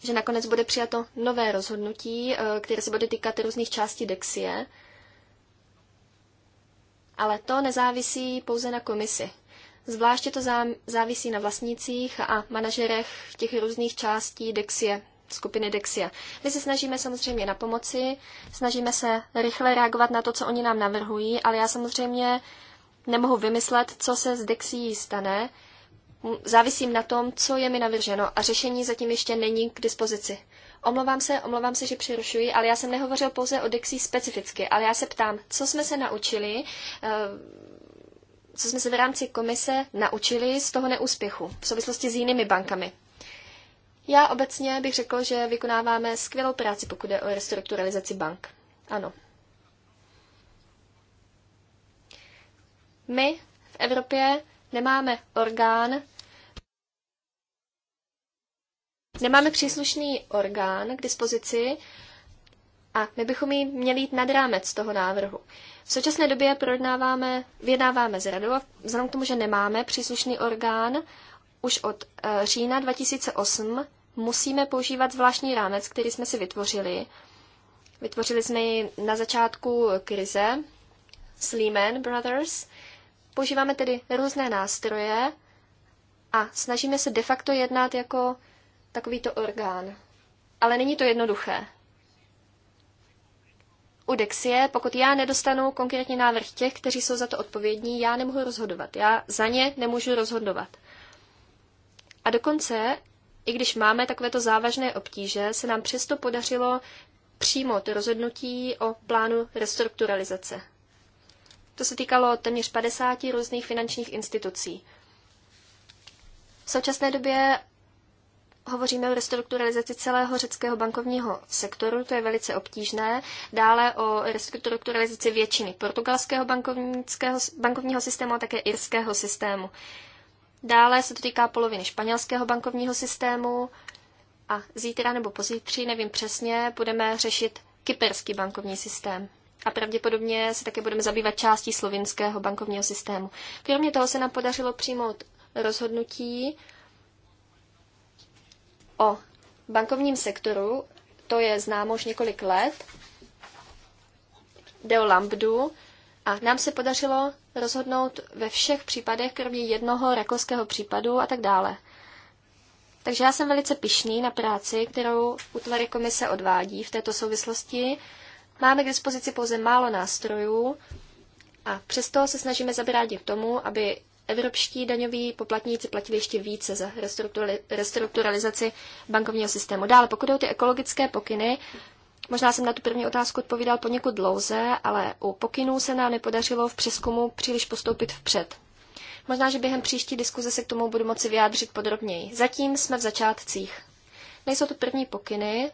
že nakonec bude přijato nové rozhodnutí, eh, které se bude týkat různých částí Dexie. Ale to nezávisí pouze na komisi. Zvláště to závisí na vlastnících a manažerech těch různých částí Dexie, skupiny Dexia. My se snažíme samozřejmě na pomoci, snažíme se rychle reagovat na to, co oni nám navrhují, ale já samozřejmě nemohu vymyslet, co se s Dexií stane. Závisím na tom, co je mi navrženo a řešení zatím ještě není k dispozici. Omlouvám se, omlouvám se, že přerušuji, ale já jsem nehovořil pouze o Dexii specificky, ale já se ptám, co jsme se naučili eh, co jsme se v rámci komise naučili z toho neúspěchu v souvislosti s jinými bankami. Já obecně bych řekl, že vykonáváme skvělou práci, pokud jde o restrukturalizaci bank. Ano. My v Evropě nemáme orgán, nemáme příslušný orgán k dispozici a my bychom jí měli jít nad rámec toho návrhu. V současné době projednáváme, vyjednáváme s radou a vzhledem k tomu, že nemáme příslušný orgán, už od eh, října 2008 musíme používat zvláštní rámec, který jsme si vytvořili. Vytvořili jsme ji na začátku krize s Lehman Brothers. Používáme tedy různé nástroje a snažíme se de facto jednat jako takovýto orgán. Ale není to jednoduché u Dexie, pokud já nedostanu konkrétně návrh těch, kteří jsou za to odpovědní, já nemohu rozhodovat. Já za ně nemůžu rozhodovat. A dokonce, i když máme takovéto závažné obtíže, se nám přesto podařilo přijmout rozhodnutí o plánu restrukturalizace. To se týkalo téměř 50 různých finančních institucí. V současné době hovoříme o restrukturalizaci celého řeckého bankovního sektoru, to je velice obtížné. Dále o restrukturalizaci většiny portugalského bankovního systému a také irského systému. Dále se to týká poloviny španělského bankovního systému a zítra nebo pozítří, nevím přesně, budeme řešit kyperský bankovní systém. A pravděpodobně se také budeme zabývat částí slovinského bankovního systému. Kromě toho se nám podařilo přijmout rozhodnutí, O bankovním sektoru to je známo už několik let. Jde o Lambdu a nám se podařilo rozhodnout ve všech případech, kromě jednoho rakouského případu a tak dále. Takže já jsem velice pišný na práci, kterou útvary komise odvádí v této souvislosti. Máme k dispozici pouze málo nástrojů a přesto se snažíme zabránit tomu, aby Evropští daňoví poplatníci platili ještě více za restrukturalizaci bankovního systému. Dále, pokud jde o ty ekologické pokyny, možná jsem na tu první otázku odpovídal poněkud dlouze, ale u pokynů se nám nepodařilo v přeskumu příliš postoupit vpřed. Možná, že během příští diskuze se k tomu budu moci vyjádřit podrobněji. Zatím jsme v začátcích. Nejsou to první pokyny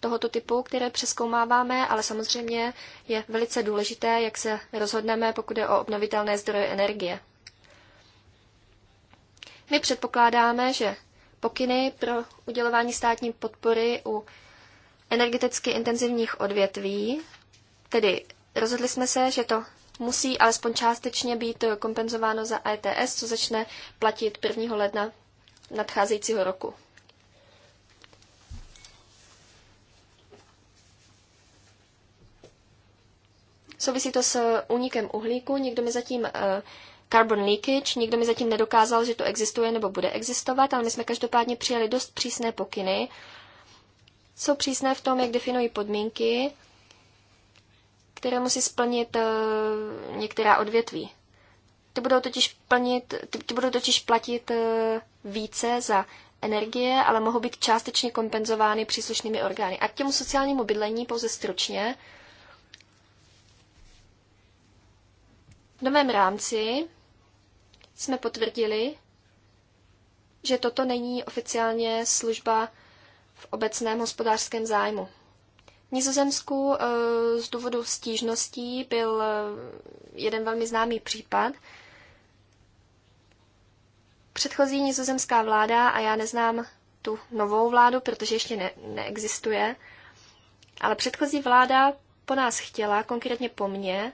tohoto typu, které přeskoumáváme, ale samozřejmě je velice důležité, jak se rozhodneme, pokud je o obnovitelné zdroje energie. My předpokládáme, že pokyny pro udělování státní podpory u energeticky intenzivních odvětví, tedy rozhodli jsme se, že to musí alespoň částečně být kompenzováno za ETS, co začne platit 1. ledna nadcházejícího roku. Souvisí to s únikem uhlíku. někdo mi zatím eh, carbon leakage. Nikdo mi zatím nedokázal, že to existuje nebo bude existovat, ale my jsme každopádně přijali dost přísné pokyny. Jsou přísné v tom, jak definují podmínky, které musí splnit eh, některá odvětví. Ty budou totiž, plnit, ty, ty budou totiž platit eh, více za energie, ale mohou být částečně kompenzovány příslušnými orgány. A k těmu sociálnímu bydlení pouze stručně. V novém rámci jsme potvrdili, že toto není oficiálně služba v obecném hospodářském zájmu. V Nizozemsku eh, z důvodu stížností byl eh, jeden velmi známý případ. Předchozí nizozemská vláda, a já neznám tu novou vládu, protože ještě ne, neexistuje, ale předchozí vláda po nás chtěla, konkrétně po mně,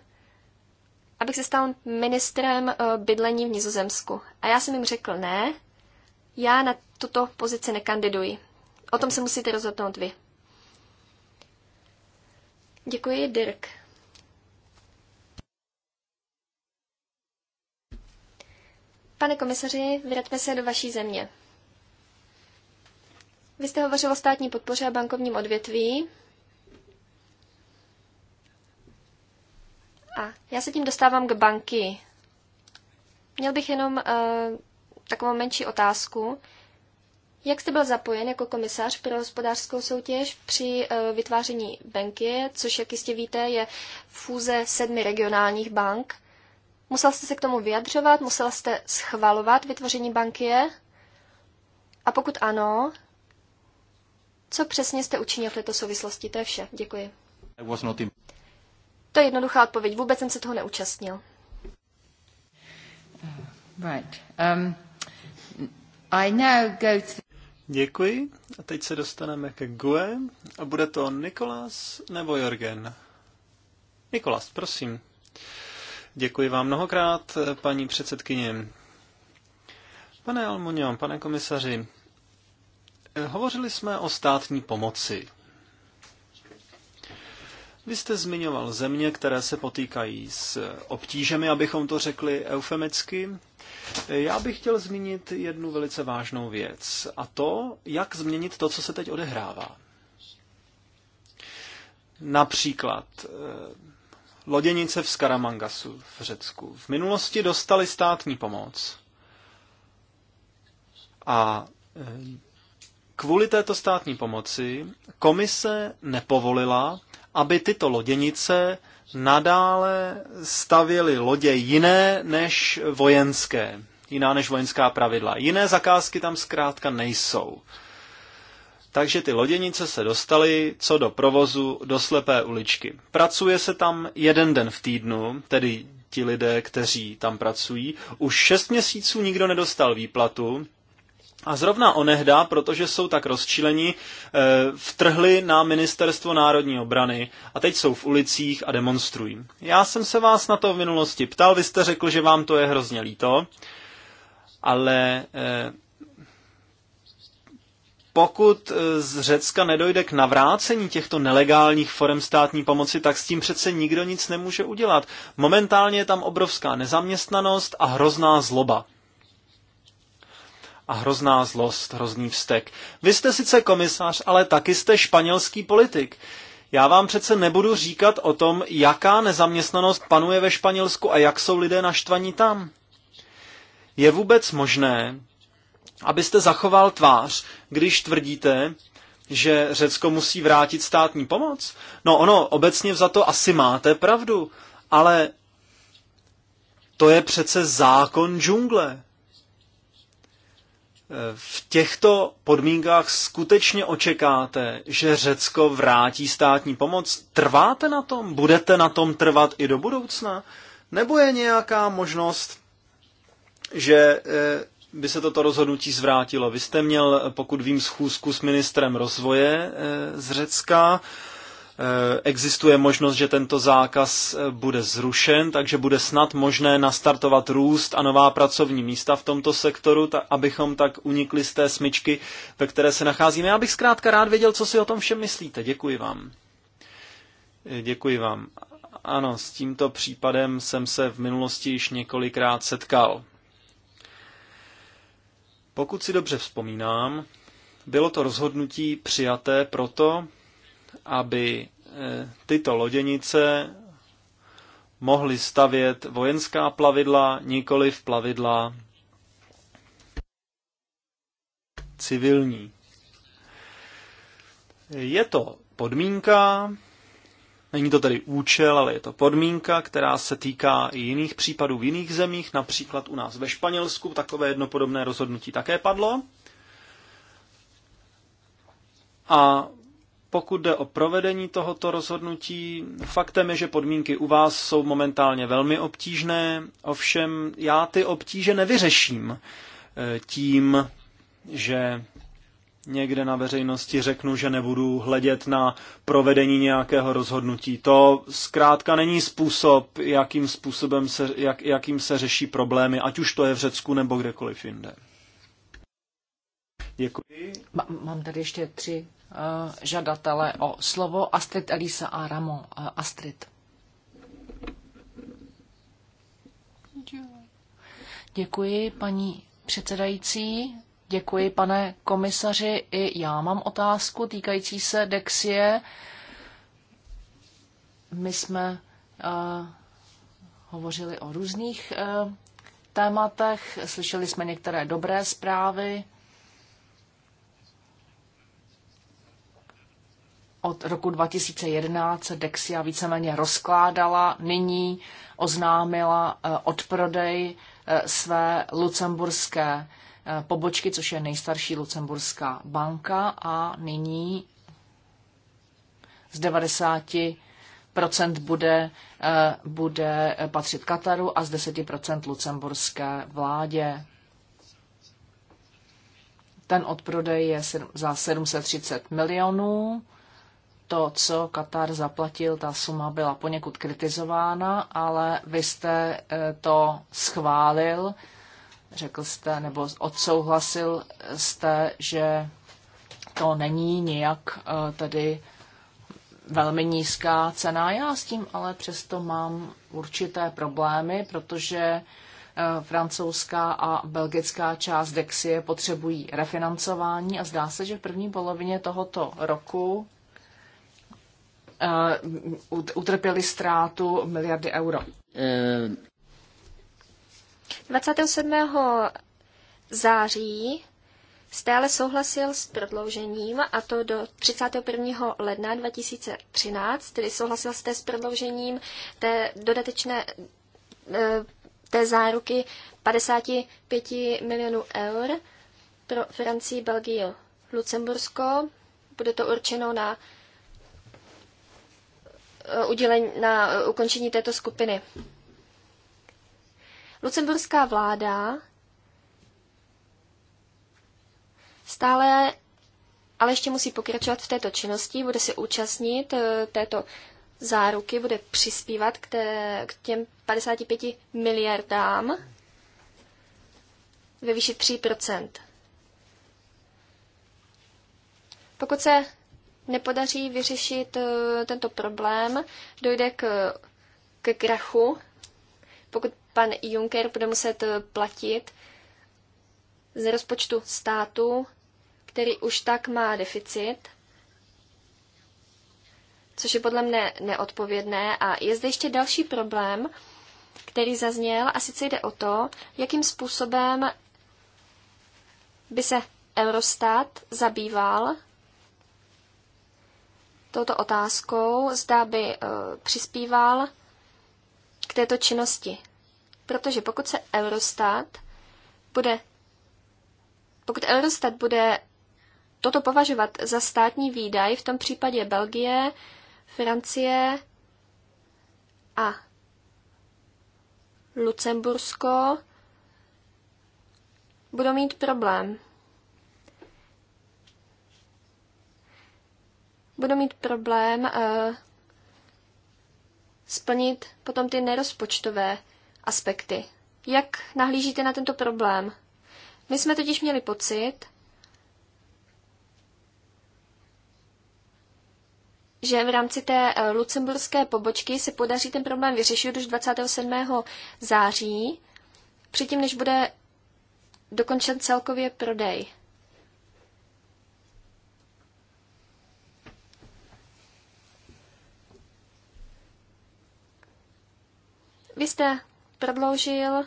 abych se stal ministrem eh, bydlení v Nizozemsku. A já jsem jim řekl, ne, já na tuto pozici nekandiduji. O tom se musíte rozhodnout vy. Děkuji, Dirk. Pane komisaři, vraťme se do vaší země. Vy jste hovořil o státní podpoře a bankovním odvětví A já se tím dostávám k banky. Měl bych jenom uh, takovou menší otázku. Jak jste byl zapojen jako komisař pro hospodářskou soutěž při uh, vytváření banky, což, jak jistě víte, je fůze sedmi regionálních bank? Musel jste se k tomu vyjadřovat, musel jste schvalovat vytvoření banky? A pokud ano, co přesně jste učinil v této souvislosti? To je vše. Děkuji. To je jednoduchá odpověď. Vůbec jsem se toho neúčastnil. Uh, right. Um, I now go to... Děkuji. A teď se dostaneme ke GUE. A bude to Nikolas nebo Jorgen? Nikolas, prosím. Děkuji vám mnohokrát, paní předsedkyně. Pane Almunion, pane komisaři, hovořili jsme o státní pomoci. Vy jste zmiňoval země, které se potýkají s obtížemi, abychom to řekli eufemicky. Já bych chtěl zmínit jednu velice vážnou věc, a to, jak změnit to, co se teď odehrává. Například eh, loděnice v Skaramangasu v Řecku. V minulosti dostali státní pomoc. A eh, kvůli této státní pomoci komise nepovolila aby tyto loděnice nadále stavěly lodě jiné než vojenské, jiná než vojenská pravidla. Jiné zakázky tam zkrátka nejsou. Takže ty loděnice se dostaly co do provozu do slepé uličky. Pracuje se tam jeden den v týdnu, tedy ti lidé, kteří tam pracují. Už šest měsíců nikdo nedostal výplatu a zrovna onehda, protože jsou tak rozčileni, eh, vtrhli na Ministerstvo národní obrany a teď jsou v ulicích a demonstrují. Já jsem se vás na to v minulosti ptal, vy jste řekl, že vám to je hrozně líto, ale eh, pokud eh, z Řecka nedojde k navrácení těchto nelegálních forem státní pomoci, tak s tím přece nikdo nic nemůže udělat. Momentálně je tam obrovská nezaměstnanost a hrozná zloba a hrozná zlost, hrozný vztek. Vy jste sice komisař, ale taky jste španělský politik. Já vám přece nebudu říkat o tom, jaká nezaměstnanost panuje ve Španělsku a jak jsou lidé naštvaní tam. Je vůbec možné, abyste zachoval tvář, když tvrdíte, že Řecko musí vrátit státní pomoc? No ono, obecně za to asi máte pravdu, ale to je přece zákon džungle v těchto podmínkách skutečně očekáte, že Řecko vrátí státní pomoc? Trváte na tom? Budete na tom trvat i do budoucna? Nebo je nějaká možnost, že eh, by se toto rozhodnutí zvrátilo? Vy jste měl, pokud vím, schůzku s ministrem rozvoje eh, z Řecka Eh, existuje možnost, že tento zákaz eh, bude zrušen, takže bude snad možné nastartovat růst a nová pracovní místa v tomto sektoru, ta, abychom tak unikli z té smyčky, ve které se nacházíme. Já bych zkrátka rád věděl, co si o tom všem myslíte. Děkuji vám. Eh, děkuji vám. Ano, s tímto případem jsem se v minulosti již několikrát setkal. Pokud si dobře vzpomínám, bylo to rozhodnutí přijaté proto, aby eh, tyto loděnice mohly stavět vojenská plavidla, nikoli v plavidla civilní. Je to podmínka, není to tedy účel, ale je to podmínka, která se týká i jiných případů v jiných zemích, například u nás ve Španělsku takové jednopodobné rozhodnutí také padlo. A pokud jde o provedení tohoto rozhodnutí, faktem je, že podmínky u vás jsou momentálně velmi obtížné, ovšem já ty obtíže nevyřeším eh, tím, že někde na veřejnosti řeknu, že nebudu hledět na provedení nějakého rozhodnutí. To zkrátka není způsob, jakým způsobem se, jak, jakým se řeší problémy, ať už to je v Řecku nebo kdekoliv jinde. Děkuji. Mám tady ještě tři uh, žadatele o slovo. Astrid, Elisa a Ramon. Uh, Astrid. Děkuji, paní předsedající. Děkuji, pane komisaři. I já mám otázku týkající se Dexie. My jsme uh, hovořili o různých uh, tématech, slyšeli jsme některé dobré zprávy, Od roku 2011 se Dexia víceméně rozkládala, nyní oznámila eh, odprodej eh, své lucemburské eh, pobočky, což je nejstarší lucemburská banka a nyní z 90% bude, bude patřit Kataru a z 10% lucemburské vládě. Ten odprodej je za 730 milionů to, co Katar zaplatil, ta suma byla poněkud kritizována, ale vy jste eh, to schválil, řekl jste, nebo odsouhlasil jste, že to není nějak eh, tedy velmi nízká cena. Já s tím ale přesto mám určité problémy, protože eh, francouzská a belgická část Dexie potřebují refinancování a zdá se, že v první polovině tohoto roku Uh, utrpěli ztrátu miliardy euro. 27. Eh. září stále souhlasil s prodloužením, a to do 31. ledna 2013, tedy souhlasil jste s prodloužením té dodatečné eh, té záruky 55 milionů eur pro Francii, Belgii, Lucembursko. Bude to určeno na Eh, udělení, na eh, ukončení této skupiny. Lucemburská vláda stále ale ještě musí pokračovat v této činnosti, bude se účastnit eh, této záruky, bude přispívat k, té, k těm 55 miliardám ve výši 3 pokud se nepodaří vyřešit e, tento problém, dojde k, k krachu, pokud pan Juncker bude muset e, platit z rozpočtu státu, který už tak má deficit, což je podle mne neodpovědné. A je zde ještě další problém, který zazněl, a sice jde o to, jakým způsobem by se Eurostat zabýval touto otázkou, zda by eh, přispíval k této činnosti. Protože pokud se Eurostat bude, pokud Eurostat bude toto považovat za státní výdaj, v tom případě Belgie, Francie a Lucembursko budou mít problém. budou mít problém eh, splnit potom ty nerozpočtové aspekty. Jak nahlížíte na tento problém? My jsme totiž měli pocit, že v rámci té eh, lucemburské pobočky se podaří ten problém vyřešit už 27. září, předtím, než bude dokončen celkově prodej. Vy jste prodloužil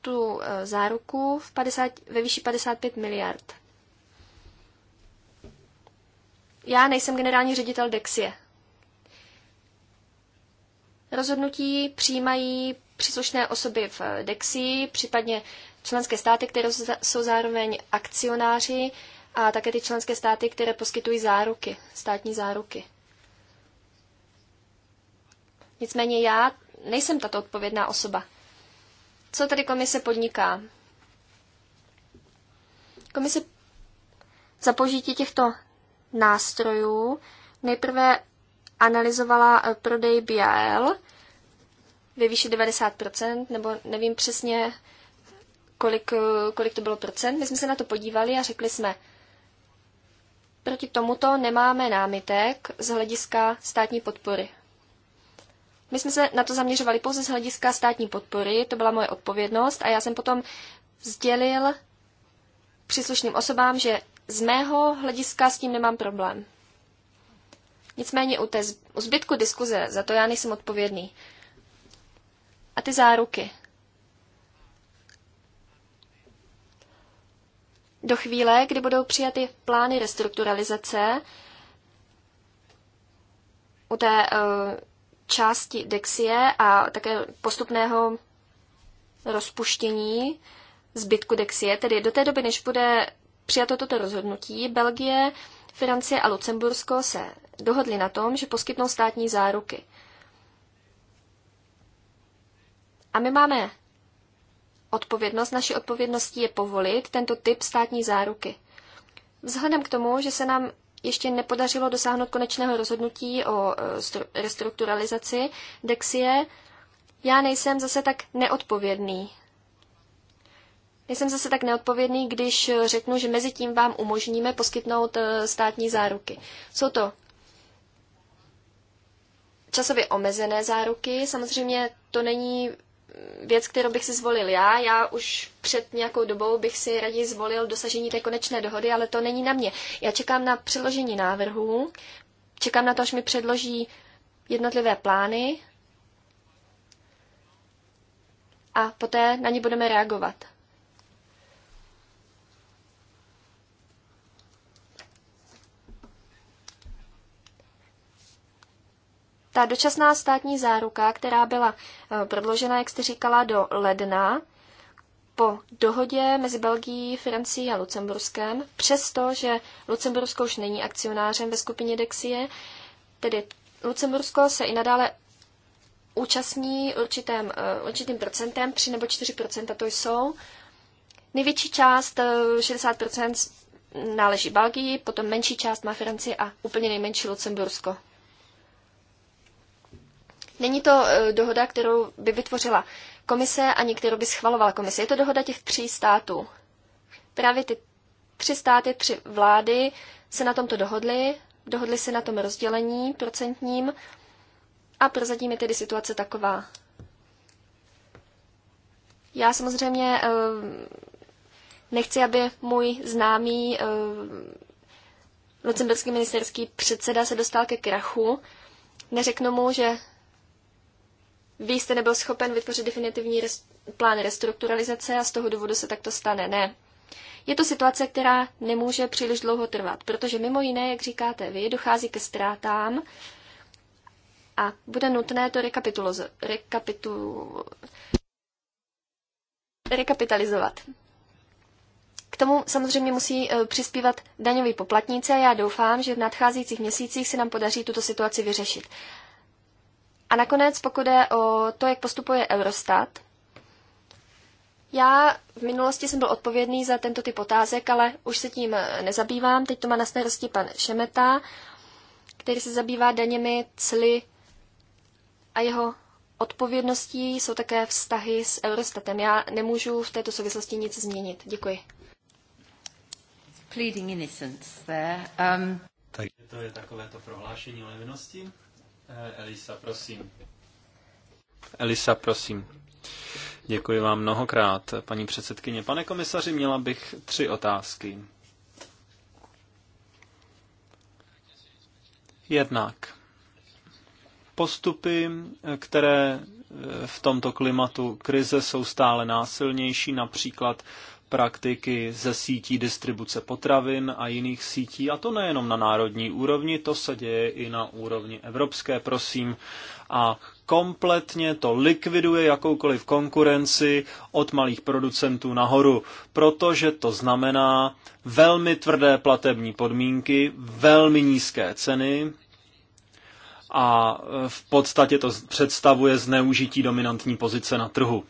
tu e, záruku v 50, ve výši 55 miliard. Já nejsem generální ředitel Dexie. Rozhodnutí přijímají příslušné osoby v e, Dexii, případně členské státy, které jsou zároveň akcionáři a také ty členské státy, které poskytují záruky, státní záruky. Nicméně já nejsem tato odpovědná osoba. Co tedy komise podniká? Komise za požití těchto nástrojů nejprve analyzovala eh, prodej BIL, ve výši 90%, nebo nevím přesně, kolik, eh, kolik to bylo procent. My jsme se na to podívali a řekli jsme, proti tomuto nemáme námitek z hlediska státní podpory. My jsme se na to zaměřovali pouze z hlediska státní podpory, to byla moje odpovědnost a já jsem potom sdělil příslušným osobám, že z mého hlediska s tím nemám problém. Nicméně u, té, u zbytku diskuze za to já nejsem odpovědný. A ty záruky. Do chvíle, kdy budou přijaty plány restrukturalizace, u té uh, části Dexie a také postupného rozpuštění zbytku Dexie, tedy do té doby, než bude přijato toto rozhodnutí, Belgie, Francie a Lucembursko se dohodli na tom, že poskytnou státní záruky. A my máme odpovědnost, naší odpovědností je povolit tento typ státní záruky. Vzhledem k tomu, že se nám ještě nepodařilo dosáhnout konečného rozhodnutí o e, restrukturalizaci Dexie, já nejsem zase tak neodpovědný. Nejsem zase tak neodpovědný, když e, řeknu, že mezi tím vám umožníme poskytnout e, státní záruky. Jsou to časově omezené záruky. Samozřejmě to není věc, kterou bych si zvolil já. Já už před nějakou dobou bych si raději zvolil dosažení té konečné dohody, ale to není na mě. Já čekám na předložení návrhů, čekám na to, až mi předloží jednotlivé plány a poté na ně budeme reagovat. Ta dočasná státní záruka, která byla eh, prodložena, jak jste říkala, do ledna, po dohodě mezi Belgií, Francií a Lucemburskem, přesto, že Lucembursko už není akcionářem ve skupině Dexie, tedy Lucembursko se i nadále účastní určitém, eh, určitým procentem, 3 nebo 4 procenta to jsou. Největší část, 60 eh, náleží Belgii, potom menší část má Francie a úplně nejmenší Lucembursko. Není to eh, dohoda, kterou by vytvořila komise ani kterou by schvalovala komise. Je to dohoda těch tří států. Právě ty tři státy, tři vlády se na tomto dohodly, dohodly se na tom rozdělení procentním a prozatím je tedy situace taková. Já samozřejmě eh, nechci, aby můj známý eh, lucemberský ministerský předseda se dostal ke krachu. Neřeknu mu, že vy jste nebyl schopen vytvořit definitivní res- plán restrukturalizace a z toho důvodu se takto stane. Ne. Je to situace, která nemůže příliš dlouho trvat, protože mimo jiné, jak říkáte vy, dochází ke ztrátám a bude nutné to rekapitulo- rekapitu- rekapitalizovat. K tomu samozřejmě musí e, přispívat daňoví poplatníci a já doufám, že v nadcházejících měsících se nám podaří tuto situaci vyřešit. A nakonec, pokud je o to, jak postupuje Eurostat, já v minulosti jsem byl odpovědný za tento typ otázek, ale už se tím nezabývám. Teď to má na starosti pan Šemeta, který se zabývá daněmi, cly a jeho odpovědností jsou také vztahy s Eurostatem. Já nemůžu v této souvislosti nic změnit. Děkuji. Pleading innocence there. Um... to je takové to prohlášení o nevinnosti. Elisa, prosím. Elisa, prosím. Děkuji vám mnohokrát, paní předsedkyně. Pane komisaři, měla bych tři otázky. Jednak postupy, které v tomto klimatu krize jsou stále násilnější, například praktiky ze sítí distribuce potravin a jiných sítí, a to nejenom na národní úrovni, to se děje i na úrovni evropské, prosím, a kompletně to likviduje jakoukoliv konkurenci od malých producentů nahoru, protože to znamená velmi tvrdé platební podmínky, velmi nízké ceny, a v podstatě to představuje zneužití dominantní pozice na trhu.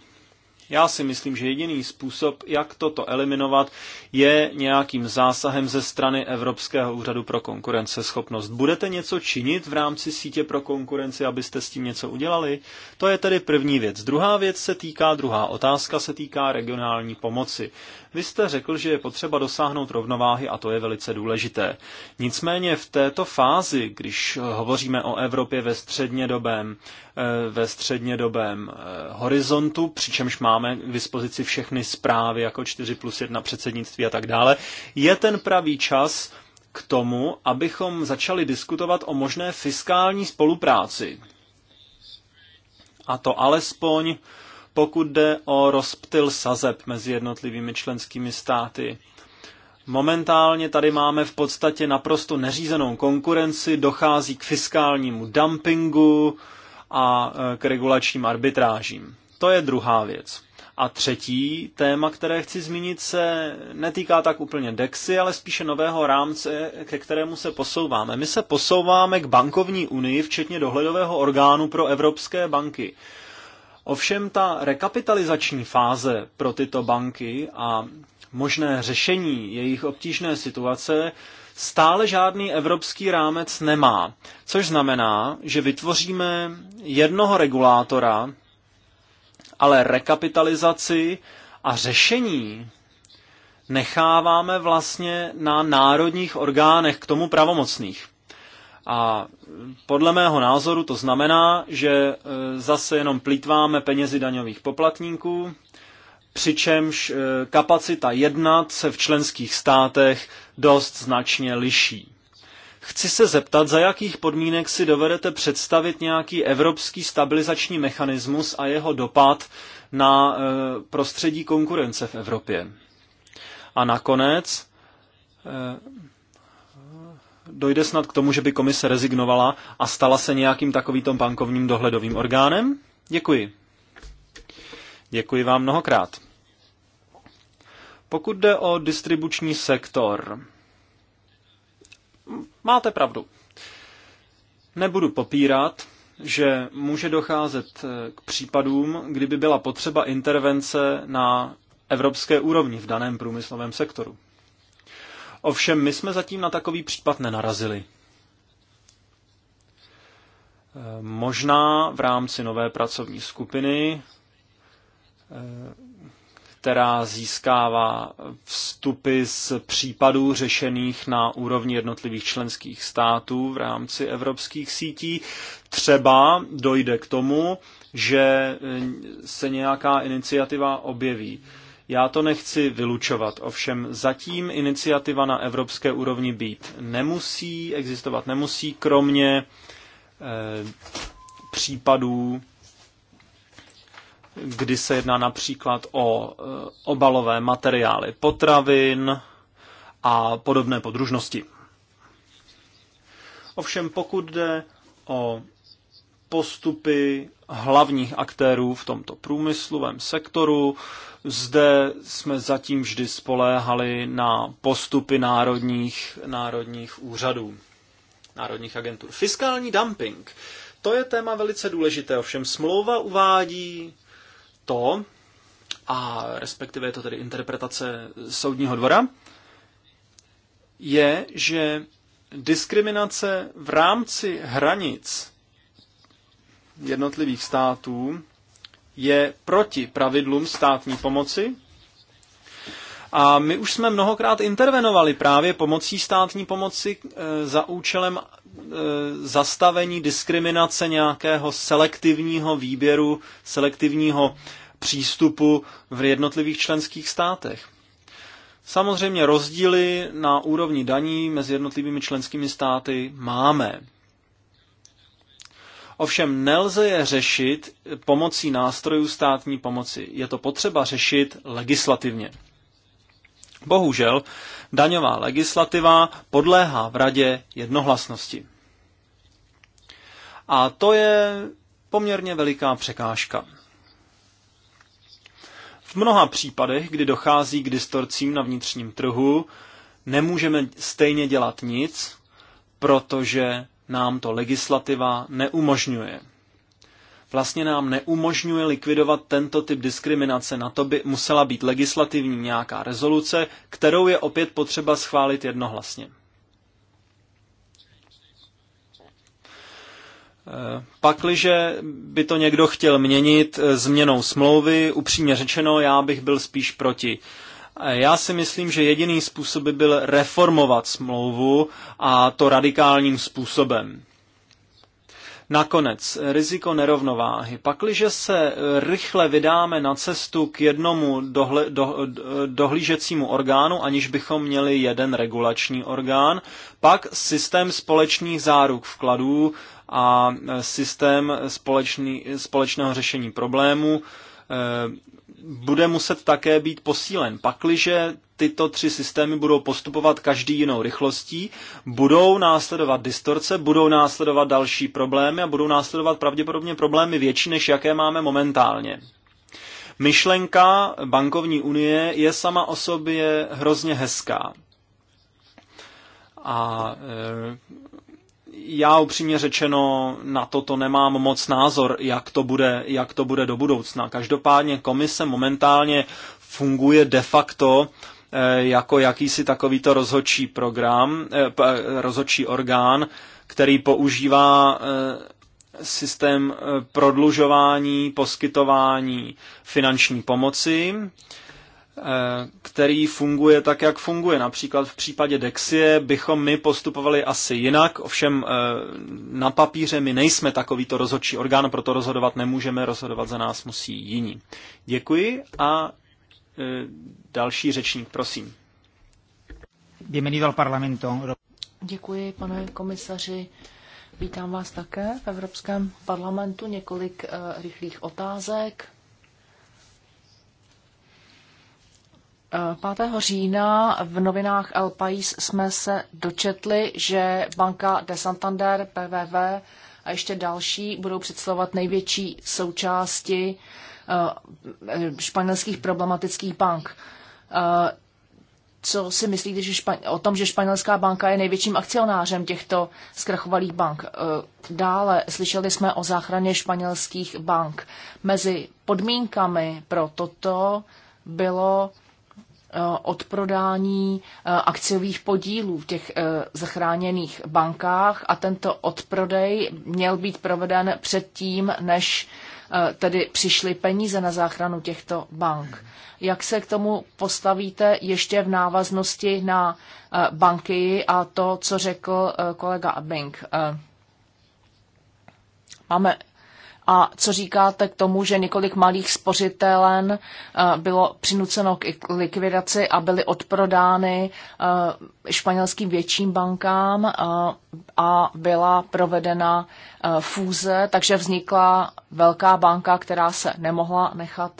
Já si myslím, že jediný způsob, jak toto eliminovat, je nějakým zásahem ze strany Evropského úřadu pro konkurenceschopnost. Budete něco činit v rámci sítě pro konkurenci, abyste s tím něco udělali? To je tedy první věc. Druhá věc se týká, druhá otázka se týká regionální pomoci. Vy jste řekl, že je potřeba dosáhnout rovnováhy a to je velice důležité. Nicméně v této fázi, když hovoříme o Evropě ve střednědobém Eh, ve střednědobém eh, horizontu, přičemž máme k dispozici všechny zprávy jako 4 plus 1 předsednictví a tak dále, je ten pravý čas k tomu, abychom začali diskutovat o možné fiskální spolupráci. A to alespoň pokud jde o rozptyl sazeb mezi jednotlivými členskými státy. Momentálně tady máme v podstatě naprosto neřízenou konkurenci, dochází k fiskálnímu dumpingu, a e, k regulačním arbitrážím. To je druhá věc. A třetí téma, které chci zmínit, se netýká tak úplně DEXy, ale spíše nového rámce, ke kterému se posouváme. My se posouváme k bankovní unii, včetně dohledového orgánu pro evropské banky. Ovšem ta rekapitalizační fáze pro tyto banky a možné řešení jejich obtížné situace stále žádný evropský rámec nemá. Což znamená, že vytvoříme jednoho regulátora, ale rekapitalizaci a řešení necháváme vlastně na národních orgánech k tomu pravomocných. A podle mého názoru to znamená, že e, zase jenom plítváme penězi daňových poplatníků přičemž eh, kapacita jednat se v členských státech dost značně liší. Chci se zeptat, za jakých podmínek si dovedete představit nějaký evropský stabilizační mechanismus a jeho dopad na eh, prostředí konkurence v Evropě. A nakonec eh, dojde snad k tomu, že by komise rezignovala a stala se nějakým takovým bankovním dohledovým orgánem? Děkuji. Děkuji vám mnohokrát. Pokud jde o distribuční sektor, máte pravdu. Nebudu popírat, že může docházet k případům, kdyby byla potřeba intervence na evropské úrovni v daném průmyslovém sektoru. Ovšem, my jsme zatím na takový případ nenarazili. Možná v rámci nové pracovní skupiny která získává vstupy z případů řešených na úrovni jednotlivých členských států v rámci evropských sítí. Třeba dojde k tomu, že se nějaká iniciativa objeví. Já to nechci vylučovat, ovšem zatím iniciativa na evropské úrovni být nemusí, existovat nemusí, kromě eh, případů kdy se jedná například o eh, obalové materiály potravin a podobné podružnosti. Ovšem pokud jde o postupy hlavních aktérů v tomto průmyslovém sektoru. Zde jsme zatím vždy spoléhali na postupy národních, národních úřadů, národních agentur. Fiskální dumping. To je téma velice důležité, ovšem smlouva uvádí to, a respektive je to tedy interpretace soudního dvora, je, že diskriminace v rámci hranic jednotlivých států je proti pravidlům státní pomoci. A my už jsme mnohokrát intervenovali právě pomocí státní pomoci e, za účelem E, zastavení diskriminace nějakého selektivního výběru, selektivního přístupu v jednotlivých členských státech. Samozřejmě rozdíly na úrovni daní mezi jednotlivými členskými státy máme. Ovšem nelze je řešit pomocí nástrojů státní pomoci. Je to potřeba řešit legislativně. Bohužel, daňová legislativa podléhá v radě jednohlasnosti. A to je poměrně veliká překážka. V mnoha případech, kdy dochází k distorcím na vnitřním trhu, nemůžeme stejně dělat nic, protože nám to legislativa neumožňuje vlastně nám neumožňuje likvidovat tento typ diskriminace. Na to by musela být legislativní nějaká rezoluce, kterou je opět potřeba schválit jednohlasně. Eh, pakliže by to někdo chtěl měnit eh, změnou smlouvy, upřímně řečeno, já bych byl spíš proti. Eh, já si myslím, že jediný způsob by byl reformovat smlouvu a to radikálním způsobem. Nakonec, riziko nerovnováhy. Pakliže se e, rychle vydáme na cestu k jednomu dohle, do, dohlížecímu orgánu, aniž bychom měli jeden regulační orgán, pak systém společných záruk vkladů a e, systém společný, společného řešení problému e, bude muset také být posílen. Pakliže tyto tři systémy budou postupovat každý jinou rychlostí, budou následovat distorce, budou následovat další problémy a budou následovat pravděpodobně problémy větší, než jaké máme momentálně. Myšlenka bankovní unie je sama o sobě hrozně hezká. A e, já upřímně řečeno na toto nemám moc názor, jak to bude, jak to bude do budoucna. Každopádně komise momentálně funguje de facto Eh, jako jakýsi takovýto rozhodčí program, eh, rozhodčí orgán, který používá eh, systém prodlužování, poskytování finanční pomoci, který funguje tak, jak funguje. Například v případě Dexie bychom my postupovali asi jinak, ovšem na papíře my nejsme takovýto rozhodčí orgán, proto rozhodovat nemůžeme, rozhodovat za nás musí jiní. Děkuji a Eh, další řečník, prosím. Bienvenido al Parlamento. Děkuji, pane komisaři. Vítám vás také v Evropském parlamentu. Několik uh, rychlých otázek. 5. Eh, října v novinách El País jsme se dočetli, že banka de Santander, PVV a ještě další budou představovat největší součásti uh, Eh, španělských problematických bank. Eh, co si myslíte že špa- o tom, že španělská banka je největším akcionářem těchto zkrachovalých bank? Eh, dále slyšeli jsme o záchraně španělských bank. Mezi podmínkami pro toto bylo odprodání akciových podílů v těch zachráněných bankách a tento odprodej měl být proveden předtím, než Eh, tedy přišly peníze na záchranu těchto bank. Jak se k tomu postavíte ještě v návaznosti na eh, banky a to, co řekl eh, kolega Abing? Máme a co říkáte k tomu, že několik malých spořitelen eh, bylo přinuceno k likvidaci a byly odprodány eh, španělským větším bankám eh, a byla provedena fúze, takže vznikla velká banka, která se nemohla nechat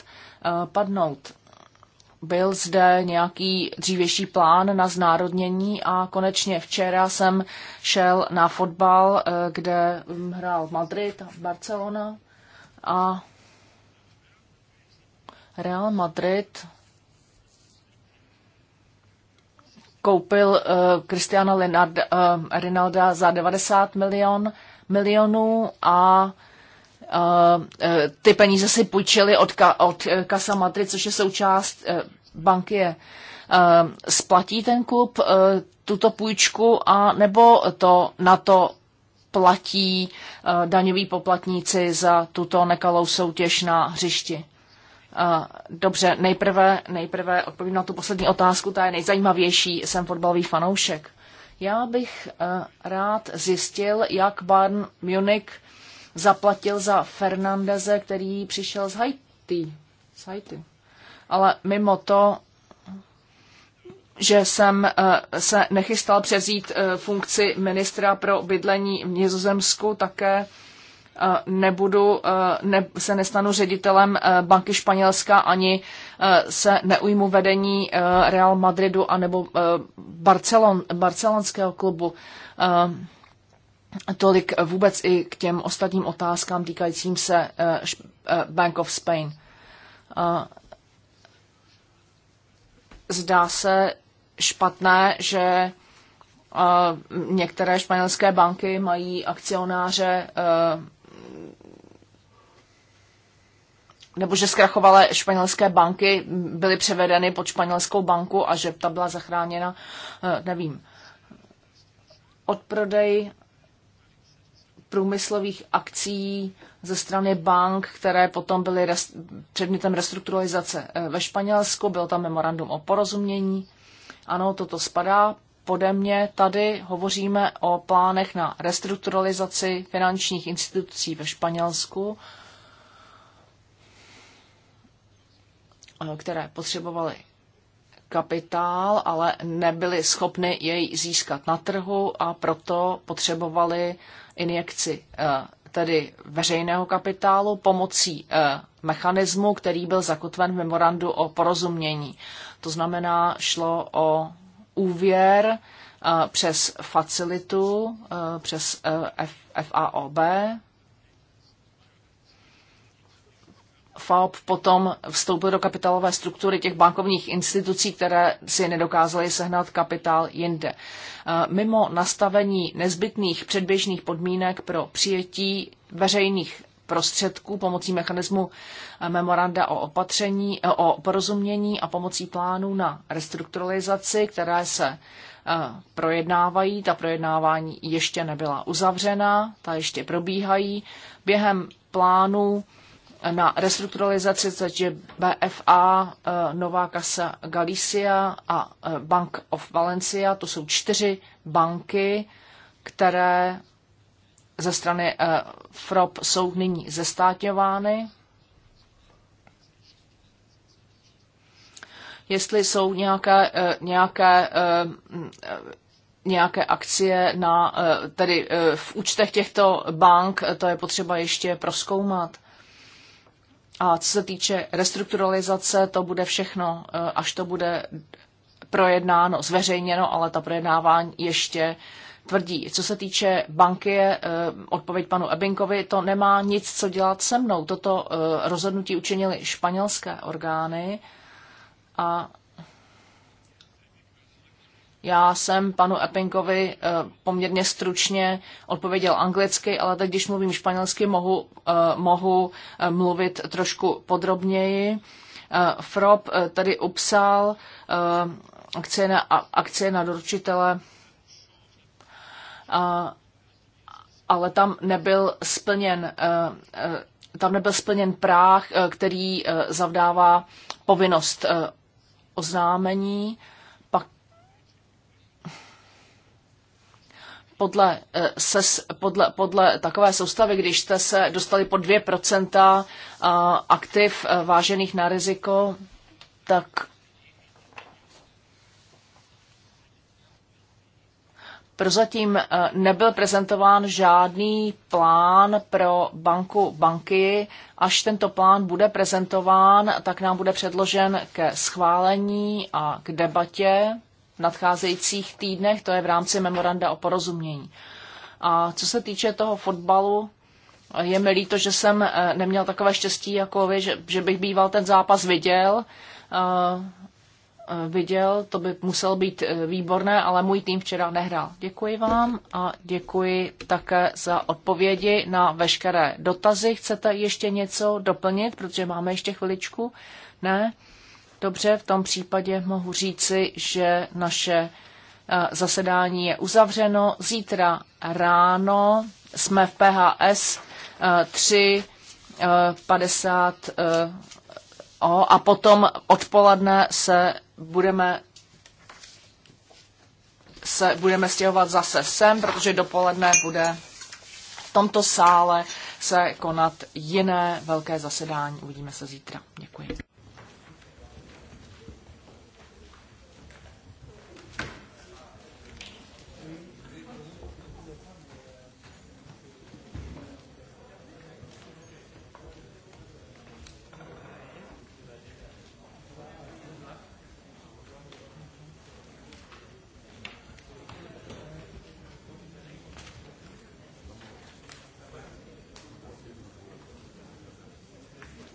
padnout byl zde nějaký dřívější plán na znárodnění a konečně včera jsem šel na fotbal, eh, kde mm, hrál Madrid a Barcelona a Real Madrid koupil uh, Cristiano uh, Rinalda za 90 milion, milionů a Eh, ty peníze si půjčili od, ka, od Kasa eh, Matry, což je součást eh, banky je splatí ten klub tuto půjčku a nebo to na to platí daňoví poplatníci za tuto nekalou soutěž na hřišti? Dobře, nejprve, nejprve odpovím na tu poslední otázku, ta je nejzajímavější, jsem fotbalový fanoušek. Já bych rád zjistil, jak Bayern Munich zaplatil za Fernandeze, který přišel z Haiti. Z Haiti. Ale mimo to, že jsem eh, se nechystal přezít eh, funkci ministra pro bydlení v Nizozemsku, také eh, nebudu, ne, se nestanu ředitelem banky Španělska ani se neujmu vedení Real Madridu anebo Barcelon, barcelonského klubu. Tolik vůbec i k těm ostatním otázkám týkajícím se eh, eh, Bank of Spain. Eh, zdá se špatné, že některé španělské banky mají akcionáře nebo že zkrachovalé španělské banky byly převedeny pod španělskou banku a že ta byla zachráněna, nevím. Odprodej průmyslových akcí ze strany bank, které potom byly rest, předmětem restrukturalizace eh, ve Španělsku, byl tam memorandum o porozumění. Ano, toto spadá pode mě. Tady hovoříme o plánech na restrukturalizaci finančních institucí ve Španělsku, eh, které potřebovaly kapitál, ale nebyly schopny jej získat na trhu a proto potřebovali injekci eh, tedy veřejného kapitálu pomocí eh, mechanismu, který byl zakotven v memorandu o porozumění. To znamená, šlo o úvěr eh, přes facilitu, přes FAOB, FAOP potom vstoupil do kapitalové struktury těch bankovních institucí, které si nedokázaly sehnat kapitál jinde. Eh, mimo nastavení nezbytných předběžných podmínek pro přijetí veřejných prostředků pomocí mechanismu eh, memoranda o opatření, eh, o porozumění a pomocí plánu na restrukturalizaci, které se projednávají. Ta projednávání ještě nebyla uzavřena, ta ještě probíhají. Během plánu na restrukturalizaci takže BFA, eh, Nová kasa Galicia a eh, Bank of Valencia. To jsou čtyři banky, které ze strany eh, FROP jsou nyní zestátňovány. Jestli jsou nějaké, nějaké nějaké akcie na, tedy v účtech těchto bank, to je potřeba ještě proskoumat. A co se týče restrukturalizace, to bude všechno, eh, až to bude projednáno, zveřejněno, ale ta projednávání ještě tvrdí. Co se týče banky, eh, odpověď panu Ebinkovi, to nemá nic co dělat se mnou. Toto eh, rozhodnutí učinili španělské orgány a já jsem panu Eppingovi eh, poměrně stručně odpověděl anglicky, ale teď, když mluvím španělsky, mohu, eh, mohu eh, mluvit trošku podrobněji. FROB tady upsal akcie na, akcie na doručitele, ale tam nebyl splněn tam nebyl splněn práh, který zavdává povinnost oznámení. podle, eh, ses, podle, podle takové soustavy, když jste se dostali po 2% eh, aktiv eh, vážených na riziko, tak prozatím nebyl prezentován žádný plán pro banku banky. Až tento plán bude prezentován, tak nám bude předložen ke schválení a k debatě nadcházejících týdnech, to je v rámci memoranda o porozumění. A co se týče toho fotbalu, je mi líto, že jsem eh, neměl takové štěstí jako vy, že, že bych býval ten zápas viděl. Eh, eh, viděl, to by musel být výborné, ale můj tým včera nehrál. Děkuji vám a děkuji také za odpovědi na veškeré dotazy. Chcete ještě něco doplnit, protože máme ještě chviličku? Ne? Dobře, v tom případě mohu říci, že naše eh, zasedání je uzavřeno. Zítra ráno jsme v PHS 3.50 eh, eh, a potom odpoledne se budeme se budeme stěhovat zase sem, protože dopoledne bude v tomto sále se konat jiné velké zasedání. Uvidíme se zítra. Děkuji.